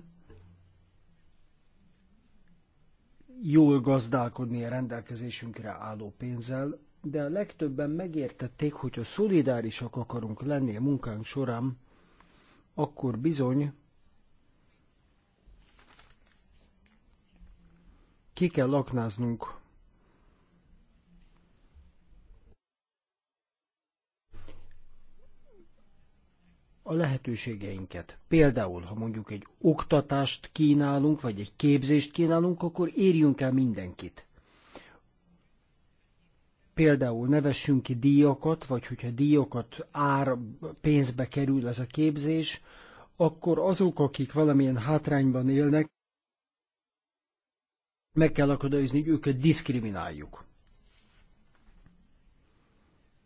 jól gazdálkodni a rendelkezésünkre álló pénzzel, de a legtöbben megértették, hogy ha szolidárisak akarunk lenni a munkánk során, akkor bizony ki kell laknáznunk a lehetőségeinket. Például, ha mondjuk egy oktatást kínálunk, vagy egy képzést kínálunk, akkor érjünk el mindenkit. Például nevessünk ki díjakat, vagy hogyha díjakat ár pénzbe kerül ez a képzés, akkor azok, akik valamilyen hátrányban élnek, meg kell akadályozni, hogy őket diszkrimináljuk.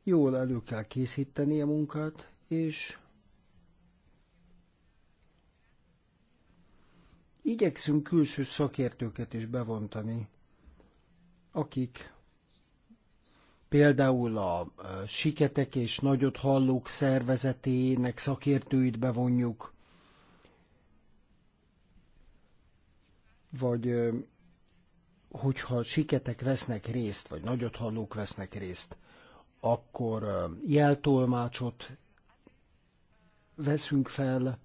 Jól elő kell készíteni a munkát, és igyekszünk külső szakértőket is bevontani, akik Például a siketek és nagyot hallók szervezetének szakértőit bevonjuk, vagy hogyha siketek vesznek részt, vagy nagyot hallók vesznek részt, akkor jeltolmácsot veszünk fel,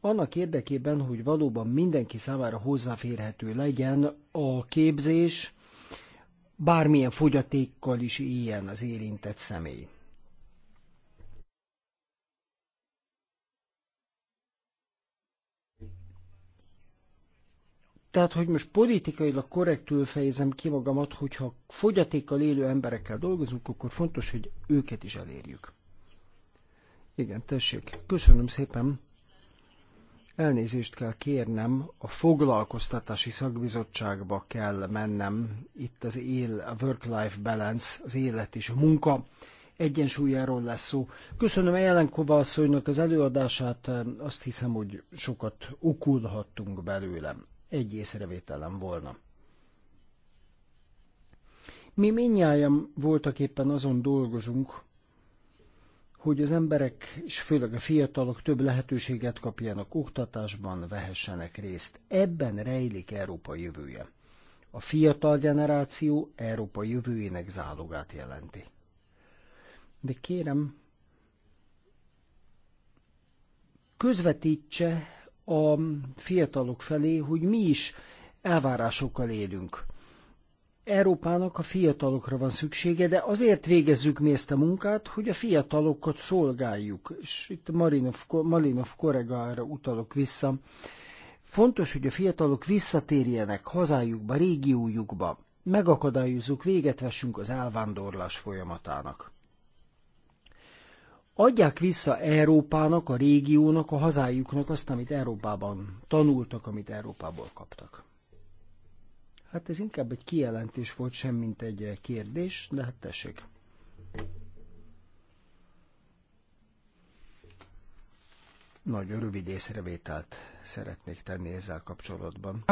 annak érdekében, hogy valóban mindenki számára hozzáférhető legyen a képzés, bármilyen fogyatékkal is éljen az érintett személy. Tehát, hogy most politikailag korrektül fejezem ki magamat, hogyha fogyatékkal élő emberekkel dolgozunk, akkor fontos, hogy őket is elérjük. Igen, tessék. Köszönöm szépen. Elnézést kell kérnem, a foglalkoztatási szakbizottságba kell mennem, itt az él, a work-life balance, az élet és a munka egyensúlyáról lesz szó. Köszönöm Jelenkova asszonynak az előadását, azt hiszem, hogy sokat okulhattunk belőlem. Egy észrevételem volna. Mi minnyáján voltak éppen azon dolgozunk, hogy az emberek, és főleg a fiatalok több lehetőséget kapjanak oktatásban, vehessenek részt. Ebben rejlik Európa jövője. A fiatal generáció Európa jövőjének zálogát jelenti. De kérem, közvetítse a fiatalok felé, hogy mi is elvárásokkal élünk. Európának a fiatalokra van szüksége, de azért végezzük mi ezt a munkát, hogy a fiatalokat szolgáljuk. És itt Marinov, Malinov koregára utalok vissza. Fontos, hogy a fiatalok visszatérjenek hazájukba, régiójukba. Megakadályozzuk, véget vessünk az elvándorlás folyamatának. Adják vissza Európának, a régiónak, a hazájuknak azt, amit Európában tanultak, amit Európából kaptak. Hát ez inkább egy kijelentés volt, sem mint egy kérdés, de hát tessék. Nagyon rövid észrevételt szeretnék tenni ezzel kapcsolatban.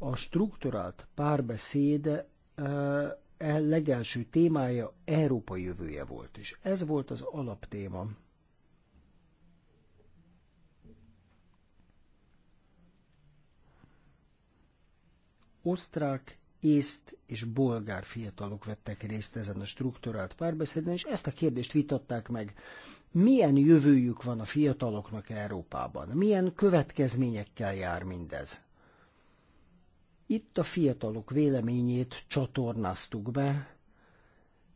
A strukturált párbeszéd e, legelső témája Európa jövője volt, és ez volt az alaptéma Osztrák, észt és bolgár fiatalok vettek részt ezen a strukturált párbeszédben, és ezt a kérdést vitatták meg. Milyen jövőjük van a fiataloknak Európában? Milyen következményekkel jár mindez? Itt a fiatalok véleményét csatornáztuk be,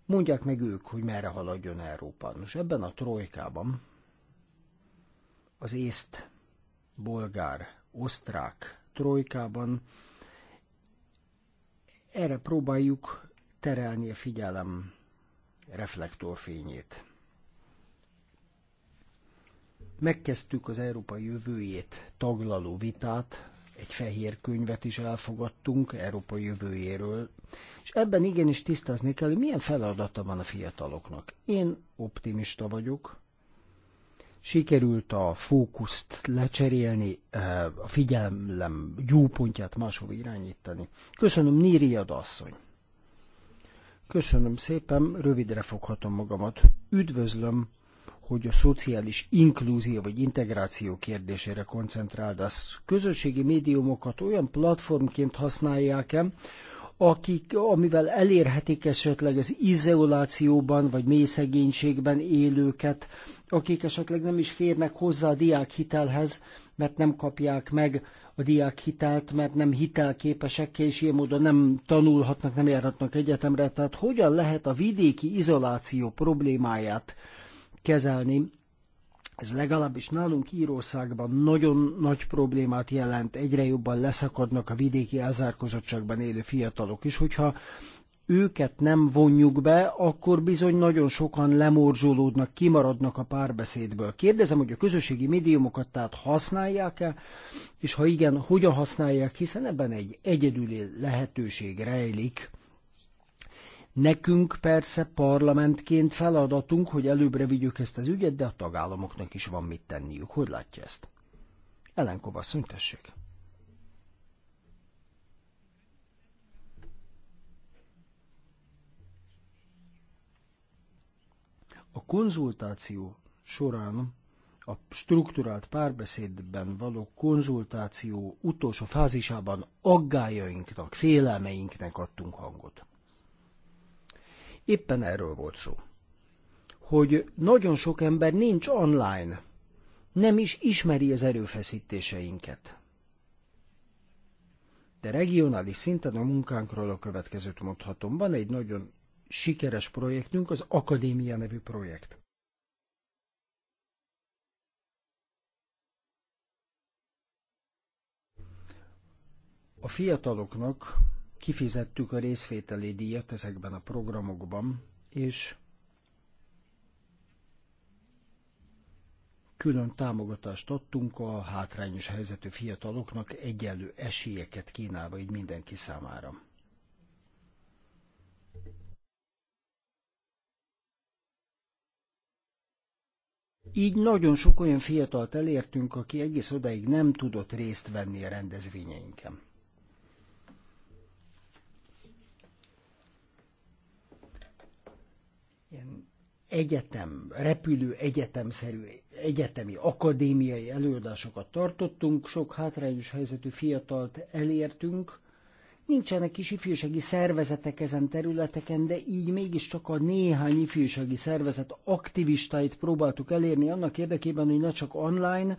mondják meg ők, hogy merre haladjon Európa. Nos, ebben a trojkában az észt, bolgár, osztrák trojkában erre próbáljuk terelni a figyelem reflektorfényét. Megkezdtük az európai jövőjét taglaló vitát, egy fehér könyvet is elfogadtunk Európa jövőjéről, és ebben igenis tisztázni kell, hogy milyen feladata van a fiataloknak. Én optimista vagyok, sikerült a fókuszt lecserélni, eh, a figyelmem gyúpontját máshova irányítani. Köszönöm, Níri asszony! Köszönöm szépen, rövidre foghatom magamat. Üdvözlöm, hogy a szociális inklúzió vagy integráció kérdésére koncentrál, de a közösségi médiumokat olyan platformként használják-e, akik, amivel elérhetik esetleg az izolációban vagy mély szegénységben élőket, akik esetleg nem is férnek hozzá a diákhitelhez, mert nem kapják meg a diákhitelt, mert nem hitelképesek, és ilyen módon nem tanulhatnak, nem járhatnak egyetemre. Tehát hogyan lehet a vidéki izoláció problémáját kezelni? Ez legalábbis nálunk Írországban nagyon nagy problémát jelent, egyre jobban leszakadnak a vidéki elzárkozottságban élő fiatalok is, hogyha őket nem vonjuk be, akkor bizony nagyon sokan lemorzsolódnak, kimaradnak a párbeszédből. Kérdezem, hogy a közösségi médiumokat tehát használják-e, és ha igen, hogyan használják, hiszen ebben egy egyedüli lehetőség rejlik. Nekünk persze parlamentként feladatunk, hogy előbbre vigyük ezt az ügyet, de a tagállamoknak is van mit tenniük. Hogy látja ezt? Ellen Kovasszony, tessék! A konzultáció során a strukturált párbeszédben való konzultáció utolsó fázisában aggájainknak, félelmeinknek adtunk hangot. Éppen erről volt szó, hogy nagyon sok ember nincs online, nem is ismeri az erőfeszítéseinket. De regionális szinten a munkánkról a következőt mondhatom. Van egy nagyon sikeres projektünk az Akadémia nevű projekt. A fiataloknak kifizettük a részvételi díjat ezekben a programokban, és külön támogatást adtunk a hátrányos helyzetű fiataloknak egyenlő esélyeket kínálva így mindenki számára. Így nagyon sok olyan fiatalt elértünk, aki egész odaig nem tudott részt venni a rendezvényeinken. Ilyen egyetem, repülő egyetemszerű, egyetemi, akadémiai előadásokat tartottunk, sok hátrányos helyzetű fiatalt elértünk, Nincsenek is ifjúsági szervezetek ezen területeken, de így mégiscsak a néhány ifjúsági szervezet aktivistáit próbáltuk elérni annak érdekében, hogy ne csak online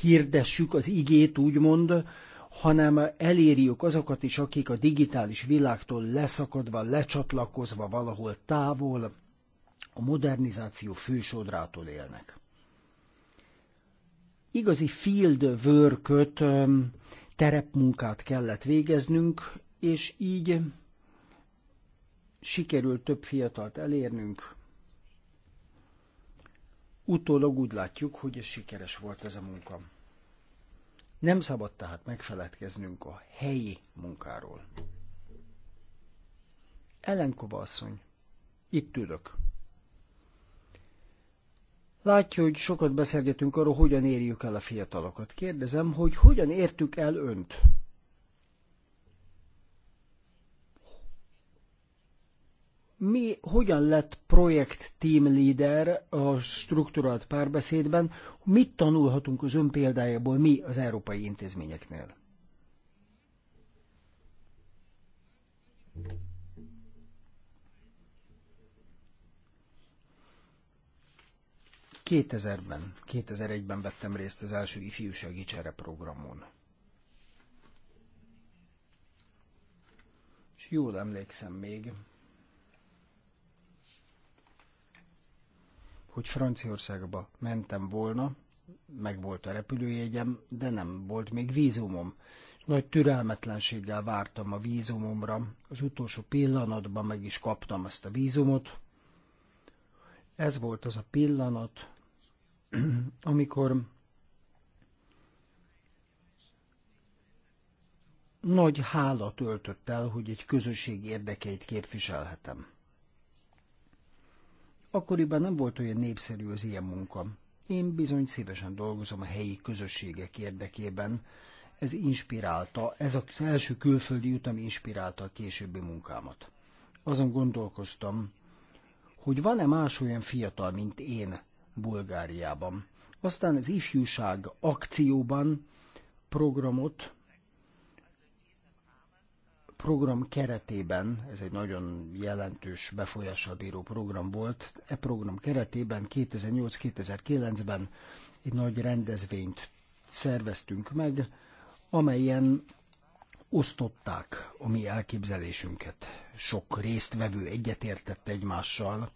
hirdessük az igét, úgymond, hanem elérjük azokat is, akik a digitális világtól leszakadva, lecsatlakozva valahol távol a modernizáció fősodrától élnek. Igazi field work terepmunkát kellett végeznünk, és így sikerült több fiatalt elérnünk. Utólag úgy látjuk, hogy ez sikeres volt ez a munka. Nem szabad tehát megfeledkeznünk a helyi munkáról. Ellenkova asszony, itt ülök. Látja, hogy sokat beszélgetünk arról, hogyan érjük el a fiatalokat. Kérdezem, hogy hogyan értük el önt? mi hogyan lett projekt team leader a strukturált párbeszédben, mit tanulhatunk az ön példájából mi az európai intézményeknél? 2000-ben, 2001-ben vettem részt az első ifjúsági programon. És jól emlékszem még, hogy Franciaországba mentem volna, meg volt a repülőjegyem, de nem volt még vízumom. Nagy türelmetlenséggel vártam a vízumomra, az utolsó pillanatban meg is kaptam ezt a vízumot. Ez volt az a pillanat, [CLEARS THROAT] amikor nagy hála töltött el, hogy egy közösség érdekeit képviselhetem. Akkoriban nem volt olyan népszerű az ilyen munka. Én bizony szívesen dolgozom a helyi közösségek érdekében. Ez inspirálta, ez az első külföldi utam inspirálta a későbbi munkámat. Azon gondolkoztam, hogy van-e más olyan fiatal, mint én, Bulgáriában. Aztán az ifjúság akcióban programot, program keretében, ez egy nagyon jelentős befolyással bíró program volt, e program keretében 2008-2009-ben egy nagy rendezvényt szerveztünk meg, amelyen osztották a mi elképzelésünket. Sok résztvevő egyetértett egymással,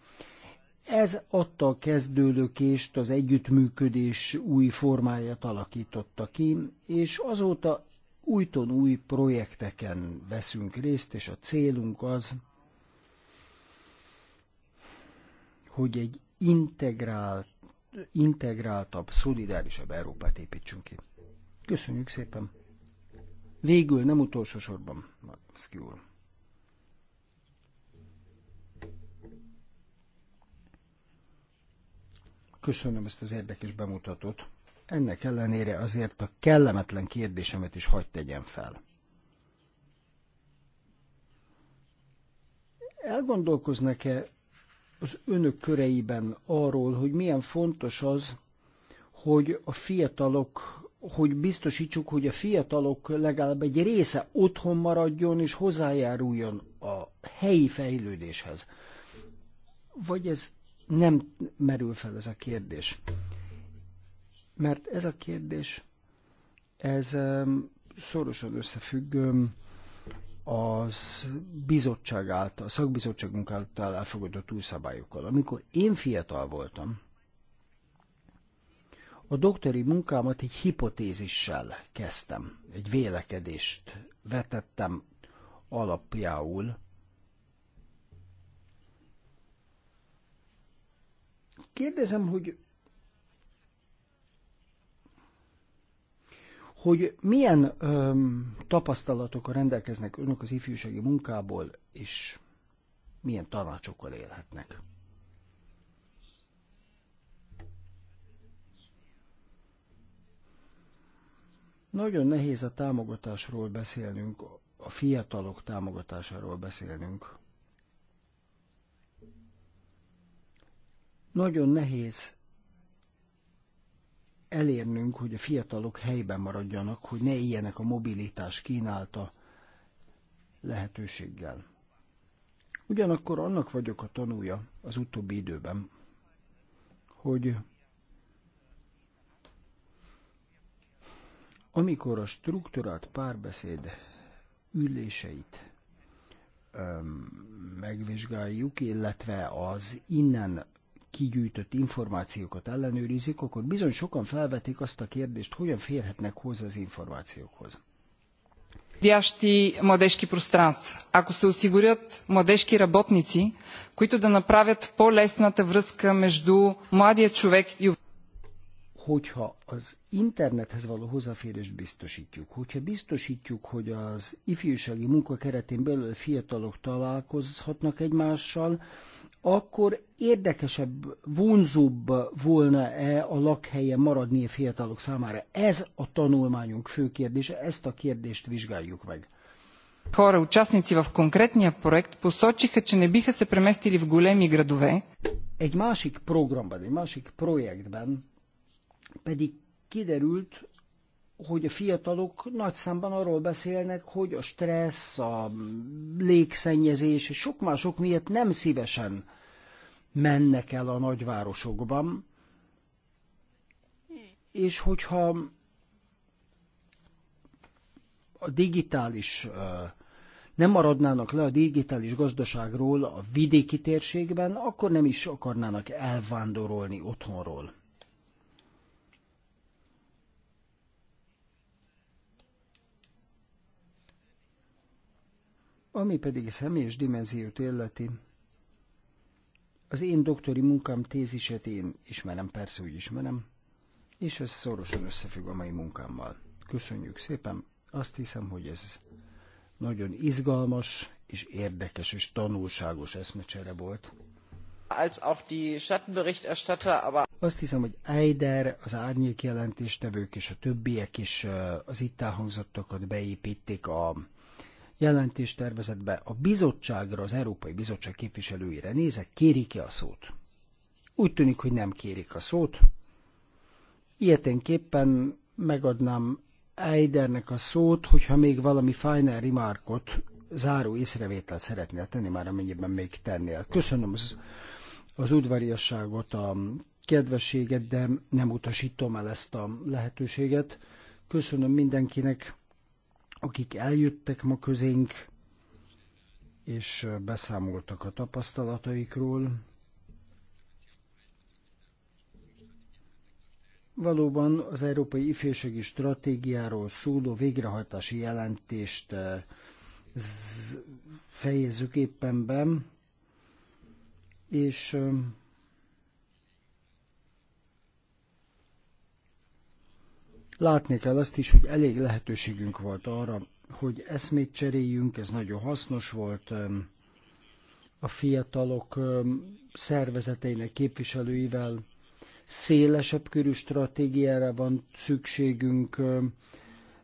ez adta a kezdődökést, az együttműködés új formáját alakította ki, és azóta újton új projekteken veszünk részt, és a célunk az, hogy egy integrált, integráltabb, szolidárisabb Európát építsünk ki. Köszönjük szépen! Végül, nem utolsó sorban, Maszki úr. köszönöm ezt az érdekes bemutatót. Ennek ellenére azért a kellemetlen kérdésemet is hagyd tegyem fel. Elgondolkoznak-e az önök köreiben arról, hogy milyen fontos az, hogy a fiatalok, hogy biztosítsuk, hogy a fiatalok legalább egy része otthon maradjon és hozzájáruljon a helyi fejlődéshez. Vagy ez nem merül fel ez a kérdés. Mert ez a kérdés, ez szorosan összefügg az bizottság által, a szakbizottságunk által elfogadott új szabályokkal. Amikor én fiatal voltam, a doktori munkámat egy hipotézissel kezdtem, egy vélekedést vetettem alapjául, Kérdezem, hogy hogy milyen öm, tapasztalatokkal rendelkeznek önök az ifjúsági munkából, és milyen tanácsokkal élhetnek. Nagyon nehéz a támogatásról beszélnünk, a fiatalok támogatásáról beszélnünk. Nagyon nehéz elérnünk, hogy a fiatalok helyben maradjanak, hogy ne éljenek a mobilitás kínálta lehetőséggel. Ugyanakkor annak vagyok a tanúja az utóbbi időben, hogy amikor a struktúrált párbeszéd üléseit öm, megvizsgáljuk, illetve az innen kigyűjtött információkat ellenőrizik, akkor bizony sokan felvetik azt a kérdést, hogyan férhetnek hozzá az információkhoz. Diásti младежки пространства. Ако се осигурят младежки работници, които да направят по-лесната връзка между младия човек и hogyha az internethez való hozzáférést biztosítjuk, hogyha biztosítjuk, hogy az ifjúsági munka keretén belül fiatalok találkozhatnak egymással, akkor érdekesebb, vonzóbb volna-e a lakhelye maradni a fiatalok számára? Ez a tanulmányunk fő kérdése, ezt a kérdést vizsgáljuk meg. Хора, участници в конкретния проект, посочиха, че не биха се преместили в големи градове. Egy másik programban, egy másik projektben pedig kiderült, hogy a fiatalok nagy számban arról beszélnek, hogy a stressz, a légszennyezés és sok mások miatt nem szívesen mennek el a nagyvárosokban, és hogyha a digitális nem maradnának le a digitális gazdaságról a vidéki térségben, akkor nem is akarnának elvándorolni otthonról. Ami pedig a személyes dimenziót illeti, az én doktori munkám tézisét én ismerem, persze úgy ismerem, és ez szorosan összefügg a mai munkámmal. Köszönjük szépen, azt hiszem, hogy ez nagyon izgalmas és érdekes és tanulságos eszmecsere volt. Als auch die Schattenberichterstatter, aber azt hiszem, hogy Eider, az árnyék jelentéstevők és a többiek is az itt elhangzottakat beépítik a jelentéstervezetbe a bizottságra, az Európai Bizottság képviselőire nézek, kérik-e a szót? Úgy tűnik, hogy nem kérik a szót. Ilyeténképpen megadnám Eidernek a szót, hogyha még valami final remarkot, záró észrevételt szeretnél tenni, már amennyiben még tennél. Köszönöm az, az udvariasságot, a kedvességet, de nem utasítom el ezt a lehetőséget. Köszönöm mindenkinek, akik eljöttek ma közénk, és beszámoltak a tapasztalataikról. Valóban az Európai Ifjúsági Stratégiáról szóló végrehajtási jelentést eh, fejezzük éppen be, és eh, Látni kell azt is, hogy elég lehetőségünk volt arra, hogy eszmét cseréljünk, ez nagyon hasznos volt. A fiatalok szervezeteinek képviselőivel szélesebb körű stratégiára van szükségünk,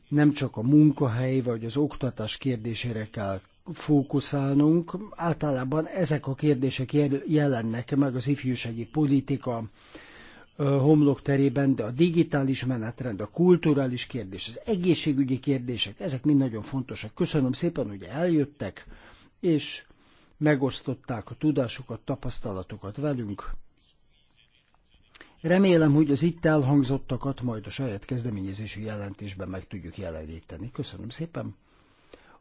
nem csak a munkahely vagy az oktatás kérdésére kell fókuszálnunk. Általában ezek a kérdések jelennek meg az ifjúsági politika homlok terében, de a digitális menetrend, a kulturális kérdés, az egészségügyi kérdések, ezek mind nagyon fontosak. Köszönöm szépen, hogy eljöttek, és megosztották a tudásukat, tapasztalatokat velünk. Remélem, hogy az itt elhangzottakat majd a saját kezdeményezésű jelentésben meg tudjuk jeleníteni. Köszönöm szépen!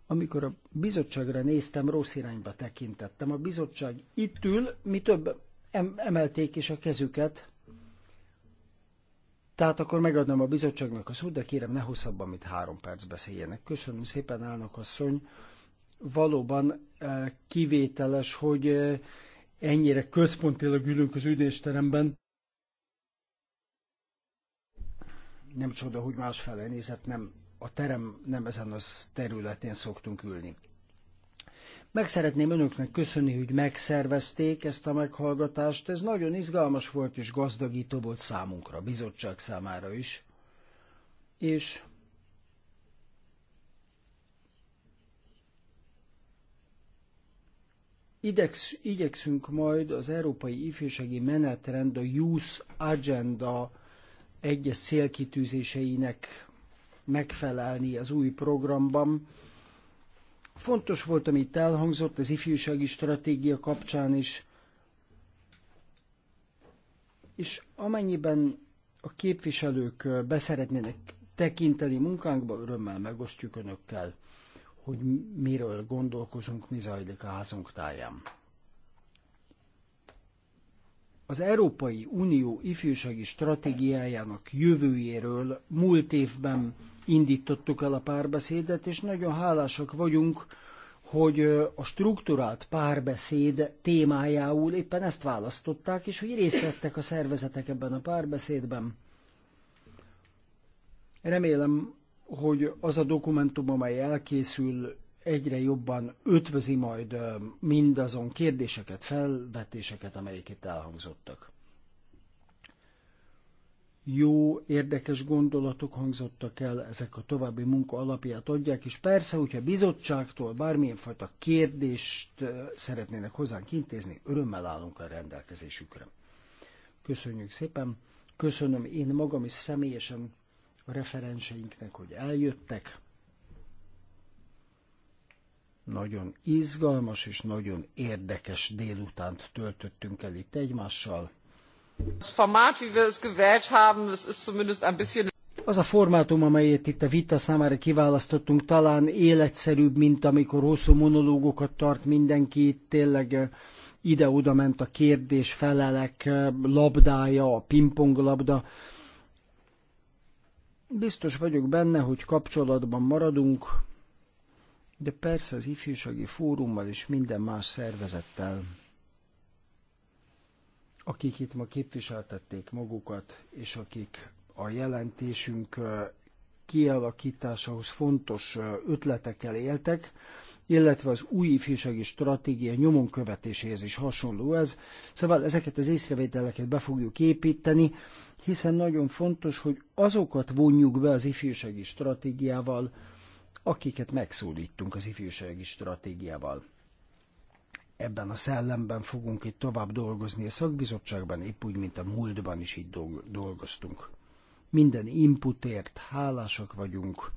Amikor a bizottságra néztem, rossz irányba tekintettem. A bizottság itt ül, mi több emelték is a kezüket, tehát akkor megadom a bizottságnak a szót, de kérem ne hosszabban, mint három perc beszéljenek. Köszönöm szépen, állnak asszony. Valóban eh, kivételes, hogy eh, ennyire központilag ülünk az üdésteremben. Nem csoda, hogy másfele nézett, nem, a terem nem ezen az területén szoktunk ülni. Meg szeretném önöknek köszönni, hogy megszervezték ezt a meghallgatást. Ez nagyon izgalmas volt és gazdagító volt számunkra, a bizottság számára is. És Idegsz, igyekszünk majd az Európai Ifjúsági Menetrend, a Youth Agenda egyes célkitűzéseinek megfelelni az új programban. Fontos volt, amit elhangzott az ifjúsági stratégia kapcsán is, és amennyiben a képviselők beszeretnének tekinteni munkánkba, örömmel megosztjuk önökkel, hogy miről gondolkozunk, mi zajlik a házunk táján. Az Európai Unió ifjúsági stratégiájának jövőjéről múlt évben indítottuk el a párbeszédet, és nagyon hálásak vagyunk, hogy a strukturált párbeszéd témájául éppen ezt választották, és hogy részt vettek a szervezetek ebben a párbeszédben. Remélem, hogy az a dokumentum, amely elkészül, egyre jobban ötvözi majd mindazon kérdéseket, felvetéseket, amelyek itt elhangzottak jó, érdekes gondolatok hangzottak el, ezek a további munka alapját adják, és persze, hogyha bizottságtól bármilyen fajta kérdést eh, szeretnének hozzánk intézni, örömmel állunk a rendelkezésükre. Köszönjük szépen, köszönöm én magam is személyesen a referenseinknek, hogy eljöttek. Nagyon izgalmas és nagyon érdekes délutánt töltöttünk el itt egymással az a formátum, amelyet itt a vita számára kiválasztottunk, talán életszerűbb, mint amikor hosszú monológokat tart mindenki, tényleg eh, ide-oda ment a kérdés-felelek eh, labdája, a pingpong labda. Biztos vagyok benne, hogy kapcsolatban maradunk, de persze az ifjúsági fórummal és minden más szervezettel akik itt ma képviseltették magukat, és akik a jelentésünk kialakításához fontos ötletekkel éltek, illetve az új ifjúsági stratégia nyomon követéséhez is hasonló ez. Szóval ezeket az észrevételeket be fogjuk építeni, hiszen nagyon fontos, hogy azokat vonjuk be az ifjúsági stratégiával, akiket megszólítunk az ifjúsági stratégiával. Ebben a szellemben fogunk itt tovább dolgozni a szakbizottságban, épp úgy, mint a múltban is itt dolgoztunk. Minden inputért hálásak vagyunk,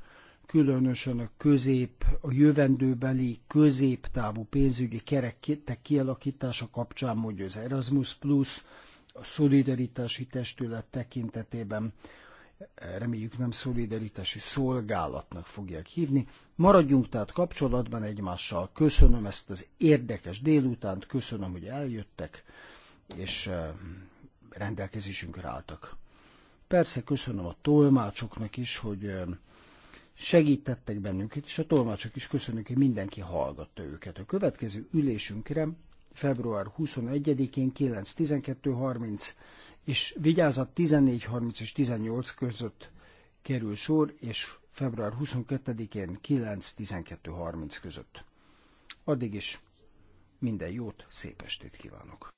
különösen a közép, a jövendőbeli középtávú pénzügyi kerekek kialakítása kapcsán, mondja az Erasmus Plus, a szolidaritási testület tekintetében, reméljük nem szolidaritási szolgálatnak fogják hívni. Maradjunk tehát kapcsolatban egymással. Köszönöm ezt az érdekes délutánt, köszönöm, hogy eljöttek, és eh, rendelkezésünkre álltak. Persze köszönöm a tolmácsoknak is, hogy eh, segítettek bennünket, és a tolmácsok is köszönjük, hogy mindenki hallgatta őket. A következő ülésünkre február 21-én 9.12.30 és vigyázat 14.30 és 18 között kerül sor, és február 22-én 9.12.30 között. Addig is minden jót, szép estét kívánok!